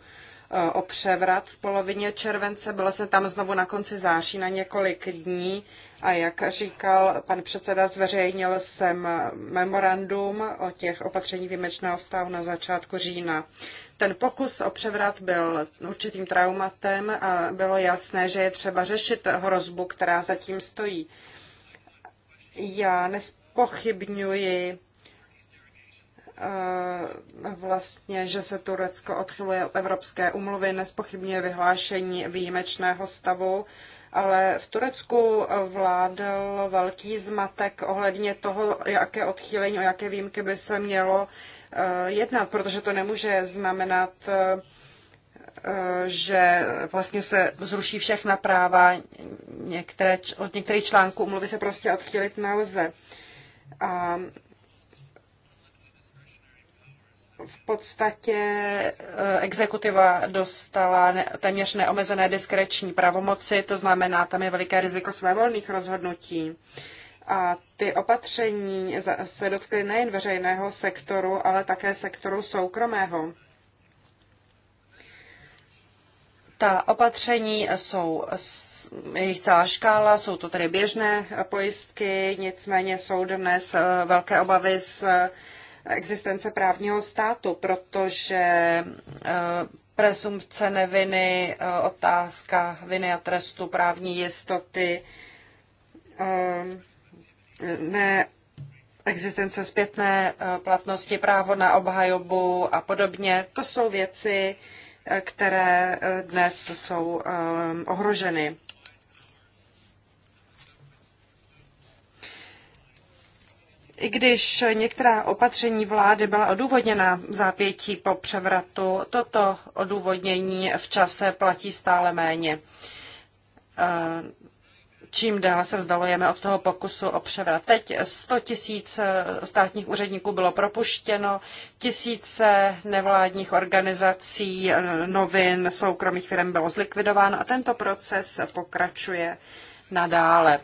o převrat v polovině července. byla jsem tam znovu na konci září na několik dní a jak říkal pan předseda, zveřejnil jsem memorandum o těch opatření výjimečného stavu na začátku října. Ten pokus o převrat byl určitým traumatem a bylo jasné, že je třeba řešit hrozbu, která zatím stojí. Já nespochybňuji Eh, vlastně, že se Turecko odchyluje od Evropské umluvy, nespochybňuje vyhlášení výjimečného stavu, ale v Turecku vládl velký zmatek ohledně toho, jaké odchýlení, o jaké výjimky by se mělo eh, jednat, protože to nemůže znamenat, eh, že vlastně se zruší všechna práva, některé, od některých článků umluvy se prostě odchýlit nelze. A v podstatě eh, exekutiva dostala téměř neomezené diskreční pravomoci, to znamená, tam je veliké riziko svévolných rozhodnutí. A ty opatření se dotkly nejen veřejného sektoru, ale také sektoru soukromého. Ta opatření jsou jejich celá škála, jsou to tedy běžné pojistky, nicméně jsou dnes eh, velké obavy z existence právního státu, protože eh, presumpce neviny, eh, otázka viny a trestu, právní jistoty, eh, ne existence zpětné platnosti, právo na obhajobu a podobně. To jsou věci, které dnes jsou ohroženy. I když některá opatření vlády byla odůvodněna v zápětí po převratu, toto odůvodnění v čase platí stále méně. Eh, čím déle se vzdalujeme od toho pokusu o převrat. Teď 100 tisíc eh, státních úředníků bylo propuštěno, tisíce nevládních organizací, eh, novin, soukromých firm bylo zlikvidováno a tento proces pokračuje nadále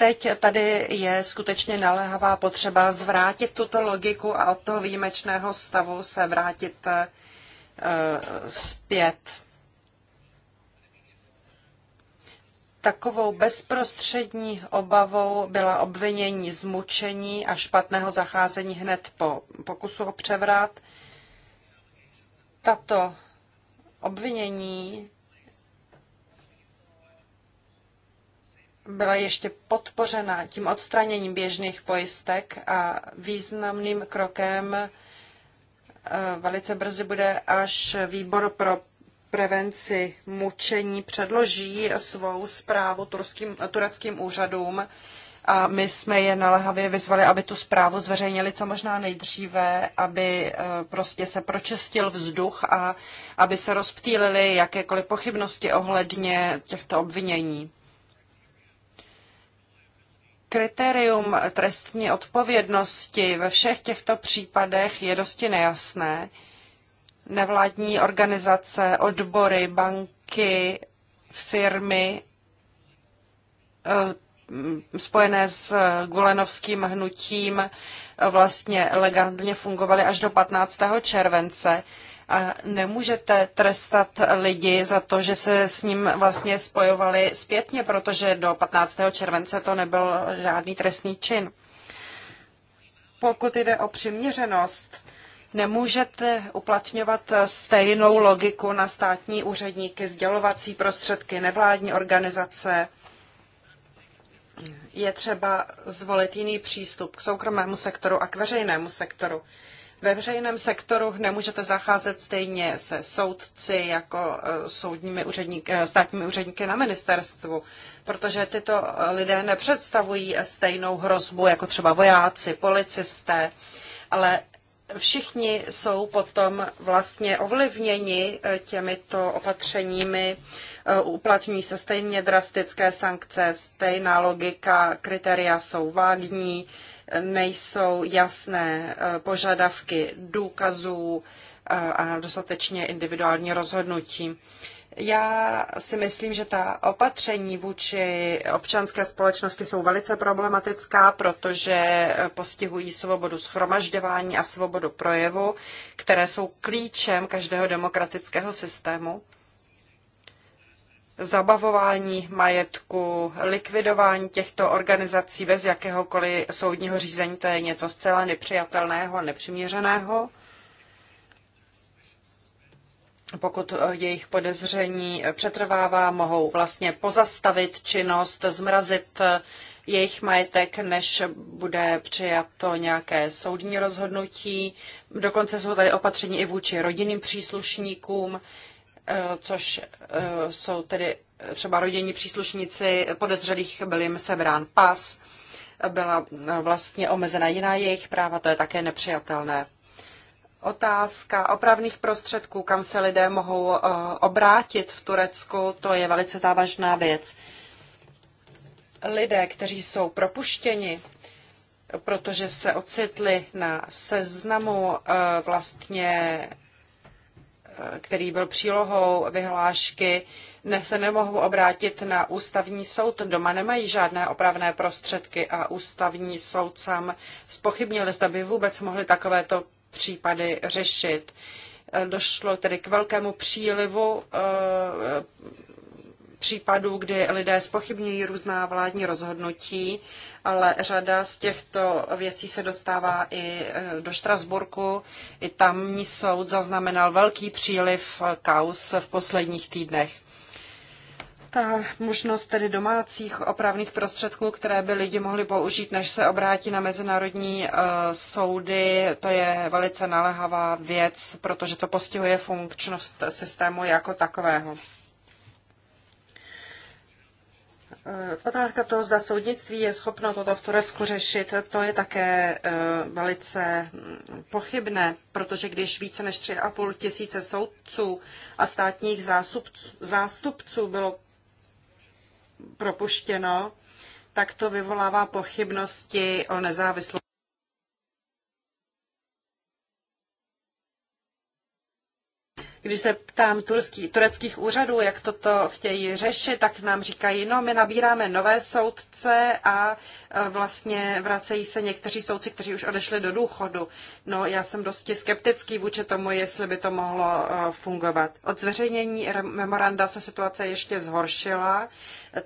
teď tady je skutečně naléhavá potřeba zvrátit tuto logiku a od toho výjimečného stavu se vrátit eh, zpět. Takovou bezprostřední obavou byla obvinění z mučení a špatného zacházení hned po pokusu o převrat. Tato obvinění byla ještě podpořena tím odstraněním běžných pojistek a významným krokem eh, velice brzy bude, až výbor pro prevenci mučení předloží svou zprávu turským, tureckým úřadům. A my jsme je naléhavě vyzvali, aby tu zprávu zveřejnili co možná nejdříve, aby eh, prostě se pročistil vzduch a aby se rozptýlily jakékoliv pochybnosti ohledně těchto obvinění kritérium trestní odpovědnosti ve všech těchto případech je dosti nejasné. Nevládní organizace, odbory, banky, firmy eh, spojené s Gulenovským hnutím eh, vlastně legálně fungovaly až do 15. července nemůžete trestat lidi za to, že se s ním vlastně spojovali zpětně, protože do 15. července to nebyl žádný trestný čin. Pokud jde o přiměřenost, nemůžete uplatňovat stejnou logiku na státní úředníky, sdělovací prostředky, nevládní organizace. Je třeba zvolit jiný přístup k soukromému sektoru a k veřejnému sektoru. Ve veřejném sektoru nemůžete zacházet stejně se soudci jako eh, soudními úředníky, eh, státními úředníky na ministerstvu, protože tyto eh, lidé nepředstavují stejnou hrozbu jako třeba vojáci, policisté, ale všichni jsou potom vlastně ovlivněni těmito opatřeními, uplatňují se stejně drastické sankce, stejná logika, kritéria jsou vágní, nejsou jasné eh, požadavky důkazů eh, a dostatečně individuální rozhodnutí. Já si myslím, že ta opatření vůči občanské společnosti jsou velice problematická, protože eh, postihují svobodu schromažďování a svobodu projevu, které jsou klíčem každého demokratického systému zabavování majetku, likvidování těchto organizací bez jakéhokoliv soudního řízení, to je něco zcela nepřijatelného a nepřiměřeného. Pokud jejich podezření přetrvává, mohou vlastně pozastavit činnost, zmrazit jejich majetek, než bude přijato nějaké soudní rozhodnutí. Dokonce jsou tady opatření i vůči rodinným příslušníkům. Eh, což eh, jsou tedy eh, třeba rodinní příslušníci podezřelých, byl jim sebrán pas, byla vlastně omezena jiná jejich práva, to je také nepřijatelné. Otázka opravných prostředků, kam se lidé mohou obrátit v Turecku, to je velice závažná věc. Lidé, kteří jsou propuštěni, protože se ocitli na seznamu vlastně který byl přílohou vyhlášky, ne, se nemohou obrátit na ústavní soud. Doma nemají žádné opravné prostředky a ústavní soud sám spochybnil, zda by vůbec mohli takovéto případy řešit. Eh, došlo tedy k velkému přílivu eh, případů, kdy lidé spochybňují různá vládní rozhodnutí ale řada z těchto věcí se dostává i e, do Štrasburku. I tamní soud zaznamenal velký příliv e, kaus v posledních týdnech. Ta možnost tedy domácích opravných prostředků, které by lidi mohli použít, než se obrátí na mezinárodní e, soudy, to je velice naléhavá věc, protože to postihuje funkčnost systému jako takového. Eh, otázka toho, zda soudnictví je schopno toto v Turecku řešit, to je také eh, velice mm, pochybné, protože když více než 3,5 tisíce soudců a státních zástupců bylo propuštěno, tak to vyvolává pochybnosti o nezávislosti. Když se ptám turský, tureckých úřadů, jak toto chtějí řešit, tak nám říkají, no my nabíráme nové soudce a e, vlastně vracejí se někteří soudci, kteří už odešli do důchodu. No já jsem dosti skeptický vůči tomu, jestli by to mohlo e, fungovat. Od zveřejnění memoranda se situace ještě zhoršila.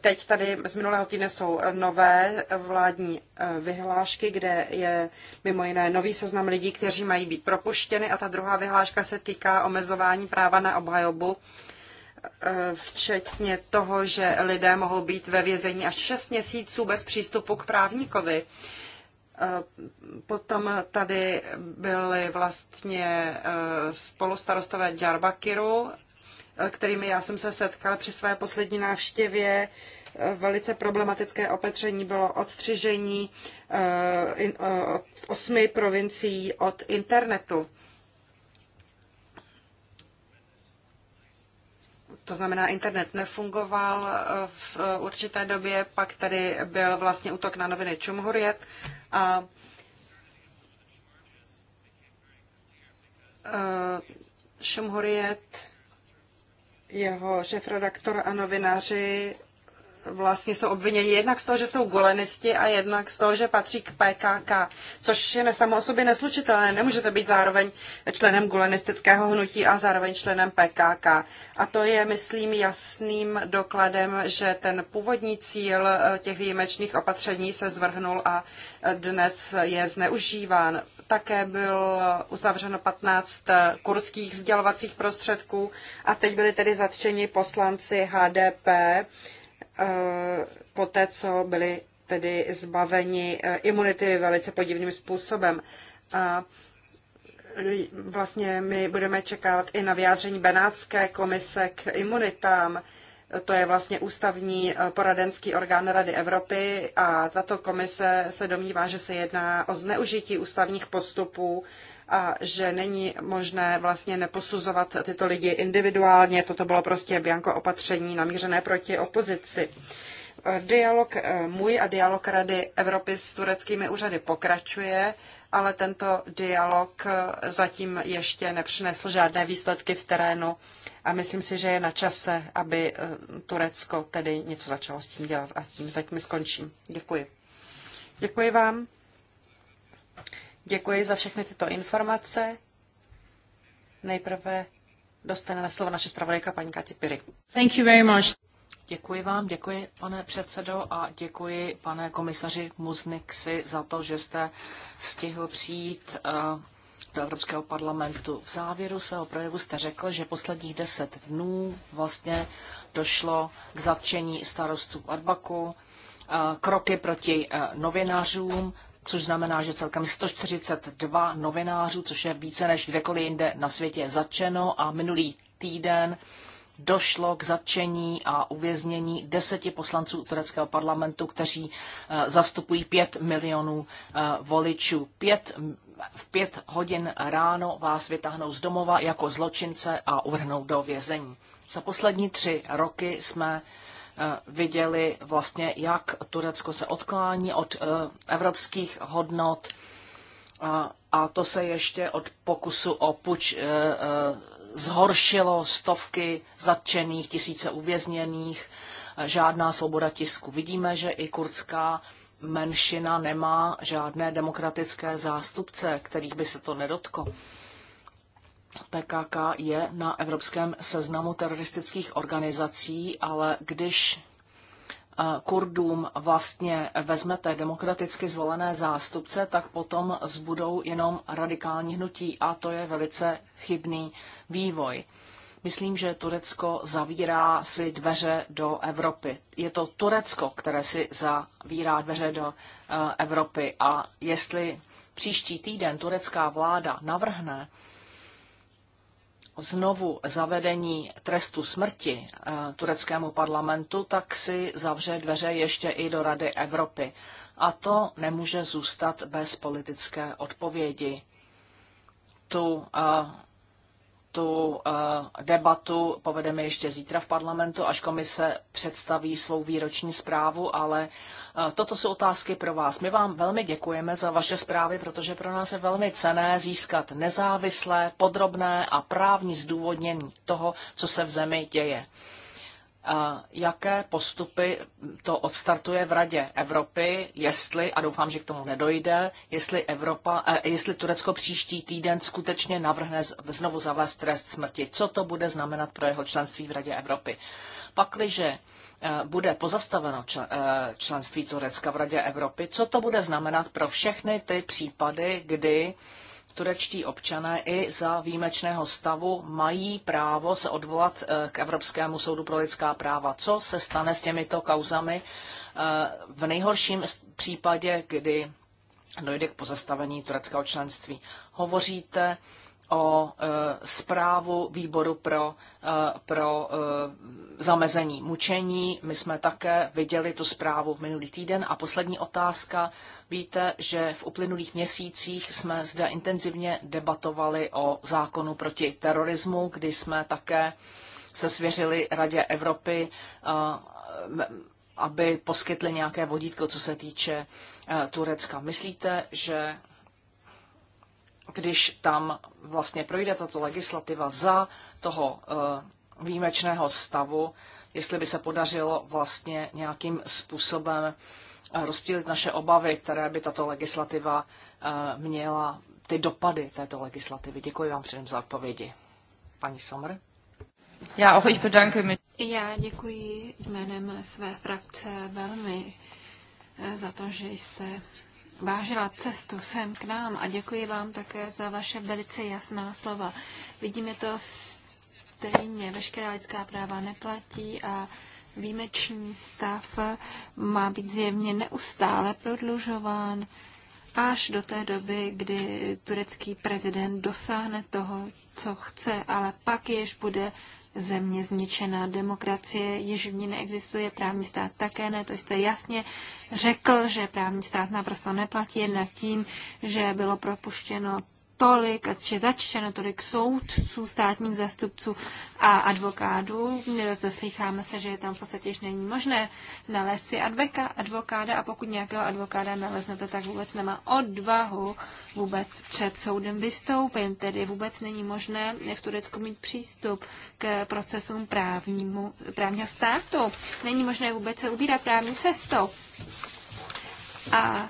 Teď tady z minulého týdne jsou nové vládní eh, vyhlášky, kde je mimo jiné nový seznam lidí, kteří mají být propuštěny a ta druhá vyhláška se týká omezování práva na obhajobu eh, včetně toho, že lidé mohou být ve vězení až 6 měsíců bez přístupu k právníkovi. Eh, potom tady byli vlastně spolostarostové Djarbakiru kterými já jsem se setkala při své poslední návštěvě. Eh, velice problematické opatření bylo odstřižení eh, eh, osmi provincií od internetu. To znamená, internet nefungoval v určité době, pak tady byl vlastně útok na noviny Čumhurjet a Šumhurjet jeho šefredaktor a novináři vlastně jsou obviněni jednak z toho, že jsou golenisti a jednak z toho, že patří k PKK, což je samo o sobě neslučitelné. Nemůžete být zároveň členem golenistického hnutí a zároveň členem PKK. A to je, myslím, jasným dokladem, že ten původní cíl eh, těch výjimečných opatření se zvrhnul a eh, dnes je zneužíván také bylo uzavřeno 15 eh, kurdských sdělovacích prostředků a teď byli tedy zatčeni poslanci HDP eh, po té, co byli tedy zbaveni eh, imunity velice podivným způsobem. A vlastně my budeme čekat i na vyjádření Benátské komise k imunitám to je vlastně ústavní eh, poradenský orgán Rady Evropy a tato komise se domnívá, že se jedná o zneužití ústavních postupů a že není možné vlastně neposuzovat tyto lidi individuálně. Toto bylo prostě bianko opatření namířené proti opozici. Eh, dialog eh, můj a dialog Rady Evropy s tureckými úřady pokračuje ale tento dialog zatím ještě nepřinesl žádné výsledky v terénu a myslím si, že je na čase, aby eh, Turecko tedy něco začalo s tím dělat a tím zatím skončím. Děkuji. Děkuji vám. Děkuji za všechny tyto informace. Nejprve dostane na slovo naše zpravodajka paní Katě Piry. Thank you very much. Děkuji vám, děkuji pane předsedo a děkuji pane komisaři Muzniksi za to, že jste stihl přijít eh, do Evropského parlamentu. V závěru svého projevu jste řekl, že posledních deset dnů vlastně došlo k zatčení starostů v Arbaku, eh, kroky proti eh, novinářům, což znamená, že celkem 142 novinářů, což je více než kdekoliv jinde na světě, je zatčeno a minulý týden došlo k zatčení a uvěznění deseti poslanců tureckého parlamentu, kteří eh, zastupují pět milionů eh, voličů. Pět v pět hodin ráno vás vytáhnou z domova jako zločince a uvrhnou do vězení. Za poslední tři roky jsme eh, viděli vlastně, jak Turecko se odklání od evropských hodnot a to se ještě od pokusu o puč zhoršilo stovky zatčených, tisíce uvězněných, žádná svoboda tisku. Vidíme, že i kurdská menšina nemá žádné demokratické zástupce, kterých by se to nedotklo. PKK je na evropském seznamu teroristických organizací, ale když Kurdům vlastně vezmete demokraticky zvolené zástupce, tak potom zbudou jenom radikální hnutí a to je velice chybný vývoj. Myslím, že Turecko zavírá si dveře do Evropy. Je to Turecko, které si zavírá dveře do eh, Evropy a jestli příští týden turecká vláda navrhne znovu zavedení trestu smrti eh, tureckému parlamentu, tak si zavře dveře ještě i do Rady Evropy. A to nemůže zůstat bez politické odpovědi. Tu eh, tu eh, debatu povedeme ještě zítra v parlamentu, až komise představí svou výroční zprávu, ale eh, toto jsou otázky pro vás. My vám velmi děkujeme za vaše zprávy, protože pro nás je velmi cené získat nezávislé, podrobné a právní zdůvodnění toho, co se v zemi děje jaké postupy to odstartuje v Radě Evropy, jestli, a doufám, že k tomu nedojde, jestli, Evropa, eh, jestli Turecko příští týden skutečně navrhne znovu zavést trest smrti. Co to bude znamenat pro jeho členství v Radě Evropy? Pakliže eh, bude pozastaveno eh, členství Turecka v Radě Evropy, co to bude znamenat pro všechny ty případy, kdy turečtí občané i za výjimečného stavu mají právo se odvolat eh, k Evropskému soudu pro lidská práva. Co se stane s těmito kauzami eh, v nejhorším případě, kdy dojde k pozastavení tureckého členství? Hovoříte o e, zprávu výboru pro, e, pro e, zamezení mučení. My jsme také viděli tu zprávu minulý týden. A poslední otázka. Víte, že v uplynulých měsících jsme zde intenzivně debatovali o zákonu proti terorismu, kdy jsme také se svěřili Radě Evropy aby poskytli nějaké vodítko, co se týče Turecka. Myslíte, že když tam vlastně projde tato legislativa za toho eh, výjimečného stavu, jestli by se podařilo vlastně nějakým způsobem eh, rozptýlit naše obavy, které by tato legislativa eh, měla, ty dopady této legislativy. Děkuji vám předem za odpovědi. Paní Sommer? Já auch Já děkuji jménem své frakce velmi za to, že jste vážila cestu sem k nám a děkuji vám také za vaše velice jasná slova. Vidíme to stejně, veškerá lidská práva neplatí a výjimečný stav má být zjevně neustále prodlužován až do té doby, kdy turecký prezident dosáhne toho, co chce, ale pak jež bude země zničená, demokracie již v ní neexistuje, právní stát také ne, to jste jasně řekl, že právní stát naprosto neplatí, jednak tím, že bylo propuštěno tolik, tři začteno tolik soudců, státních zastupců a advokádů. To slycháme se, že tam v podstatě již není možné nalézt si adveka, advokáda a pokud nějakého advokáda naleznete, tak vůbec nemá odvahu vůbec před soudem vystoupit. Tedy vůbec není možné v Turecku mít přístup k procesům právnímu, právního státu. Není možné vůbec se ubírat právní cestou. A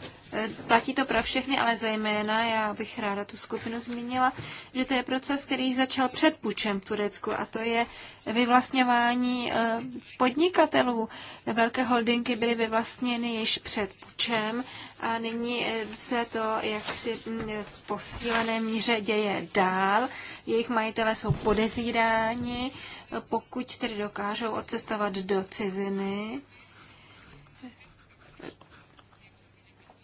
Platí to pro všechny, ale zejména, já bych ráda tu skupinu zmínila, že to je proces, který začal před pučem v Turecku a to je vyvlastňování eh, podnikatelů. Velké holdingy byly vyvlastněny již před pučem a nyní eh, se to jaksi mm, v posílené míře děje dál. Jejich majitele jsou podezíráni, eh, pokud tedy dokážou odcestovat do ciziny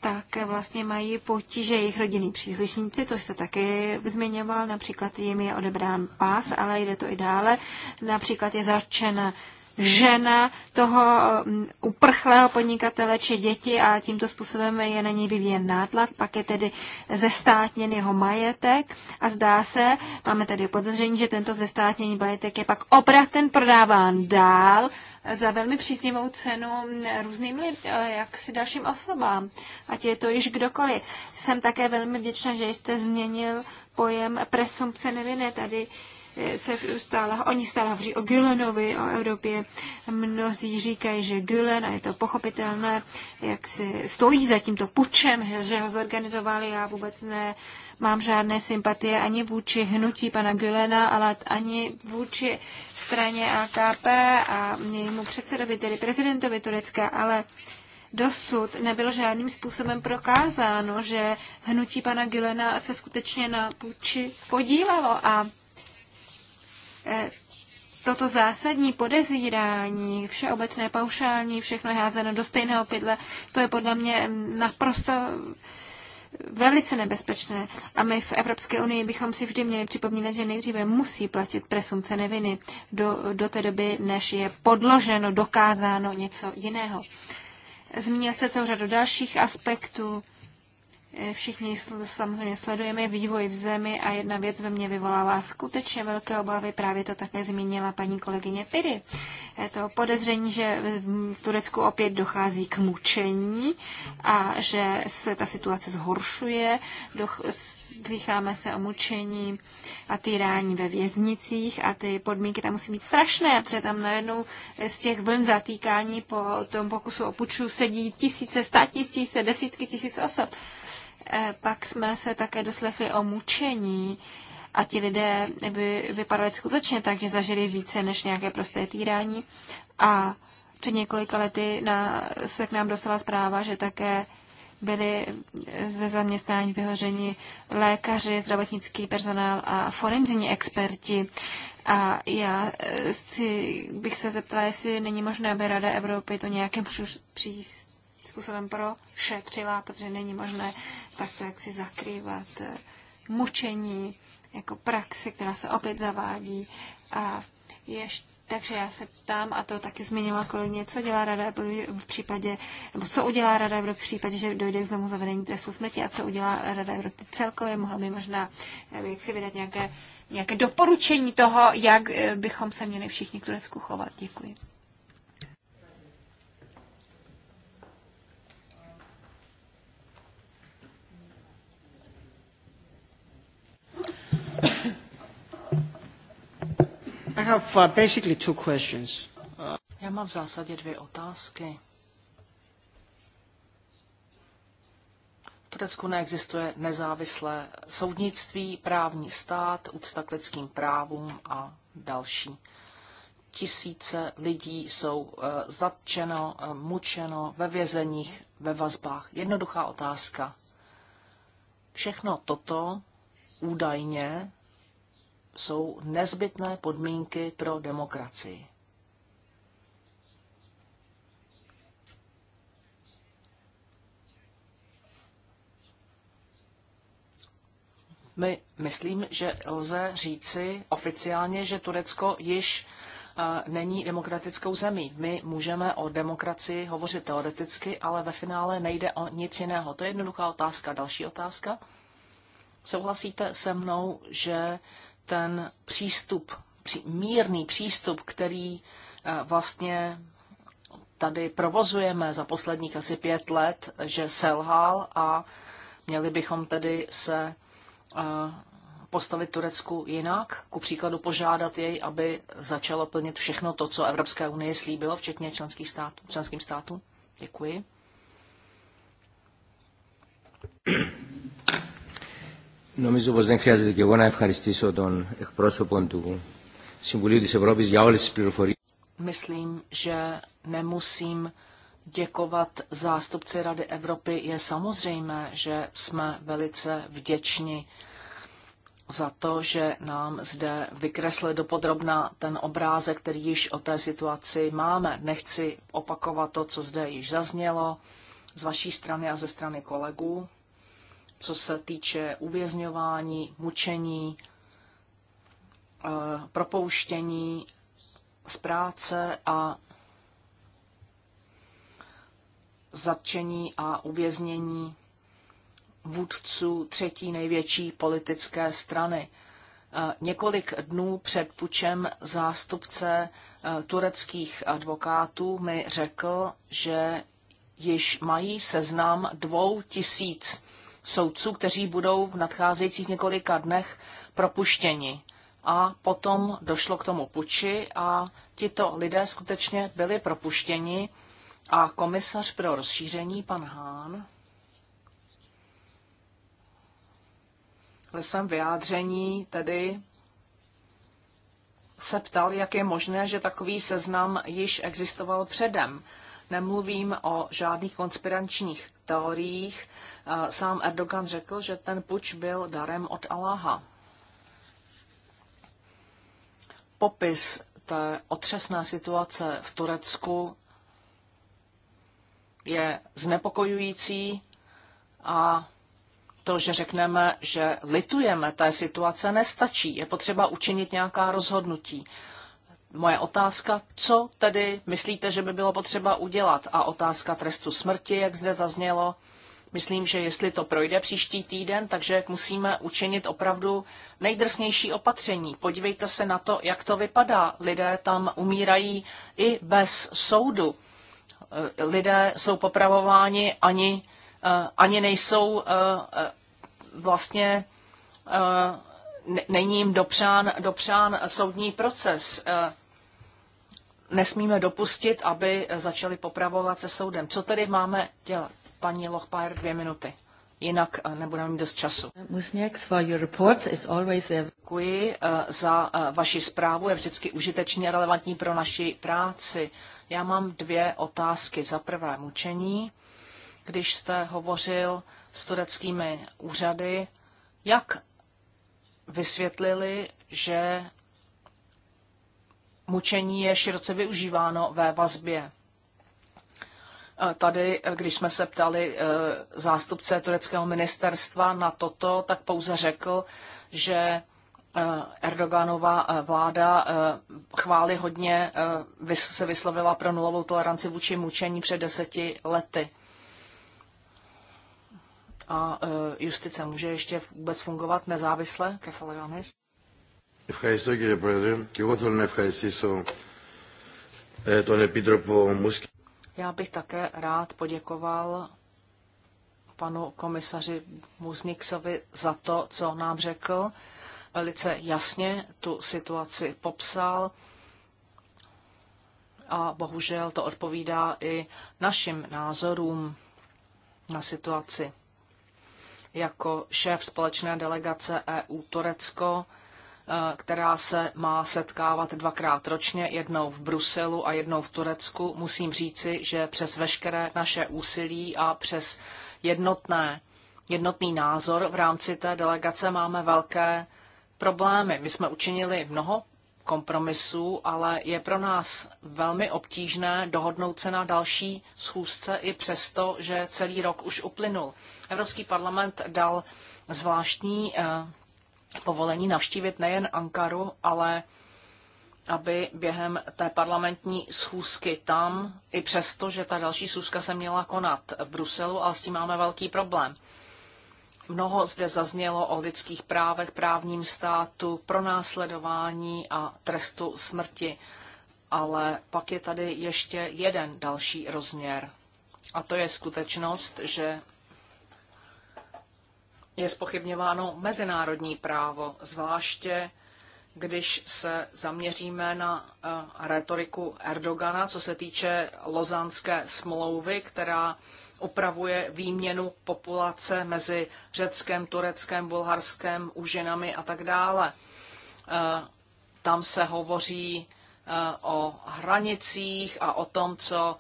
tak vlastně mají potíže jejich rodinní příslušníci, to jste taky zmiňoval, například jim je odebrán pás, ale jde to i dále, například je zarčena žena toho mm, uprchlého podnikatele či děti a tímto způsobem je na něj vyvíjen nátlak, pak je tedy zestátněn jeho majetek a zdá se, máme tady podezření, že tento zestátněný majetek je pak obratem prodáván dál za velmi příznivou cenu mm, různým lid, eh, jak si dalším osobám, ať je to již kdokoliv. Jsem také velmi vděčná, že jste změnil pojem presumpce neviny. Tady Uh, se stále, oni stále hovoří o Gülenovi, o Evropě. Mnozí říkají, že Gülen, a je to pochopitelné, jak si stojí za tímto pučem, že ho zorganizovali, já vůbec ne mám žádné sympatie ani vůči hnutí pana Gülena, ale ani vůči straně AKP a jejímu předsedovi, tedy prezidentovi Turecka, ale dosud nebylo žádným způsobem prokázáno, že hnutí pana Gülena se skutečně na půči podílelo a Eh, toto zásadní podezírání, všeobecné paušální, všechno házeno do stejného pytle, to je podle mě naprosto velice nebezpečné. A my v Evropské unii bychom si vždy měli připomínat, že nejdříve musí platit presumce neviny do, do té doby, než je podloženo, dokázáno něco jiného. Zmínil se celou řadu dalších aspektů. Eh, všichni samozřejmě sledujeme vývoj v zemi a jedna věc ve mně vyvolává skutečně velké obavy, právě to také zmínila paní kolegyně Piry. Je eh, to podezření, že v Turecku opět dochází k mučení a že se ta situace zhoršuje. slycháme se o mučení a týrání ve věznicích a ty podmínky tam musí být strašné, protože tam najednou eh, z těch vln zatýkání po tom pokusu o puču sedí tisíce, sta tisíce, desítky tisíc osob. Eh, pak jsme se také doslechli o mučení a ti lidé by vypadali skutečně tak, že zažili více než nějaké prosté týrání. A před několika lety na, se k nám dostala zpráva, že také byli ze zaměstnání vyhoření lékaři, zdravotnický personál a forenzní experti. A já eh, si, bych se zeptala, jestli není možné, aby Rada Evropy to nějakým přístupem způsobem prošetřila, protože není možné takto jaksi zakrývat eh, mučení jako praxi, která se opět zavádí. A ještě takže já se ptám, a to taky zmiňovala kolegyně, co dělá Rada v případě, nebo co udělá Rada v případě, že dojde k znovu zavedení trestu smrti a co udělá Rada v celkově. Mohla by možná eh, jak si vydat nějaké, nějaké doporučení toho, jak eh, bychom se měli všichni k Turecku chovat. Děkuji. I have uh, basically two questions. Uh... Já mám v zásadě dvě otázky. V Turecku neexistuje nezávislé soudnictví, právní stát, úcta k lidským právům a další. Tisíce lidí jsou uh, zatčeno, uh, mučeno ve vězeních, ve vazbách. Jednoduchá otázka. Všechno toto údajně jsou nezbytné podmínky pro demokracii. My myslím, že lze říci oficiálně, že Turecko již není demokratickou zemí. My můžeme o demokracii hovořit teoreticky, ale ve finále nejde o nic jiného. To je jednoduchá otázka. Další otázka. Souhlasíte se mnou, že ten přístup, mírný přístup, který eh, vlastně tady provozujeme za posledních asi pět let, že selhal a měli bychom tedy se eh, postavit Turecku jinak, ku příkladu požádat jej, aby začalo plnit všechno to, co Evropské unie slíbilo, včetně členských států, členským státům? Děkuji. Νομίζω πως δεν χρειάζεται και εγώ να ευχαριστήσω τον εκπρόσωπο του Συμβουλίου της Ευρώπης για όλες τις πληροφορίες. Myslím, že nemusím děkovat zástupci Rady Evropy. Je samozřejmé, že jsme velice vděční za to, že nám zde vykreslil dopodrobna ten obrázek, který již o té situaci máme. Nechci opakovat to, co zde již zaznělo z vaší strany a ze strany kolegů co se týče uvězňování, mučení, eh, propouštění z práce a zatčení a uvěznění vůdců třetí největší politické strany. Eh, několik dnů před pučem zástupce eh, tureckých advokátů mi řekl, že již mají seznam dvou tisíc soudců, kteří budou v nadcházejících několika dnech propuštěni. A potom došlo k tomu puči a tito lidé skutečně byli propuštěni a komisař pro rozšíření, pan Hán, ve svém vyjádření tedy se ptal, jak je možné, že takový seznam již existoval předem. Nemluvím o žádných konspirančních teoriích. Sám Erdogan řekl, že ten puč byl darem od Aláha. Popis té otřesné situace v Turecku je znepokojující a to, že řekneme, že litujeme té situace, nestačí. Je potřeba učinit nějaká rozhodnutí moje otázka, co tedy myslíte, že by bylo potřeba udělat? A otázka trestu smrti, jak zde zaznělo, myslím, že jestli to projde příští týden, takže musíme učinit opravdu nejdrsnější opatření. Podívejte se na to, jak to vypadá. Lidé tam umírají i bez soudu. Eh, lidé jsou popravováni, ani, eh, ani nejsou eh, vlastně není jim dopřán, dopřán soudní proces nesmíme dopustit, aby začali popravovat se soudem. Co tedy máme dělat? Paní Lochpajer, dvě minuty. Jinak eh, nebudeme mít dost času. Děkuji eh, za eh, vaši zprávu, je vždycky užitečný a relevantní pro naši práci. Já mám dvě otázky. Za prvé mučení. Když jste hovořil s tureckými úřady, jak vysvětlili, že mučení je široce využíváno ve vazbě. E, tady, e, když jsme se ptali e, zástupce tureckého ministerstva na toto, tak pouze řekl, že Erdoganova vláda chvály hodně se vyslovila pro nulovou toleranci vůči mučení před deseti lety. A justice může ještě vůbec fungovat nezávisle, Kefaleganis? Ευχαριστώ κύριε Πρόεδρε και εγώ θέλω να ευχαριστήσω ε, τον Επίτροπο Μούσκη. Já bych také rád poděkoval panu komisaři Muzniksovi za to, co nám řekl. Velice jasně tu situaci popsal a bohužel to odpovídá i našim názorům na situaci. Jako šéf společné delegace EU Turecko Eh, která se má setkávat dvakrát ročně, jednou v Bruselu a jednou v Turecku, musím říci, že přes veškeré naše úsilí a přes jednotné, jednotný názor v rámci té delegace máme velké problémy. My jsme učinili mnoho kompromisů, ale je pro nás velmi obtížné dohodnout se na další schůzce i přesto, že celý rok už uplynul. Evropský parlament dal zvláštní eh, povolení navštívit nejen Ankaru, ale aby během té parlamentní schůzky tam, i přesto, že ta další schůzka se měla konat v Bruselu, ale s tím máme velký problém. Mnoho zde zaznělo o lidských právech, právním státu, pronásledování a trestu smrti. Ale pak je tady ještě jeden další rozměr. A to je skutečnost, že je spochybňováno mezinárodní právo, zvláště když se zaměříme na eh, retoriku Erdogana, co se týče lozanské smlouvy, která upravuje výměnu populace mezi řeckém, tureckém, bulharském, Užinami a tak dále. Eh, tam se hovoří eh, o hranicích a o tom, co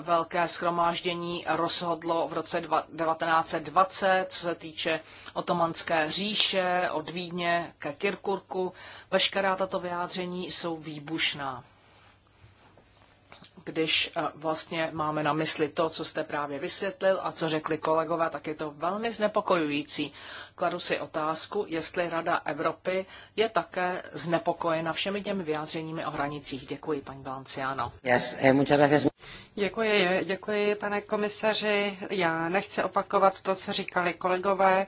velké schromáždění rozhodlo v roce 1920, co se týče otomanské říše, od Vídně ke Kirkurku. Veškerá tato vyjádření jsou výbušná když eh, vlastně máme na mysli to, co jste právě vysvětlil a co řekli kolegové, tak je to velmi znepokojující. Kladu si otázku, jestli Rada Evropy je také znepokojena všemi těmi vyjádřeními o hranicích. Děkuji, paní Balanciano. Yes, eh, děkuji, děkuji, pane komisaři. Já nechci opakovat to, co říkali kolegové.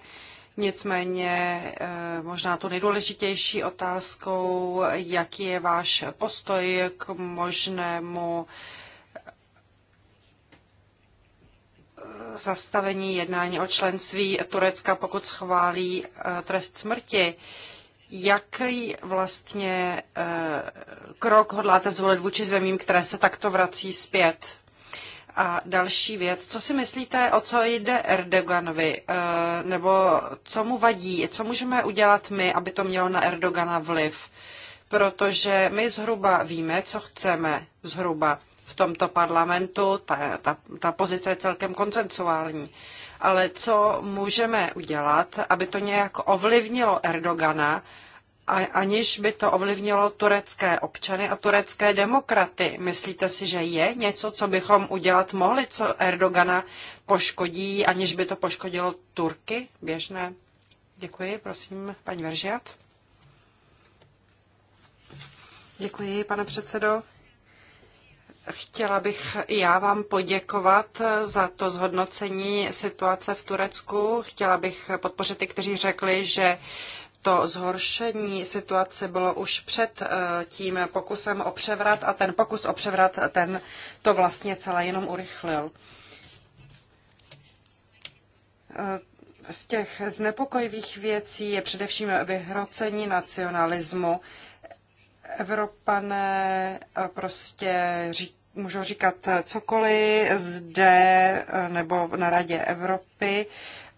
Nicméně eh, možná tu nejdůležitější otázkou, jaký je váš postoj k možnému eh, zastavení jednání o členství Turecka, pokud schválí eh, trest smrti. Jaký vlastně krok hodláte zvolit vůči zemím, které se takto vrací zpět? A další věc, co si myslíte, o co jde Erdoganovi, eh, nebo co mu vadí, co můžeme udělat my, aby to mělo na Erdogana vliv? Protože my zhruba víme, co chceme, zhruba v tomto parlamentu, ta, ta, ta pozice je celkem koncensuální. Ale co můžeme udělat, aby to nějak ovlivnilo Erdogana, aniž by to ovlivnilo turecké občany a turecké demokraty. Myslíte si, že je něco, co bychom udělat mohli, co Erdogana poškodí, aniž by to poškodilo Turky běžné? Děkuji, prosím, paní Veržiat. Děkuji, pane předsedo. Chtěla bych i já vám poděkovat za to zhodnocení situace v Turecku. Chtěla bych podpořit ty, kteří řekli, že to zhoršení situace bylo už před eh, tím pokusem o převrat a ten pokus o převrat ten to vlastně celé jenom urychlil. Eh, z těch znepokojivých věcí je především vyhrocení nacionalismu. Evropané eh, prostě říkají, můžou říkat cokoliv zde nebo na Radě Evropy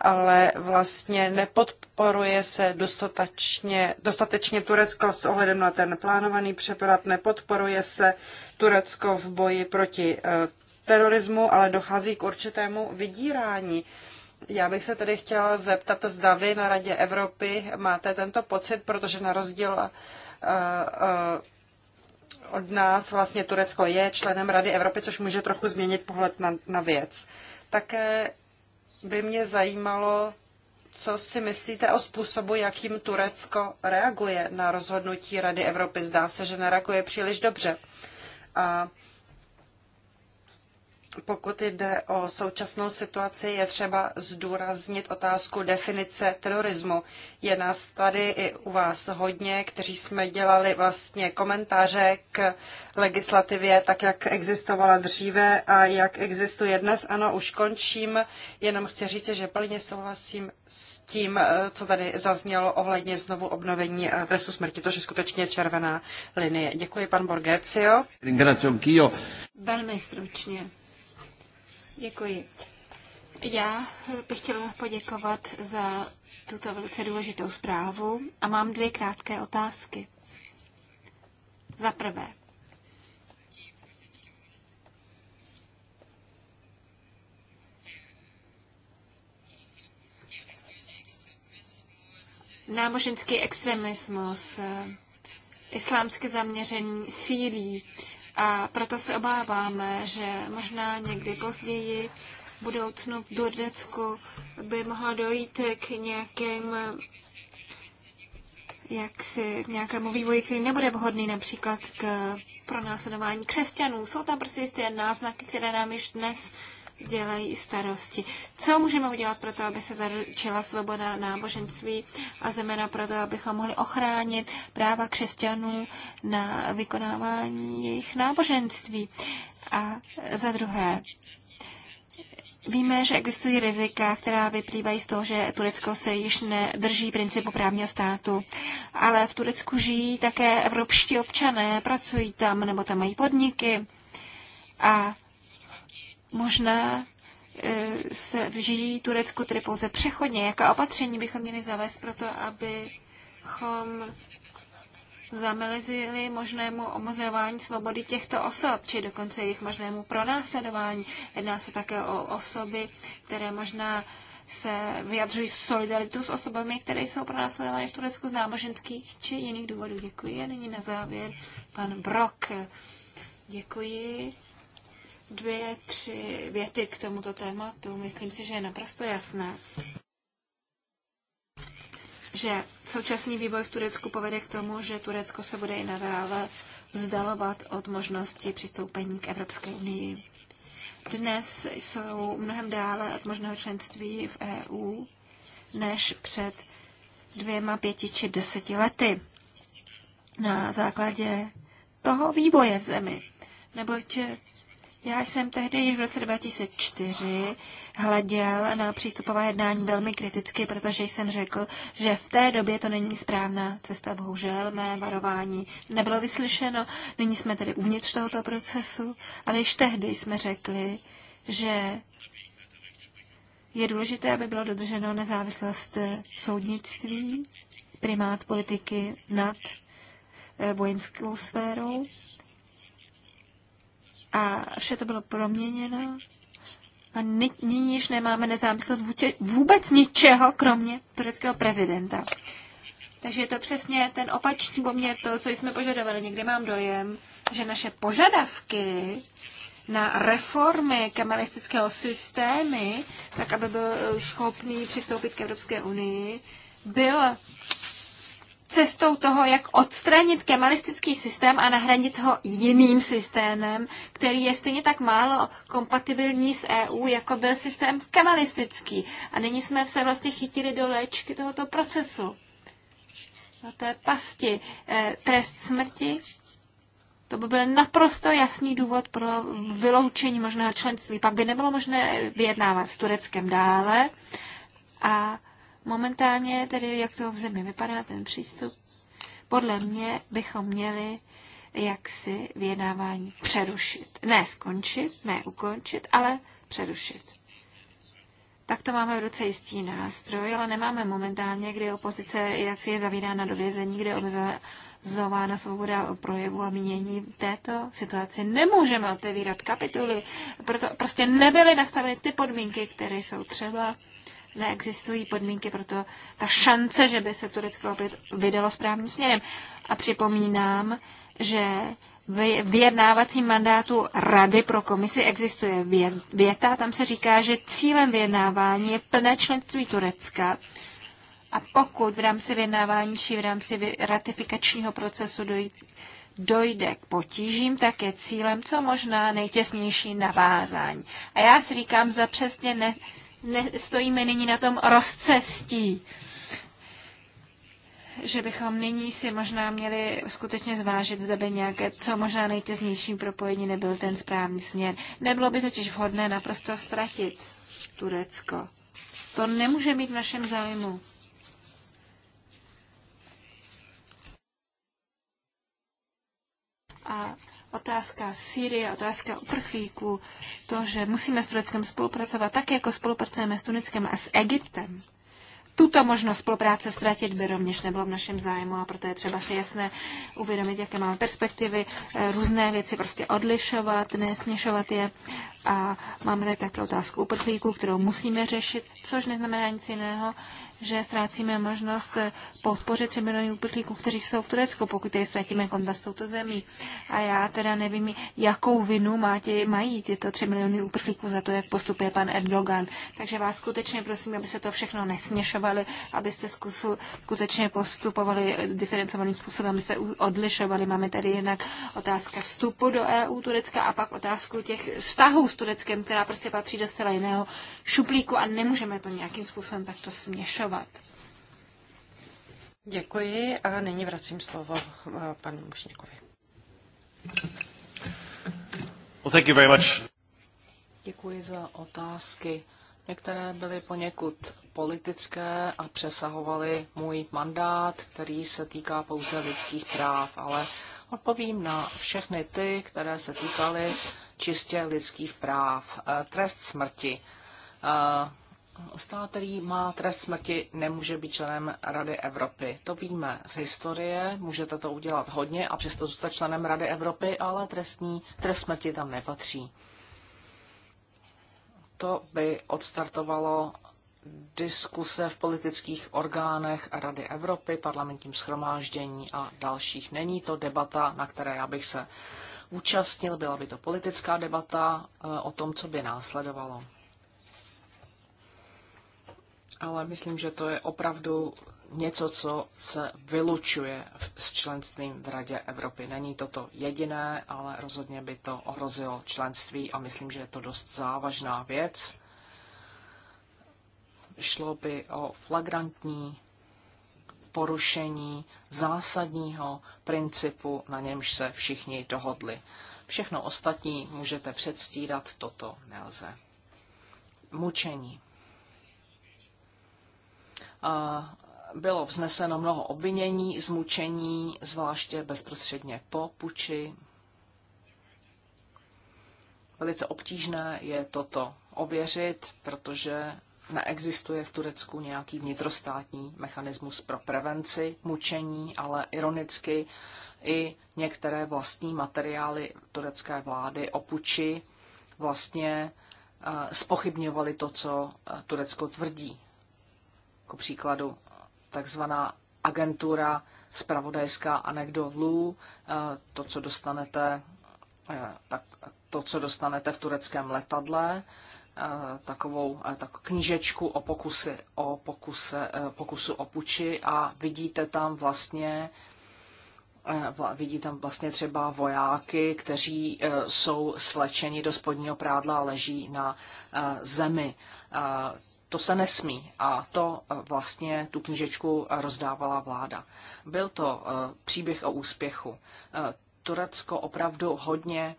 ale vlastně nepodporuje se dostatečně, dostatečně Turecko s ohledem na ten plánovaný přepad, nepodporuje se Turecko v boji proti eh, terorismu, ale dochází k určitému vydírání. Já bych se tedy chtěla zeptat, zda vy na Radě Evropy máte tento pocit, protože na rozdíl eh, eh, od nás vlastně Turecko je členem Rady Evropy, což může trochu změnit pohled na, na věc. Také by mě zajímalo, co si myslíte o způsobu, jakým Turecko reaguje na rozhodnutí Rady Evropy. Zdá se, že nereaguje příliš dobře. A pokud jde o současnou situaci, je třeba zdůraznit otázku definice terorismu. Je nás tady i u vás hodně, kteří jsme dělali vlastně komentáře k legislativě, tak jak existovala dříve a jak existuje dnes. Ano, už končím, jenom chci říct, že plně souhlasím s tím, eh, co tady zaznělo ohledně znovu obnovení eh, trestu smrti, to je skutečně červená linie. Děkuji, pan Borgecio. Velmi stručně. Děkuji. Já bych chtěla poděkovat za tuto velice důležitou zprávu a mám dvě krátké otázky. Za prvé, náboženský extremismus, islámské zaměření sílí a proto se obáváme, že možná někdy později v budoucnu v Turecku by mohlo dojít k nějakým jak si, nějakému vývoji, který nebude vhodný například k pronásledování křesťanů. Jsou tam prostě jisté náznaky, které nám již dnes dělají starosti. Co můžeme udělat pro to, aby se zaručila svoboda náboženství a zejména pro to, abychom mohli ochránit práva křesťanů na vykonávání jejich náboženství? A za druhé, Víme, že existují rizika, která vyplývají z toho, že Turecko se již nedrží principu právního státu. Ale v Turecku žijí také evropští občané, pracují tam nebo tam mají podniky. A možná eh, se vžijí Turecku tedy pouze přechodně. Jaká opatření bychom měli zavést pro to, abychom zamelezili možnému omozování svobody těchto osob, či dokonce jejich možnému pronásledování. Jedná se také o osoby, které možná se vyjadřují solidaritu s osobami, které jsou pronásledovány v Turecku z náboženských či jiných důvodů. Děkuji. A nyní na závěr pan Brok. Děkuji dvě, tři věty k tomuto tématu. Myslím si, že je naprosto jasné, že současný vývoj v Turecku povede k tomu, že Turecko se bude i nadále vzdalovat od možnosti přistoupení k Evropské unii. Dnes jsou mnohem dále od možného členství v EU než před dvěma, pěti či deseti lety na základě toho vývoje v zemi. Neboť já jsem tehdy již v roce 2004 hleděl na přístupová jednání velmi kriticky, protože jsem řekl, že v té době to není správná cesta. Bohužel mé varování nebylo vyslyšeno. Nyní jsme tedy uvnitř tohoto procesu, ale již tehdy jsme řekli, že je důležité, aby bylo dodrženo nezávislost soudnictví, primát politiky nad eh, vojenskou sférou a vše to bylo proměněno a nyní již nemáme nezávislost vůbec ničeho, kromě tureckého prezidenta. Takže je to přesně ten opačný poměr, to, co jsme požadovali. Někdy mám dojem, že naše požadavky na reformy kamalistického systému, tak aby byl schopný přistoupit k Evropské unii, byl cestou toho, jak odstranit kemalistický systém a nahradit ho jiným systémem, který je stejně tak málo kompatibilní s EU, jako byl systém kemalistický. A nyní jsme se vlastně chytili do léčky tohoto procesu. No to je pasti. E, trest smrti, to by byl naprosto jasný důvod pro vyloučení možného členství. Pak by nebylo možné vyjednávat s Tureckem dále. A Momentálně tedy, jak to v zemi vypadá, ten přístup, podle mě bychom měli jaksi vyjednávání přerušit. Ne skončit, ne ukončit, ale přerušit. Tak to máme v ruce jistý nástroj, ale nemáme momentálně, kdy opozice jak si je zavírána do vězení, kde omezována svoboda projevu a mínění. V této situaci nemůžeme otevírat kapituly, proto prostě nebyly nastaveny ty podmínky, které jsou třeba neexistují podmínky pro to, ta šance, že by se Turecko opět vydalo správným směrem. A připomínám, že v vyjednávacím mandátu Rady pro komisi existuje věta, tam se říká, že cílem vyjednávání je plné členství Turecka a pokud v rámci vyjednávání či v rámci ratifikačního procesu dojde k potížím, tak je cílem co možná nejtěsnější navázání. A já si říkám, za přesně ne, ne, stojíme nyní na tom rozcestí, že bychom nyní si možná měli skutečně zvážit, zda by nějaké, co možná nejtěznější propojení nebyl ten správný směr. Nebylo by totiž vhodné naprosto ztratit Turecko. To nemůže mít v našem zájmu. A Otázka Sýrie, otázka uprchlíků, to, že musíme s Tureckem spolupracovat tak, jako spolupracujeme s Tuneckem a s Egyptem. Tuto možnost spolupráce ztratit by rovněž nebylo v našem zájmu a proto je třeba si jasné uvědomit, jaké máme perspektivy, eh, různé věci prostě odlišovat, nesměšovat je. A máme tady také otázku uprchlíků, kterou musíme řešit, což neznamená nic jiného, že ztrácíme možnost eh, podpořit 3 miliony uprchlíků, kteří jsou v Turecku, pokud tady ztratíme kontakt s touto zemí. A já teda nevím, jakou vinu má tě, mají tyto tři miliony uprchlíků za to, jak postupuje pan Erdogan. Takže vás skutečně prosím, aby se to všechno nesměšovali, abyste zkusu, skutečně postupovali eh, diferencovaným způsobem, abyste odlišovali. Máme tady jednak otázka vstupu do EU Turecka a pak otázku těch vztahů s Tureckem, která prostě patří do zcela jiného šuplíku a nemůžeme to nějakým způsobem takto směšovat hlasovat. Děkuji a nyní vracím slovo eh, panu Mušníkovi. Well, thank you very much. Děkuji za otázky. Některé byly poněkud politické a přesahovaly můj mandát, který se týká pouze lidských práv, ale odpovím na všechny ty, které se týkaly čistě lidských práv. Eh, Trest smrti. Eh, Stát, který má trest smrti, nemůže být členem Rady Evropy. To víme z historie, můžete to udělat hodně a přesto zůstat členem Rady Evropy, ale trestní, trest smrti tam nepatří. To by odstartovalo diskuse v politických orgánech Rady Evropy, parlamentním schromáždění a dalších. Není to debata, na které já bych se účastnil, byla by to politická debata eh, o tom, co by následovalo ale myslím, že to je opravdu něco, co se vylučuje s členstvím v Radě Evropy. Není to to jediné, ale rozhodně by to ohrozilo členství a myslím, že je to dost závažná věc. Šlo by o flagrantní porušení zásadního principu, na němž se všichni dohodli. Všechno ostatní můžete předstírat, toto nelze. Mučení bylo vzneseno mnoho obvinění, zmučení, zvláště bezprostředně po puči. Velice obtížné je toto ověřit, protože neexistuje v Turecku nějaký vnitrostátní mechanismus pro prevenci mučení, ale ironicky i některé vlastní materiály turecké vlády o puči vlastně spochybňovaly eh, to, co eh, Turecko tvrdí. Ku příkladu takzvaná agentura spravodajská anekdotů, eh, to, co dostanete, eh, tak to, co dostanete v tureckém letadle, eh, takovou tak knížečku o, pokusy, o pokuse, pokusu o puči a vidíte tam vlastně vidí tam vlastně třeba vojáky, kteří jsou svlečeni do spodního prádla a leží na zemi. To se nesmí a to eh, vlastně tu knížečku eh, rozdávala vláda. Byl to eh, příběh o úspěchu. Turecko opravdu hodně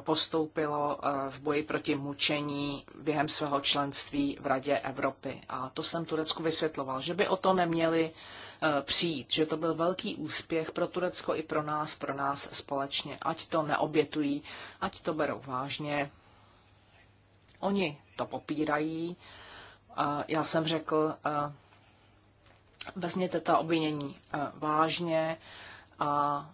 postoupilo v boji proti mučení během svého členství v Radě Evropy. A to jsem Turecku vysvětloval, že by o to neměli přijít, že to byl velký úspěch pro Turecko i pro nás, pro nás společně. Ať to neobětují, ať to berou vážně. Oni to popírají, já jsem řekl, vezměte ta obvinění vážně a,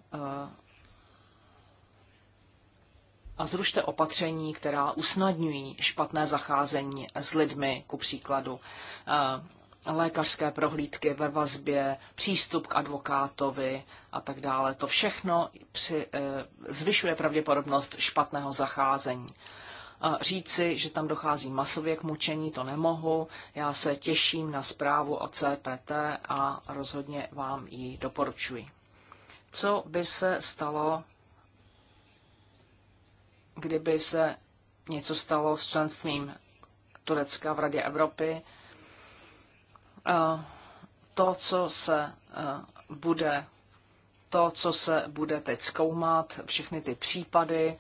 a zrušte opatření, která usnadňují špatné zacházení s lidmi, ku příkladu lékařské prohlídky ve vazbě, přístup k advokátovi a tak dále. To všechno při, e, zvyšuje pravděpodobnost špatného zacházení říci, že tam dochází masově k mučení, to nemohu. Já se těším na zprávu o CPT a rozhodně vám ji doporučuji. Co by se stalo, kdyby se něco stalo s členstvím Turecka v Radě Evropy? To, co se e, bude to, co se bude teď zkoumat, všechny ty případy,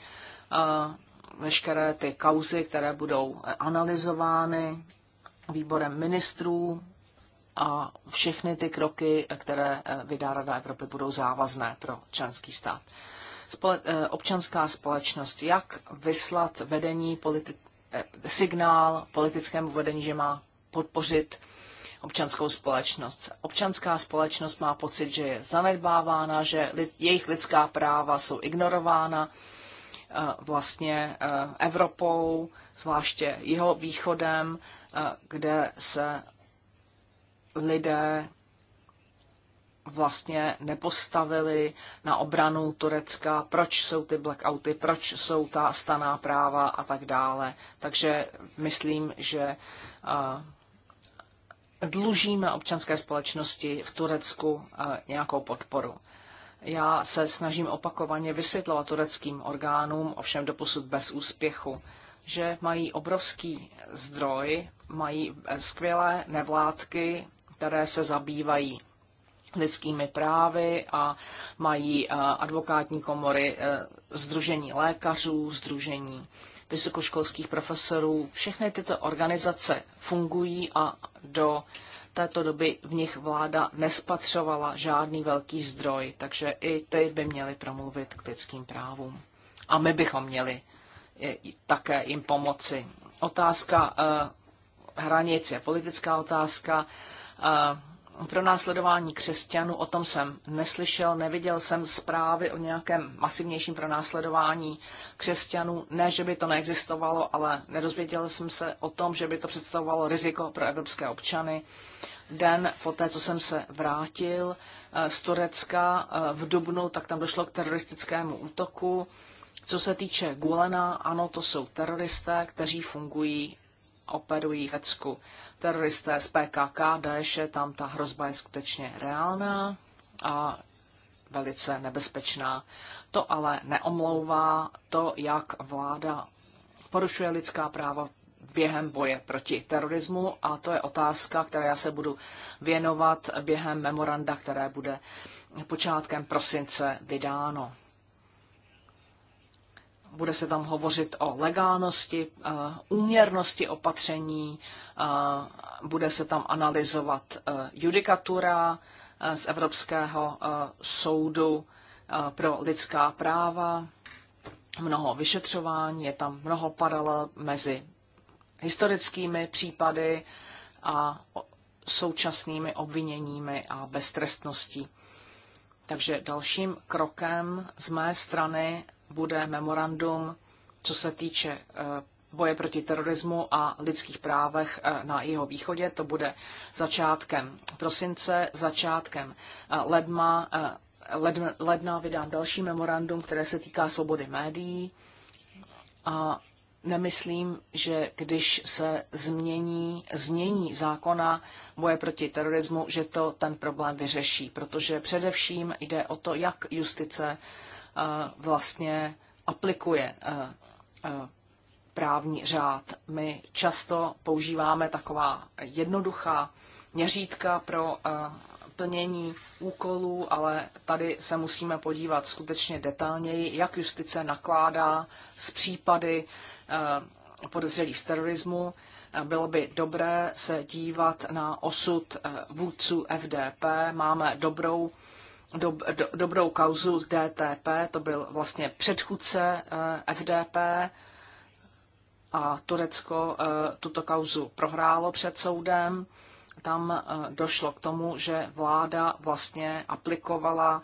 veškeré ty kauzy, které budou analyzovány výborem ministrů a všechny ty kroky, které eh, vydá Rada Evropy, budou závazné pro členský stát. Spole- eh, občanská společnost, jak vyslat vedení politi- eh, signál politickému vedení, že má podpořit občanskou společnost. Občanská společnost má pocit, že je zanedbávána, že li- jejich lidská práva jsou ignorována Eh, vlastně eh, Evropou, zvláště jeho východem, eh, kde se lidé vlastně nepostavili na obranu Turecka, proč jsou ty blackouty, proč jsou ta staná práva a tak dále. Takže myslím, že dlužíme občanské společnosti v Turecku nějakou podporu. Já se snažím opakovaně vysvětlovat tureckým orgánům, ovšem doposud bez úspěchu, že mají obrovský zdroj, mají skvělé nevládky, které se zabývají lidskými právy a mají eh, advokátní komory Združení eh, lékařů, Združení vysokoškolských profesorů. Všechny tyto organizace fungují a do této doby v nich vláda nespatřovala žádný velký zdroj, takže i ty by měly promluvit k lidským právům. A my bychom měli také jim pomoci. Otázka eh, hranic je politická otázka. Eh, pro následování křesťanů, o tom jsem neslyšel, neviděl jsem zprávy o nějakém masivnějším pronásledování křesťanů. Ne, že by to neexistovalo, ale nedozvěděl jsem se o tom, že by to představovalo riziko pro evropské občany. Den po té, co jsem se vrátil eh, z Turecka eh, v Dubnu, tak tam došlo k teroristickému útoku. Co se týče Gulena, ano, to jsou teroristé, kteří fungují operují v Ecku. Teroristé z PKK, Daeše, tam ta hrozba je skutečně reálná a velice nebezpečná. To ale neomlouvá to, jak vláda porušuje lidská práva během boje proti terorismu a to je otázka, které já se budu věnovat během memoranda, které bude počátkem prosince vydáno bude se tam hovořit o legálnosti, eh, úměrnosti opatření, eh, bude se tam analyzovat eh, judikatura z Evropského soudu pro lidská práva, mnoho vyšetřování, je tam mnoho paralel mezi historickými případy a současnými obviněními a beztrestností. Takže dalším krokem z mé strany bude memorandum, co se týče eh, boje proti terorismu a lidských právech eh, na jeho východě. To bude začátkem prosince, začátkem eh, ledna, ledna vydám další memorandum, které se týká svobody médií. A nemyslím, že když se změní změní zákona boje proti terorismu, že to ten problém vyřeší, protože především jde o to, jak justice Eh, vlastně aplikuje eh, eh, právní řád. My často používáme taková jednoduchá měřítka pro plnění úkolů, ale tady se musíme podívat skutečně detailněji, jak justice nakládá s případy podezřelých z terorismu. Bylo by dobré se dívat na osud vůdců FDP. Máme dobrou dob, do, dobrou kauzu z DTP, to byl vlastně předchůdce eh, FDP a Turecko eh, tuto kauzu prohrálo před soudem. Tam eh, došlo k tomu, že vláda vlastně aplikovala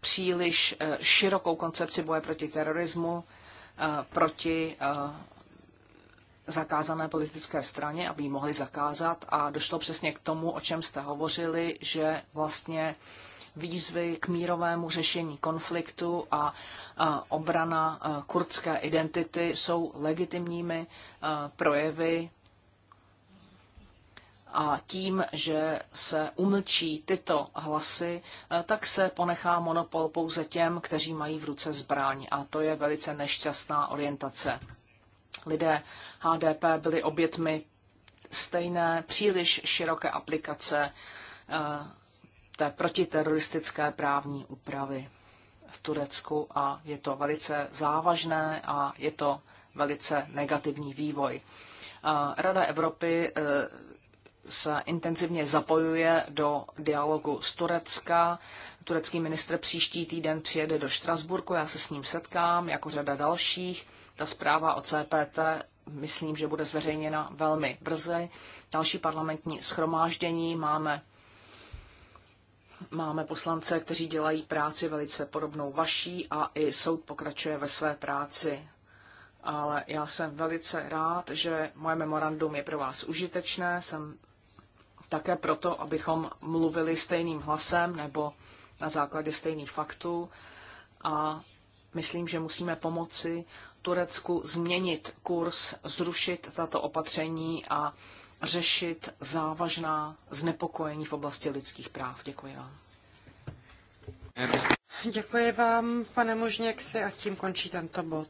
příliš širokou koncepci boje proti terorismu, proti zakázané politické straně, aby ji mohli zakázat a došlo přesně k tomu, o čem jste hovořili, že vlastně uh, výzvy k mírovému řešení konfliktu a obrana kurdské identity jsou legitimními projevy a tím, že se umlčí tyto hlasy, tak se ponechá monopol pouze těm, kteří mají v ruce zbraň. A to je velice nešťastná orientace. Lidé HDP byli obětmi stejné příliš široké aplikace té protiteroristické právní úpravy v Turecku a je to velice závažné a je to velice negativní vývoj. Rada Evropy e, se intenzivně zapojuje do dialogu s Turecka. Turecký ministr příští týden přijede do Štrasburku, já se s ním setkám, jako řada dalších. Ta zpráva o CPT myslím, že bude zveřejněna velmi brzy. Další parlamentní schromáždění máme Máme poslance, kteří dělají práci velice podobnou vaší a i soud pokračuje ve své práci. Ale já jsem velice rád, že moje memorandum je pro vás užitečné. Jsem také proto, abychom mluvili stejným hlasem nebo na základě stejných faktů. A myslím, že musíme pomoci Turecku změnit kurz, zrušit tato opatření a řešit závažná znepokojení v oblasti lidských práv. Děkuji vám. Děkuji vám, pane Možněksi, a tím končí tento bod.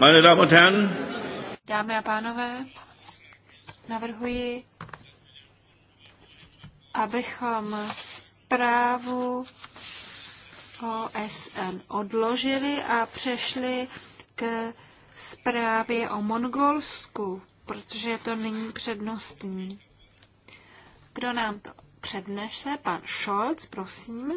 Meine Damen und Herren, Dámy a pánové, navrhuji, abychom zprávu OSN odložili a přešli k zprávě o Mongolsku, protože je to nyní přednostní. Kdo nám to přednese? Pan Scholz, prosím.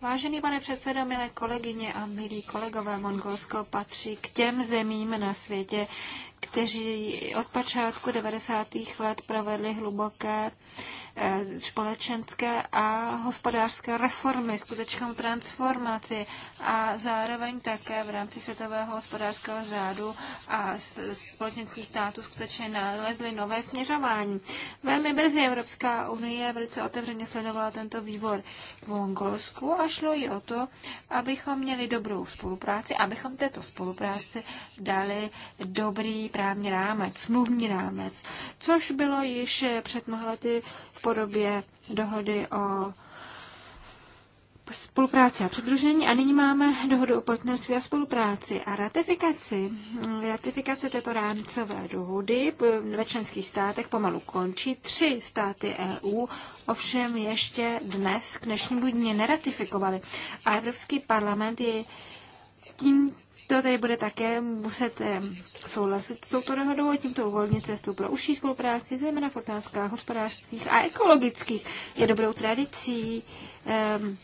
Vážený pane předsedo, milé kolegyně a milí kolegové, Mongolsko patří k těm zemím na světě, kteří od počátku 90. let provedli hluboké Eh, společenské a hospodářské reformy, skutečnou transformaci a zároveň také v rámci světového hospodářského řádu a společenských států skutečně nalezly nové směřování. Velmi brzy Evropská unie velice otevřeně sledovala tento vývor v Mongolsku a šlo i o to, abychom měli dobrou spolupráci, abychom této spolupráci dali dobrý právní rámec, smluvní rámec, což bylo již před mnoha lety podobě dohody o spolupráci a přidružení a nyní máme dohodu o partnerství a spolupráci a ratifikaci. Ratifikace této rámcové dohody ve členských státech pomalu končí. Tři státy EU ovšem ještě dnes k dnešnímu dní neratifikovaly a Evropský parlament je tím to tedy bude také muset eh, souhlasit s touto dohodou a tímto uvolnit cestu pro užší spolupráci, zejména v otázkách hospodářských a ekologických. Je dobrou tradicí ehm,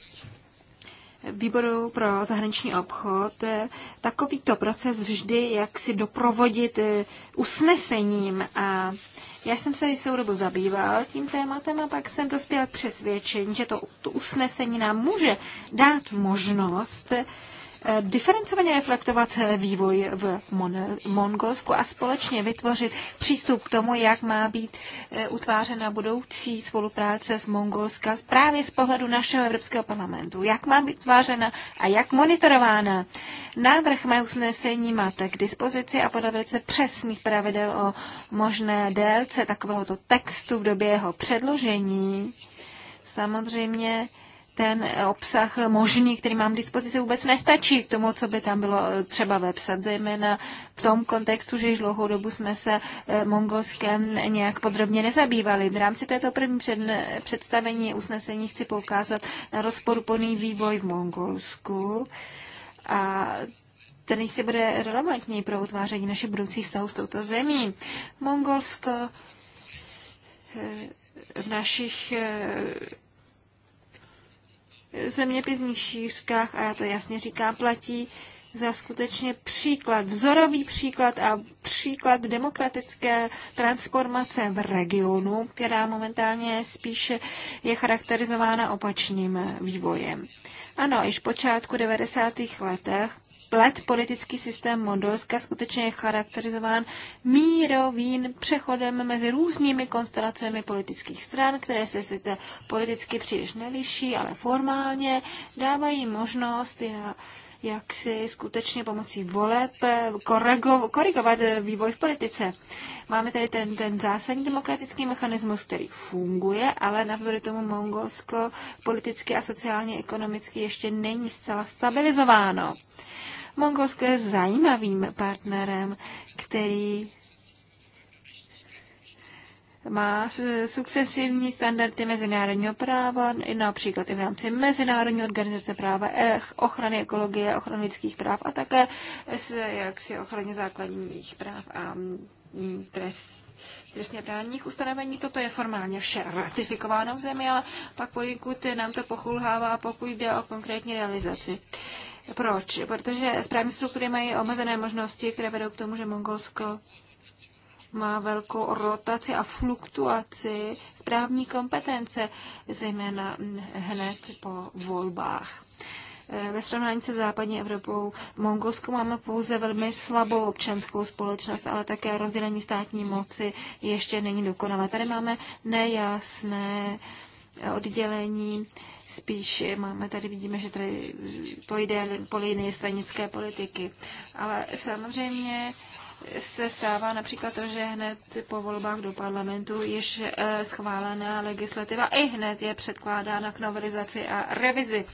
výboru pro zahraniční obchod eh, takovýto proces vždy jak si doprovodit eh, usnesením a já jsem se jistou dobu zabýval tím tématem a pak jsem dospěl k přesvědčení, že to, to usnesení nám může dát možnost Eh, diferencovaně reflektovat eh, vývoj v Mon- Mongolsku a společně vytvořit přístup k tomu, jak má být eh, utvářena budoucí spolupráce s Mongolska právě z pohledu našeho Evropského parlamentu. Jak má být utvářena a jak monitorována. Návrh mé usnesení máte k dispozici a podle velice přesných pravidel o možné délce takovéhoto textu v době jeho předložení. Samozřejmě ten obsah možný, který mám k dispozici, vůbec nestačí k tomu, co by tam bylo eh, třeba vepsat, zejména v tom kontextu, že již dlouhou dobu jsme se eh, mongolskem nějak podrobně nezabývali. V rámci této první představení usnesení chci poukázat na rozporuplný vývoj v Mongolsku a který si bude relevantní pro utváření našich budoucích vztahů s touto zemí. Mongolsko eh, v našich zeměpisních šířkách, a já to jasně říkám, platí za skutečně příklad, vzorový příklad a příklad demokratické transformace v regionu, která momentálně spíše je charakterizována opačným vývojem. Ano, již v počátku 90. letech let politický systém Mondolska skutečně je charakterizován mírovým přechodem mezi různými konstelacemi politických stran, které se sice politicky příliš neliší, ale formálně dávají možnost jak si skutečně pomocí voleb korego, korigovat vývoj v politice. Máme tady ten, ten zásadní demokratický mechanismus, který funguje, ale navzdory tomu Mongolsko politicky a sociálně ekonomicky ještě není zcela stabilizováno. Mongolsko je zajímavým partnerem, který má sukcesivní standardy mezinárodního práva, například i v rámci Mezinárodní organizace práva, eh, ochrany ekologie, ochrany lidských práv a také s, jaksi ochraně základních práv a mm, trest, trestně právních ustanovení. Toto je formálně vše ratifikováno v zemi, ale pak poněkud nám to pochulhává, pokud jde o konkrétní realizaci. Proč? Protože správní struktury mají omezené možnosti, které vedou k tomu, že Mongolsko má velkou rotaci a fluktuaci správní kompetence, zejména hned po volbách. Eh, ve srovnání se západní Evropou, Mongolsku máme pouze velmi slabou občanskou společnost, ale také rozdělení státní moci ještě není dokonalé. Tady máme nejasné oddělení Spíš eh, máme tady, vidíme, že tady pojde po linii stranické politiky. Ale samozřejmě se stává například to, že hned po volbách do parlamentu již eh, schválená legislativa i hned je předkládána k novelizaci a revizi.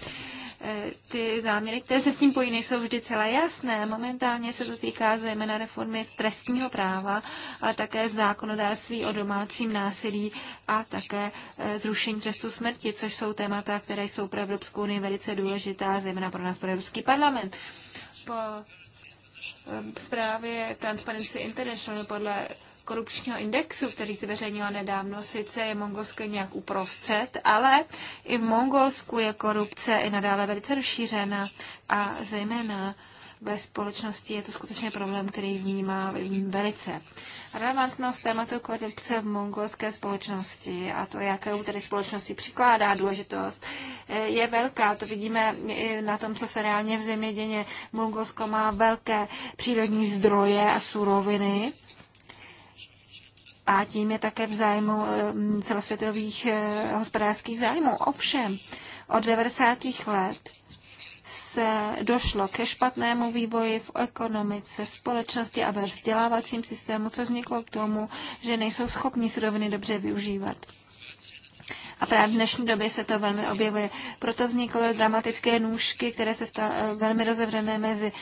Eh, ty záměry, které se s tím pojí, nejsou vždy celé jasné. Momentálně se to týká zejména reformy trestního práva, ale také zákonodárství o domácím násilí a také eh, zrušení trestu smrti, což jsou témata, které jsou pro Evropskou unii velice důležitá, zejména pro nás, pro Evropský parlament. Po eh, zprávě Transparency International podle korupčního indexu, který zveřejnila nedávno, sice je Mongolsko nějak uprostřed, ale i v Mongolsku je korupce i nadále velice rozšířena a zejména ve společnosti je to skutečně problém, který vnímá velice. Relevantnost tématu korupce v mongolské společnosti a to, jakou tedy společnosti přikládá důležitost, je velká. To vidíme i na tom, co se reálně v zeměděně Mongolsko má velké přírodní zdroje a suroviny a tím je také v zájmu eh, celosvětových eh, hospodářských zájmů. Ovšem, od 90. let se došlo ke špatnému vývoji v ekonomice, společnosti a ve vzdělávacím systému, což vzniklo k tomu, že nejsou schopni suroviny dobře využívat. A právě v dnešní době se to velmi objevuje. Proto vznikly dramatické nůžky, které se staly eh, velmi rozevřené mezi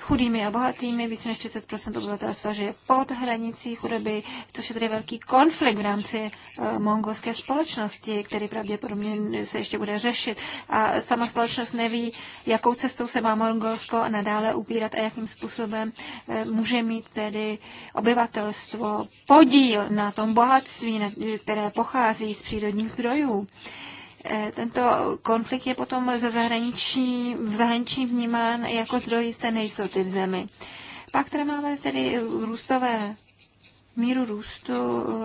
chudými a bohatými, více než 30% obyvatelstva žije pod hranicí chudoby, což je tedy velký konflikt v rámci eh, mongolské společnosti, který pravděpodobně se ještě bude řešit. A sama společnost neví, jakou cestou se má Mongolsko nadále upírat a jakým způsobem eh, může mít tedy obyvatelstvo podíl na tom bohatství, které pochází z přírodních zdrojů. Eh, tento konflikt je potom ze zahraniční, v zahraničí vnímán jako zdroj jisté nejistoty v zemi. Pak tady máme tedy růstové míru růstu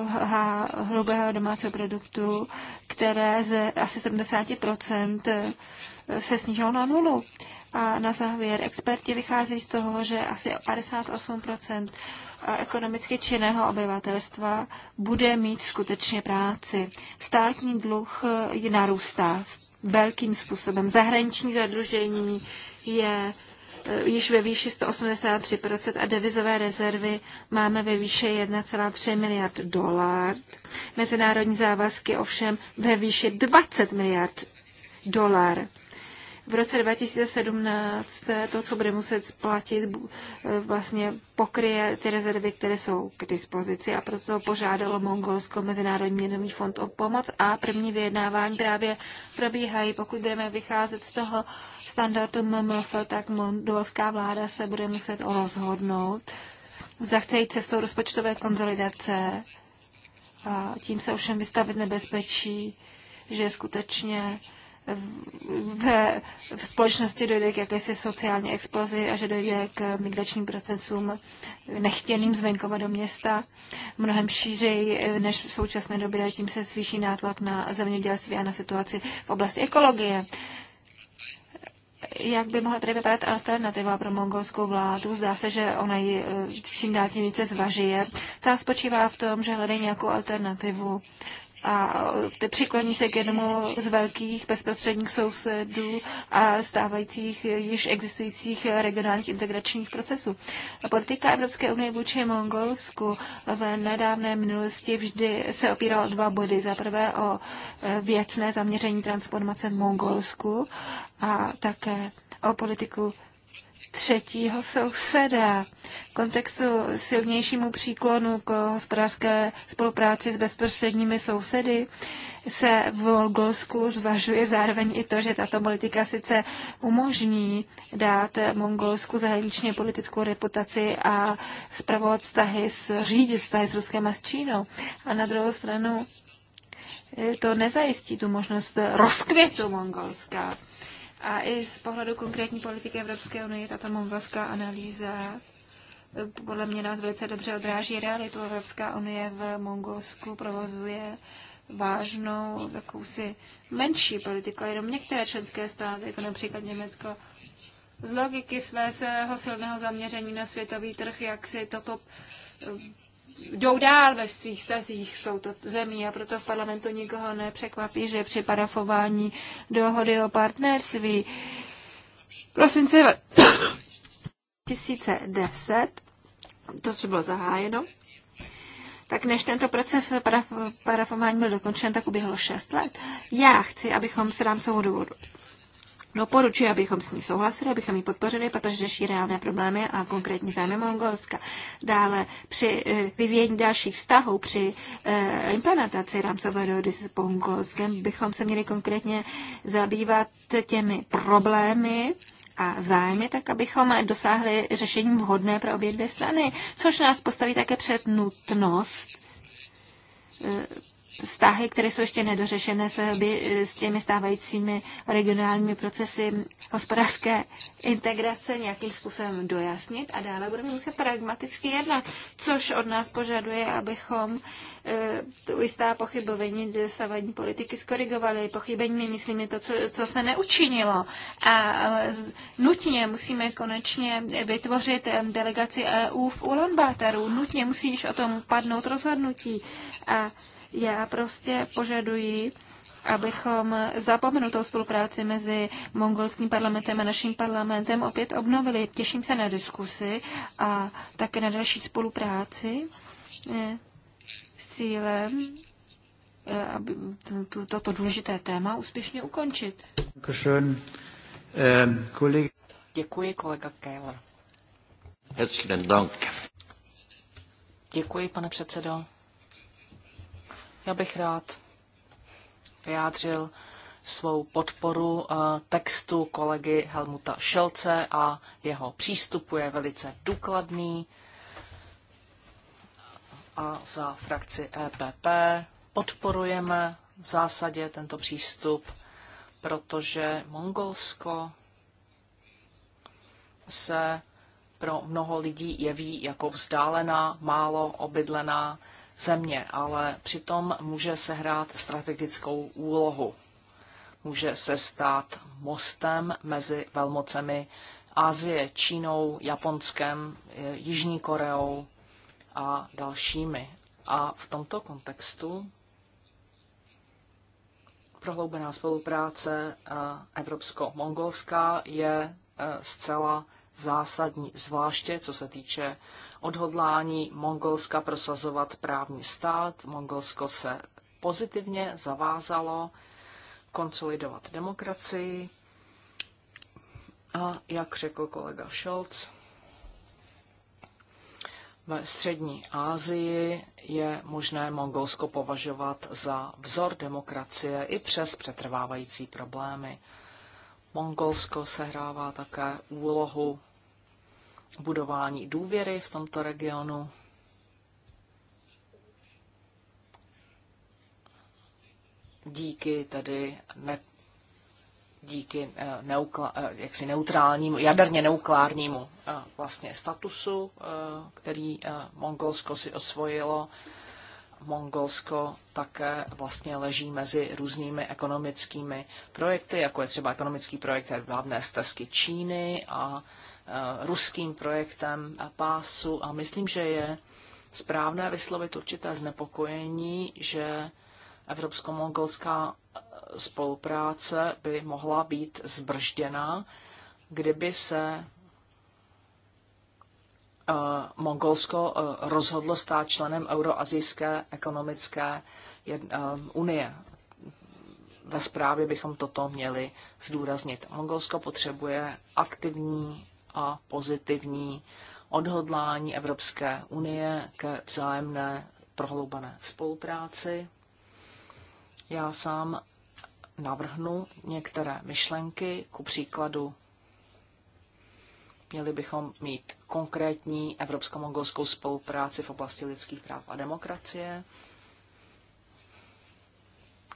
eh, a hrubého domácího produktu, které z asi 70% eh, se snížilo na nulu. A na závěr experti vychází z toho, že asi 58 a ekonomicky činného obyvatelstva bude mít skutečně práci. Státní dluh eh, je narůstá velkým způsobem. Zahraniční zadlužení je eh, již ve výši 183% a devizové rezervy máme ve výši 1,3 miliard dolar. Mezinárodní závazky ovšem ve výši 20 miliard dolar v roce 2017 to, co bude muset splatit, eh, vlastně pokryje ty rezervy, které jsou k dispozici a proto požádalo Mongolsko Mezinárodní měnový fond o pomoc a první vyjednávání právě probíhají. Pokud budeme vycházet z toho standardu MMF, tak mongolská vláda se bude muset rozhodnout, zda chce jít cestou rozpočtové konzolidace a tím se ovšem vystavit nebezpečí, že skutečně ve, v společnosti dojde k jakési sociální explozi a že dojde k migračním procesům nechtěným z venkova do města mnohem šířej eh, než v současné době a tím se zvýší nátlak na zemědělství a na situaci v oblasti ekologie. Jak by mohla tady vypadat alternativa pro mongolskou vládu? Zdá se, že ona ji eh, čím dál tím více zvažuje. Ta spočívá v tom, že hledají nějakou alternativu a přikloní se k jednomu z velkých bezprostředních sousedů a stávajících již existujících regionálních integračních procesů. Politika Evropské unie vůči Mongolsku v nedávné minulosti vždy se opírala o dva body. Za prvé o e, věcné zaměření transformace v Mongolsku a také o politiku třetího souseda. V kontextu silnějšímu příklonu k hospodářské spolupráci s bezprostředními sousedy se v Mongolsku zvažuje zároveň i to, že tato politika sice umožní dát Mongolsku zahraničně politickou reputaci a zpravovat vztahy s, řídit vztahy s Ruskem a s Čínou. A na druhou stranu eh, to nezajistí tu možnost rozkvětu Mongolska. A i z pohledu konkrétní politiky Evropské unie tato mongolská analýza eh, podle mě nás velice dobře odráží realitu. Evropská unie v Mongolsku provozuje vážnou jakousi menší politiku. Jenom některé členské státy, jako například Německo, z logiky svého silného zaměření na světový trh, jak si toto eh, jdou dál ve svých stazích, jsou to zemí a proto v parlamentu nikoho nepřekvapí, že při parafování dohody o partnerství prosince 2010, to, co bylo zahájeno, tak než tento proces parafování byl dokončen, tak uběhlo 6 let. Já chci, abychom s rámcovou dohodu Doporučuji, abychom s ní souhlasili, abychom ji podpořili, protože řeší reálné problémy a konkrétní zájmy Mongolska. Dále při eh, vyvíjení dalších vztahů, při eh, implementaci rámcové dohody s Mongolskem bychom se měli konkrétně zabývat těmi problémy, a zájmy, tak abychom dosáhli řešení vhodné pro obě dvě strany, což nás postaví také před nutnost eh, vztahy, které jsou ještě nedořešené s těmi stávajícími regionálními procesy hospodářské integrace nějakým způsobem dojasnit a dále budeme muset pragmaticky jednat, což od nás požaduje, abychom e, tu jistá pochybovení dosavadní politiky skorigovali. Pochybení myslíme to, co, co se neučinilo. A nutně musíme konečně vytvořit e, delegaci EU v Ulan Nutně musí již o tom padnout rozhodnutí. A já prostě požaduji, abychom zapomenutou spolupráci mezi mongolským parlamentem a naším parlamentem opět obnovili. Těším se na diskusy a také na další spolupráci eh, s cílem eh, aby toto důležité téma úspěšně ukončit. Děkuji, eh, kolega Keller. Děkuji, pane předsedo. Já bych rád vyjádřil svou podporu eh, textu kolegy Helmuta Šelce a jeho přístupu je velice důkladný a za frakci EPP podporujeme v zásadě tento přístup, protože Mongolsko se pro mnoho lidí jeví jako vzdálená, málo obydlená země, ale přitom může sehrát strategickou úlohu. Může se stát mostem mezi velmocemi Asie, Čínou, Japonskem, eh, Jižní Koreou a dalšími. A v tomto kontextu prohloubená spolupráce eh, evropsko-mongolská je eh, zcela zásadní, zvláště co se týče odhodlání Mongolska prosazovat právní stát. Mongolsko se pozitivně zavázalo konsolidovat demokracii. A jak řekl kolega Scholz, ve střední Asii je možné Mongolsko považovat za vzor demokracie i přes přetrvávající problémy. Mongolsko sehrává také úlohu budování důvěry v tomto regionu. Díky tedy ne, díky eh, neukla, eh, jaksi neutrálnímu, jaderně neuklárnímu eh, vlastně statusu, který Mongolsko si osvojilo. Mongolsko také vlastně leží mezi různými ekonomickými projekty, jako je třeba ekonomický projekt hlavné stezky Číny a Eh, ruským projektem pásu a myslím, že je správné vyslovit určité znepokojení, že evropsko-mongolská eh, spolupráce by mohla být zbržděna, kdyby se eh, Mongolsko rozhodlo stát členem Euroazijské ekonomické unie. Ve zprávě bychom toto měli zdůraznit. Mongolsko potřebuje aktivní a pozitivní odhodlání Evropské unie ke vzájemné prohloubené spolupráci. Já sám navrhnu některé myšlenky, ku příkladu měli bychom mít konkrétní evropsko-mongolskou spolupráci v oblasti lidských práv a demokracie.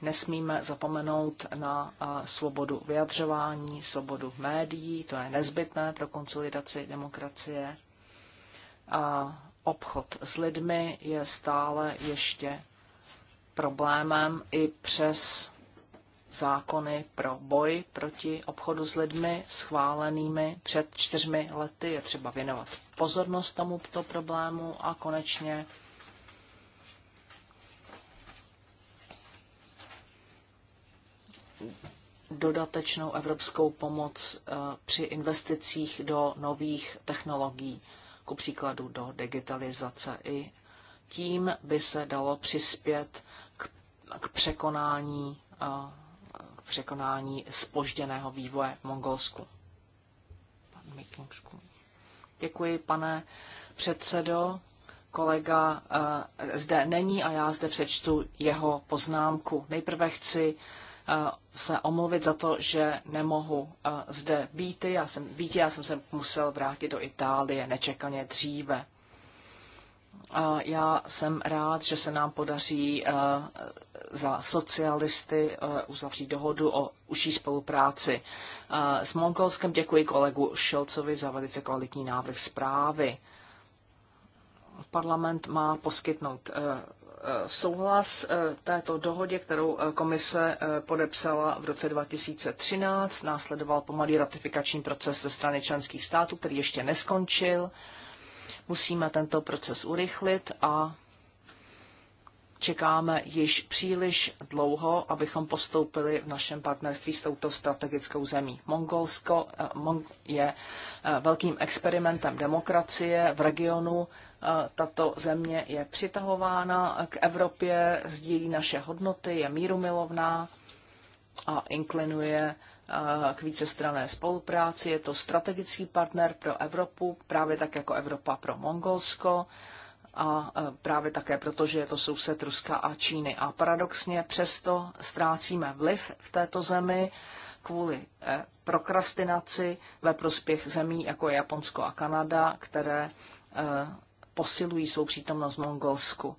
Nesmíme zapomenout na svobodu vyjadřování, svobodu médií, to je nezbytné pro konsolidaci demokracie. A obchod s lidmi je stále ještě problémem i přes zákony pro boj proti obchodu s lidmi schválenými před čtyřmi lety. Je třeba věnovat pozornost tomuto problému a konečně dodatečnou evropskou pomoc eh, při investicích do nových technologií, ku příkladu do digitalizace. I tím by se dalo přispět k, k překonání eh, k překonání spožděného vývoje v Mongolsku. Děkuji, pane předsedo. Kolega eh, zde není a já zde přečtu jeho poznámku. Nejprve chci Eh, se omluvit za to, že nemohu eh, zde být. Já jsem, být, já jsem se musel vrátit do Itálie nečekaně dříve. Eh, já jsem rád, že se nám podaří za socialisty uzavřít dohodu o užší spolupráci s Mongolskem. Děkuji kolegu Šelcovi za velice kvalitní návrh zprávy. Parlament má poskytnout Eh, souhlas eh, této dohodě, kterou eh, komise podepsala v roce 2013. Následoval pomalý ratifikační proces ze strany členských států, který ještě neskončil. Musíme tento proces urychlit a čekáme již příliš dlouho, abychom postoupili v našem partnerství s touto strategickou zemí. Mongolsko je velkým experimentem demokracie v regionu tato země je přitahována k Evropě, sdílí naše hodnoty, je mírumilovná a inklinuje k vícestrané spolupráci. Je to strategický partner pro Evropu, právě tak jako Evropa pro Mongolsko a právě také proto, že je to soused Ruska a Číny. A paradoxně přesto ztrácíme vliv v této zemi kvůli e, prokrastinaci ve prospěch zemí, jako je Japonsko a Kanada, které e, posilují svou přítomnost v Mongolsku.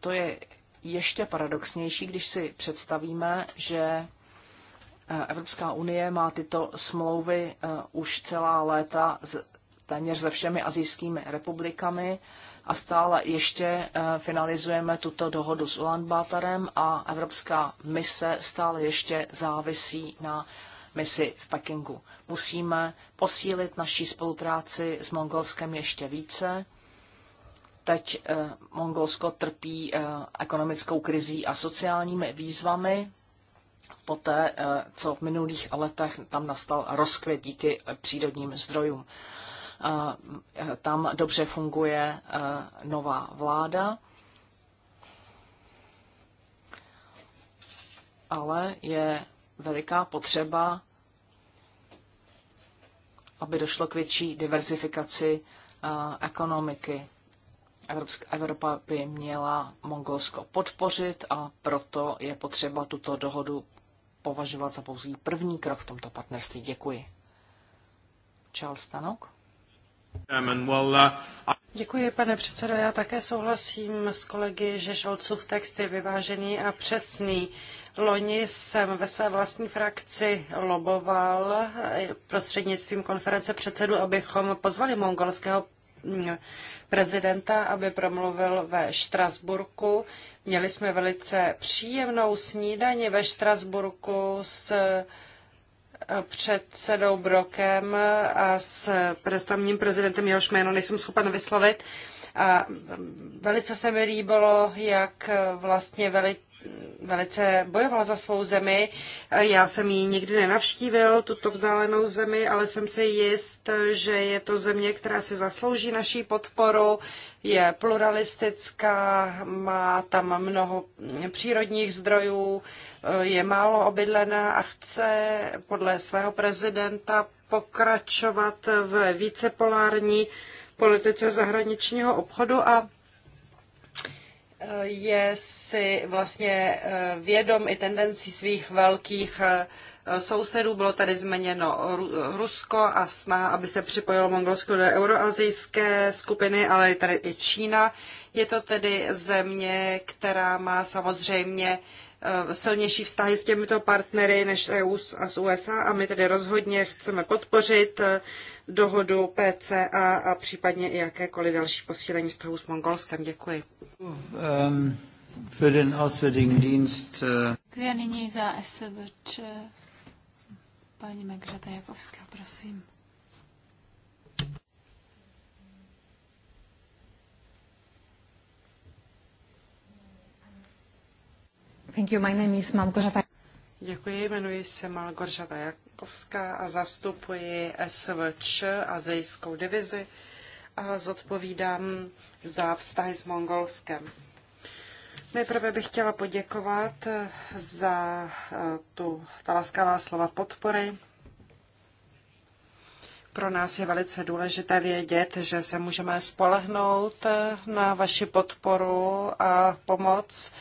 To je ještě paradoxnější, když si představíme, že eh, Evropská unie má tyto smlouvy eh, už celá léta s téměř se všemi azijskými republikami a stále ještě eh, finalizujeme tuto dohodu s Ulanbátarem a Evropská mise stále ještě závisí na misi v Pekingu. Musíme posílit naší spolupráci s Mongolskem ještě více Teď eh, Mongolsko trpí eh, ekonomickou krizí a sociálními výzvami. Poté, eh, co v minulých letech tam nastal rozkvět díky přírodním zdrojům. Tam dobře funguje nová vláda, ale je veliká potřeba, aby došlo k větší diverzifikaci ekonomiky. Evropa by měla Mongolsko podpořit a proto je potřeba tuto dohodu považovat za pouzí první krok v tomto partnerství. Děkuji. Charles Stanok. Uh, Děkuji, pane předsedo. Já také souhlasím s kolegy, že Šolcův text je vyvážený a přesný. Loni jsem ve své vlastní frakci loboval eh, prostřednictvím konference předsedu, abychom pozvali mongolského prezidenta, aby promluvil ve Štrasburku. Měli jsme velice příjemnou snídani ve Štrasburku s eh, předsedou Brokem a s tamním prezidentem, jehož jméno nejsem schopen vyslovit. A mm, velice se mi líbilo, jak eh, vlastně velice velice bojoval za svou zemi. Já jsem ji nikdy nenavštívil, tuto vzdálenou zemi, ale jsem si jist, že je to země, která si zaslouží naší podporu, je pluralistická, má tam mnoho přírodních zdrojů, je málo obydlená a chce podle svého prezidenta pokračovat v vícepolární politice zahraničního obchodu a je si vlastně eh, vědom i tendencí svých velkých eh, sousedů. Bylo tady změněno Rusko a snaha, aby se připojilo Mongolsko do euroazijské skupiny, ale je tady i Čína. Je to tedy země, která má samozřejmě eh, silnější vztahy s těmito partnery než EU a s USA a my tedy rozhodně chceme podpořit dohodu PCA a případně i jakékoliv další posílení vztahu s Mongolskem. Děkuji. Um, für den Auswärtigen Dienst. Uh, Děkuji nyní za SVČ. Paní Magžata Jakovská, prosím. Thank you. My name is Malgorzata. Děkuji, jmenuji se Malgorzata Rakovska a zastupuji SVČ, azijskou divizi a zodpovídám za vztahy s Mongolskem. Nejprve bych chtěla poděkovat za eh, tu, talaskavá slova podpory. Pro nás je velice důležité vědět, že se můžeme spolehnout eh, na vaši podporu a pomoc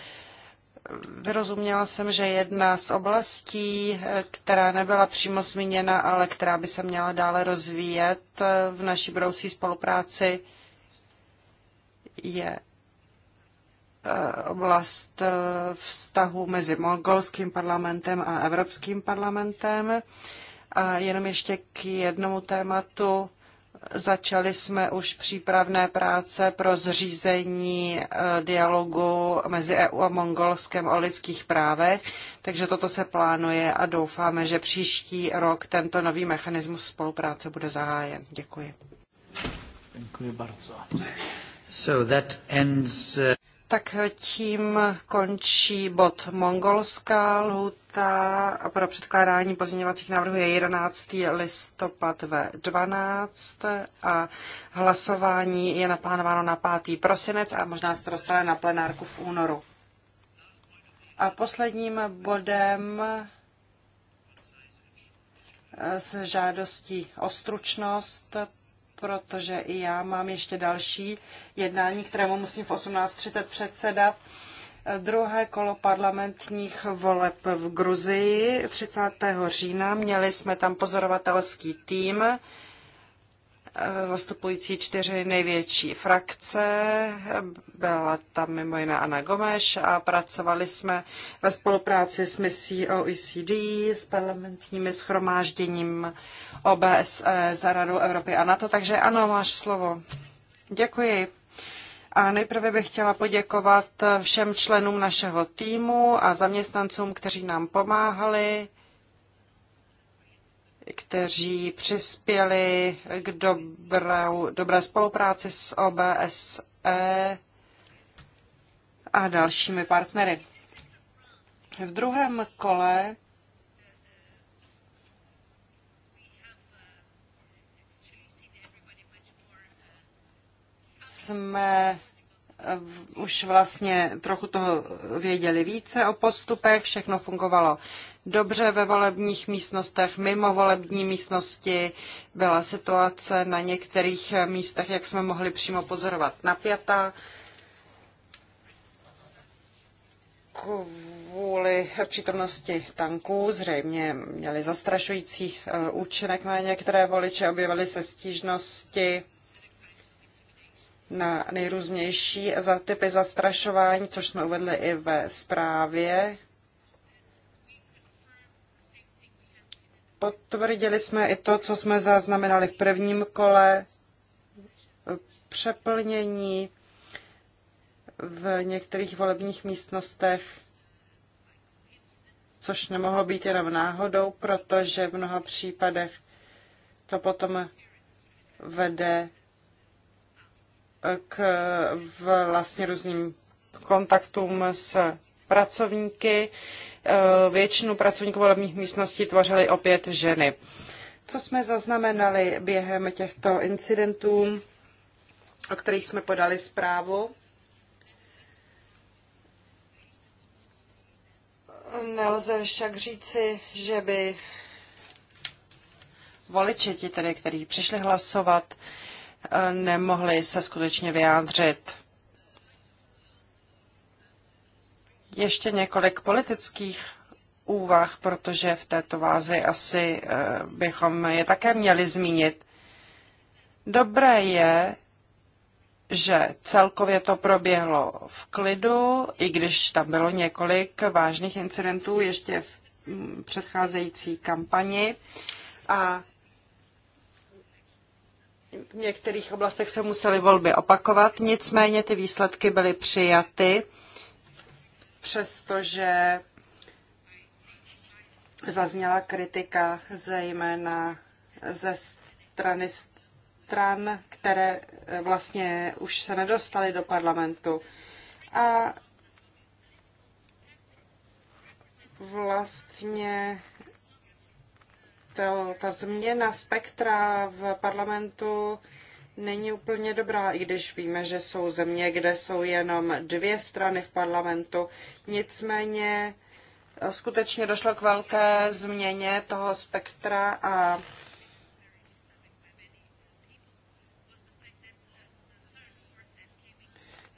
Vyrozuměla jsem, že jedna z oblastí, eh, která nebyla přímo zmíněna, ale která by se měla dále rozvíjet eh, v naší budoucí spolupráci, je eh, oblast vztahu mezi mongolským parlamentem a evropským parlamentem. A jenom ještě k jednomu tématu, Začali jsme už přípravné práce pro zřízení eh, dialogu mezi EU a Mongolskem o lidských právech, takže toto se plánuje a doufáme, že příští rok tento nový mechanismus spolupráce bude zahájen. Děkuji. Děkuji bardzo. So that ends, uh... Tak tím končí bod Mongolská lhuta pro předkládání pozměňovacích návrhů je 11. listopad ve 12. a hlasování je naplánováno na 5. prosinec a možná se to dostane na plenárku v únoru. A posledním bodem eh, s žádostí o stručnost protože i já mám ještě další jednání, kterému musím v 18.30 předsedat. Druhé kolo parlamentních voleb v Gruzii 30. října. Měli jsme tam pozorovatelský tým. Eh, zastupující čtyři největší frakce. Byla tam mimo jiné Ana Gomeš a pracovali jsme ve spolupráci s misí OECD, s parlamentními schromážděním OBSE za Radu Evropy a NATO. Takže ano, máš slovo. Děkuji. A nejprve bych chtěla poděkovat všem členům našeho týmu a zaměstnancům, kteří nám pomáhali kteří přispěli k dobrou, dobré spolupráci s OBSE a dalšími partnery. V druhém kole jsme už vlastně trochu toho věděli více o postupech, všechno fungovalo dobře ve volebních místnostech, mimo volební místnosti. Byla situace na některých místech, jak jsme mohli přímo pozorovat, napjatá kvůli přítomnosti tanků zřejmě měli zastrašující eh, účinek na některé voliče, objevily se stížnosti na nejrůznější za typy zastrašování, což jsme uvedli i ve zprávě. Potvrdili jsme i to, co jsme zaznamenali v prvním kole, přeplnění v některých volebních místnostech, což nemohlo být jenom náhodou, protože v mnoha případech to potom vede k vlastně různým kontaktům s pracovníky. Eh, většinu pracovníků volebních místností tvořily opět ženy. Co jsme zaznamenali během těchto incidentů, o kterých jsme podali zprávu? Nelze však říci, že by voliči, ti tedy, kteří přišli hlasovat, eh, nemohli se skutečně vyjádřit. Ještě několik politických úvah, protože v této vázi asi eh, bychom je také měli zmínit. Dobré je, že celkově to proběhlo v klidu, i když tam bylo několik vážných incidentů ještě v mm, předcházející kampani. A v některých oblastech se musely volby opakovat, nicméně ty výsledky byly přijaty přestože zazněla kritika zejména ze strany stran, které eh, vlastně už se nedostaly do parlamentu. A vlastně to, ta změna spektra v parlamentu není úplně dobrá, i když víme, že jsou země, kde jsou jenom dvě strany v parlamentu. Nicméně eh, skutečně došlo k velké změně toho spektra a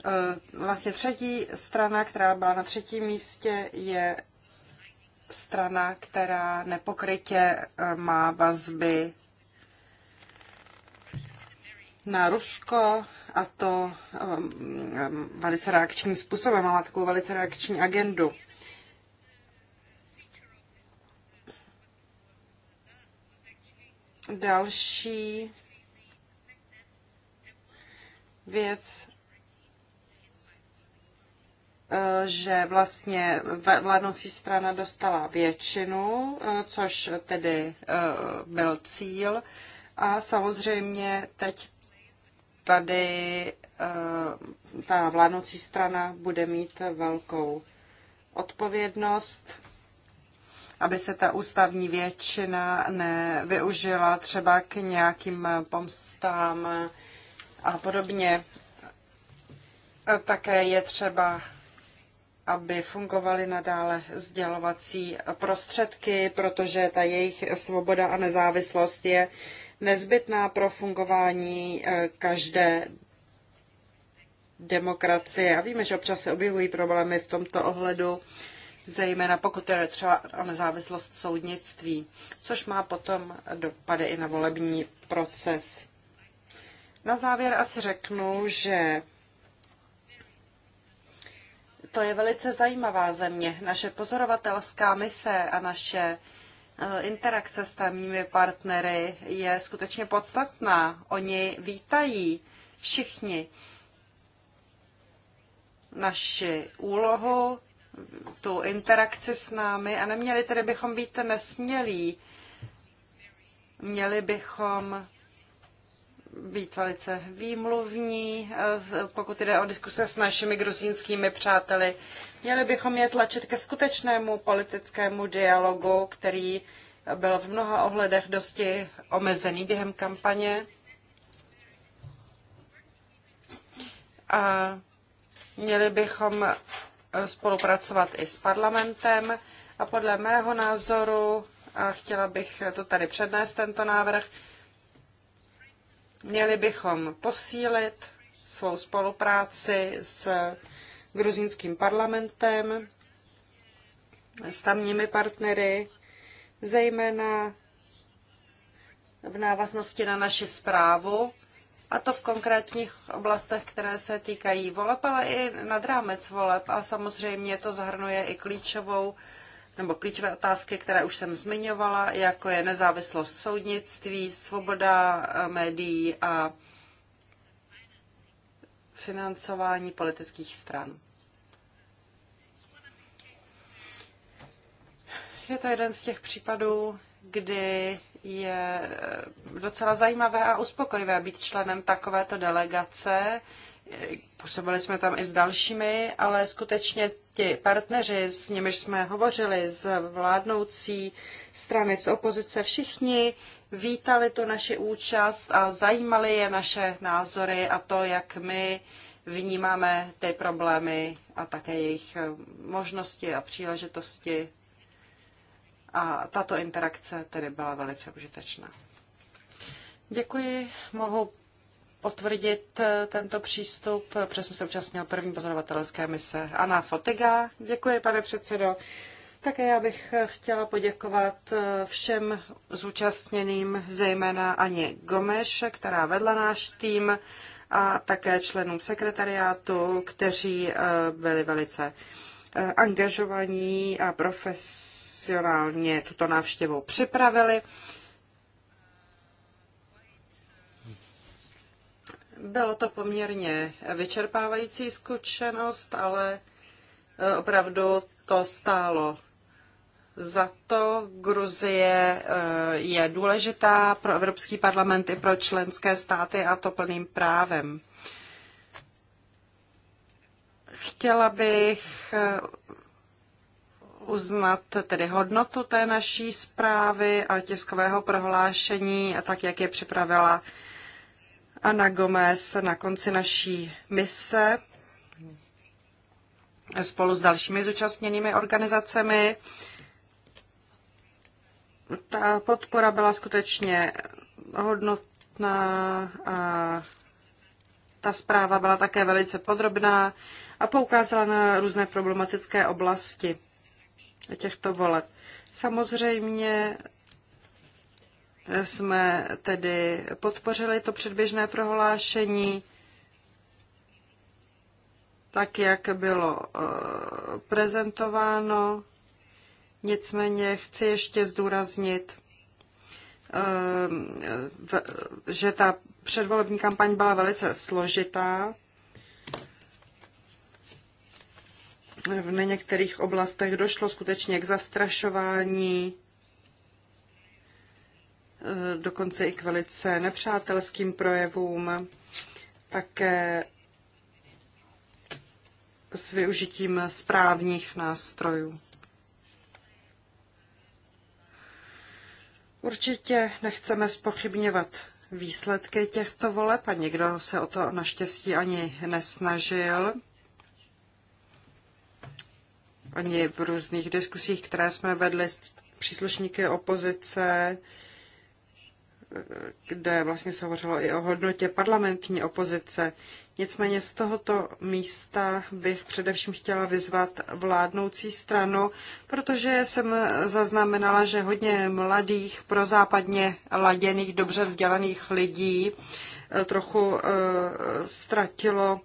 eh, vlastně třetí strana, která byla na třetím místě, je strana, která nepokrytě eh, má vazby na Rusko a to um, um, velice reakčním způsobem, má takovou velice reakční agendu. Další věc, eh, že vlastně vládnoucí strana dostala většinu, eh, což tedy eh, byl cíl. A samozřejmě teď tady eh, ta vládnoucí strana bude mít velkou odpovědnost, aby se ta ústavní většina nevyužila třeba k nějakým pomstám a podobně. Také je třeba, aby fungovaly nadále sdělovací prostředky, protože ta jejich svoboda a nezávislost je nezbytná pro fungování eh, každé demokracie. A víme, že občas se objevují problémy v tomto ohledu, zejména pokud je třeba o nezávislost soudnictví, což má potom dopady i na volební proces. Na závěr asi řeknu, že to je velice zajímavá země. Naše pozorovatelská mise a naše uh, Eh, interakce s tamními partnery je skutečně podstatná. Oni vítají všichni naši úlohu, tu interakci s námi a neměli tedy bychom být nesmělí. Měli bychom být velice výmluvní, eh, pokud jde o diskuse s našimi gruzínskými přáteli. Měli bychom je tlačit ke skutečnému politickému dialogu, který byl v mnoha ohledech dosti omezený během kampaně. A měli bychom eh, spolupracovat i s parlamentem a podle mého názoru, a chtěla bych to tady přednést, tento návrh, Měli bychom posílit svou spolupráci s gruzínským parlamentem, s tamními partnery, zejména v návaznosti na naši zprávu, a to v konkrétních oblastech, které se týkají voleb, ale i nad rámec voleb. A samozřejmě to zahrnuje i klíčovou nebo klíčové otázky, které už jsem zmiňovala, jako je nezávislost soudnictví, svoboda eh, médií a financování politických stran. Je to jeden z těch případů, kdy je eh, docela zajímavé a uspokojivé být členem takovéto delegace, Působili jsme tam i s dalšími, ale skutečně ti partneři, s nimiž jsme hovořili, z vládnoucí strany, z opozice, všichni vítali tu naši účast a zajímali je naše názory a to, jak my vnímáme ty problémy a také jejich možnosti a příležitosti. A tato interakce tedy byla velice užitečná. Děkuji. Mohu potvrdit eh, tento přístup, protože jsem se účastnil první pozorovatelské mise. Anna Fotiga, děkuji pane předsedo. Také já bych eh, chtěla poděkovat eh, všem zúčastněným, zejména Aně Gomeš, která vedla náš tým, a také členům sekretariátu, kteří byli velice angažovaní a profesionálně tuto návštěvu připravili. Bylo to poměrně vyčerpávající zkušenost, ale eh, opravdu to stálo za to. Gruzie eh, je důležitá pro Evropský parlament i pro členské státy a to plným právem. Chtěla bych eh, uznat tedy hodnotu té naší zprávy a tiskového prohlášení, tak jak je připravila Ana Gomez na konci naší mise spolu s dalšími zúčastněnými organizacemi. Ta podpora byla skutečně hodnotná a ta zpráva byla také velice podrobná a poukázala na různé problematické oblasti těchto voleb. Samozřejmě jsme tedy podpořili to předběžné prohlášení, tak jak bylo eh, prezentováno. Nicméně chci ještě zdůraznit, eh, že ta předvolební kampaň byla velice složitá. V některých oblastech došlo skutečně k zastrašování Eh, dokonce i k velice nepřátelským projevům, také s využitím správních nástrojů. Určitě nechceme spochybňovat výsledky těchto voleb a nikdo se o to naštěstí ani nesnažil. Ani v různých diskusích, které jsme vedli s příslušníky opozice, kde vlastně se hovořilo i o hodnotě parlamentní opozice. Nicméně z tohoto místa bych především chtěla vyzvat vládnoucí stranu, protože jsem zaznamenala, že hodně mladých, prozápadně laděných, dobře vzdělaných lidí eh, trochu eh, ztratilo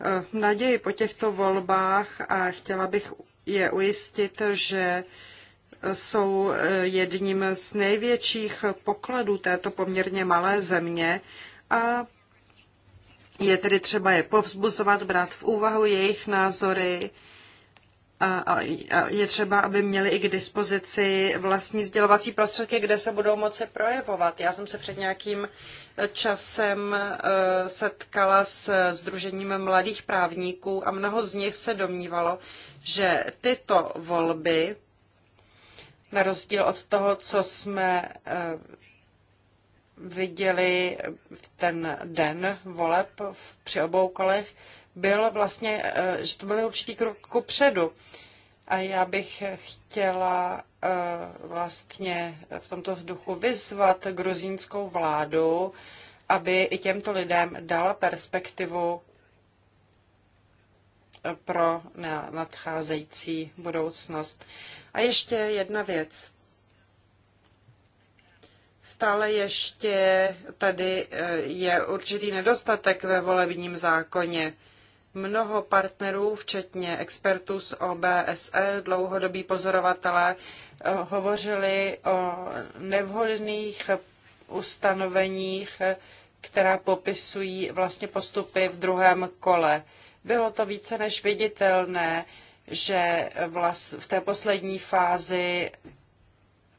eh, naději po těchto volbách a chtěla bych je ujistit, že jsou eh, jedním z největších pokladů této poměrně malé země a je tedy třeba je povzbuzovat, brát v úvahu jejich názory a, a, a je třeba, aby měli i k dispozici vlastní sdělovací prostředky, kde se budou moci projevovat. Já jsem se před nějakým časem eh, setkala s Združením mladých právníků a mnoho z nich se domnívalo, že tyto volby na rozdíl od toho, co jsme eh, viděli v ten den voleb při obou kolech, byl vlastně, eh, že to byl určitý krok ku předu. A já bych chtěla eh, vlastně v tomto duchu vyzvat gruzínskou vládu, aby i těmto lidem dala perspektivu pro nadcházející budoucnost. A ještě jedna věc. Stále ještě tady eh, je určitý nedostatek ve volebním zákoně. Mnoho partnerů, včetně expertů z OBSE, dlouhodobí pozorovatelé, eh, hovořili o nevhodných ustanoveních, eh, která popisují vlastně postupy v druhém kole. Bylo to více než viditelné že vlast, v té poslední fázi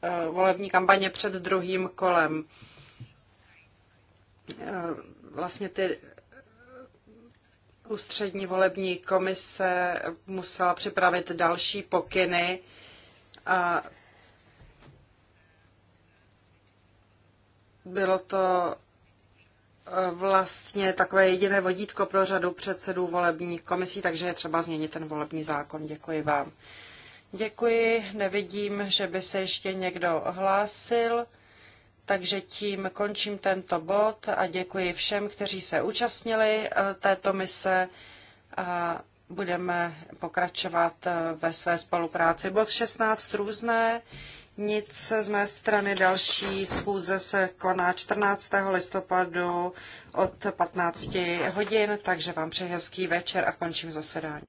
eh, volební kampaně před druhým kolem eh, vlastně ty ústřední volební komise musela připravit další pokyny a bylo to vlastně takové jediné vodítko pro řadu předsedů volební komisí, takže je třeba změnit ten volební zákon. Děkuji vám. Děkuji, nevidím, že by se ještě někdo hlásil, takže tím končím tento bod a děkuji všem, kteří se účastnili eh, této mise a budeme pokračovat eh, ve své spolupráci. Bod 16 různé. Nic z mé strany další schůze se koná 14. listopadu od 15 hodin, takže vám přeji hezký večer a končím zasedání.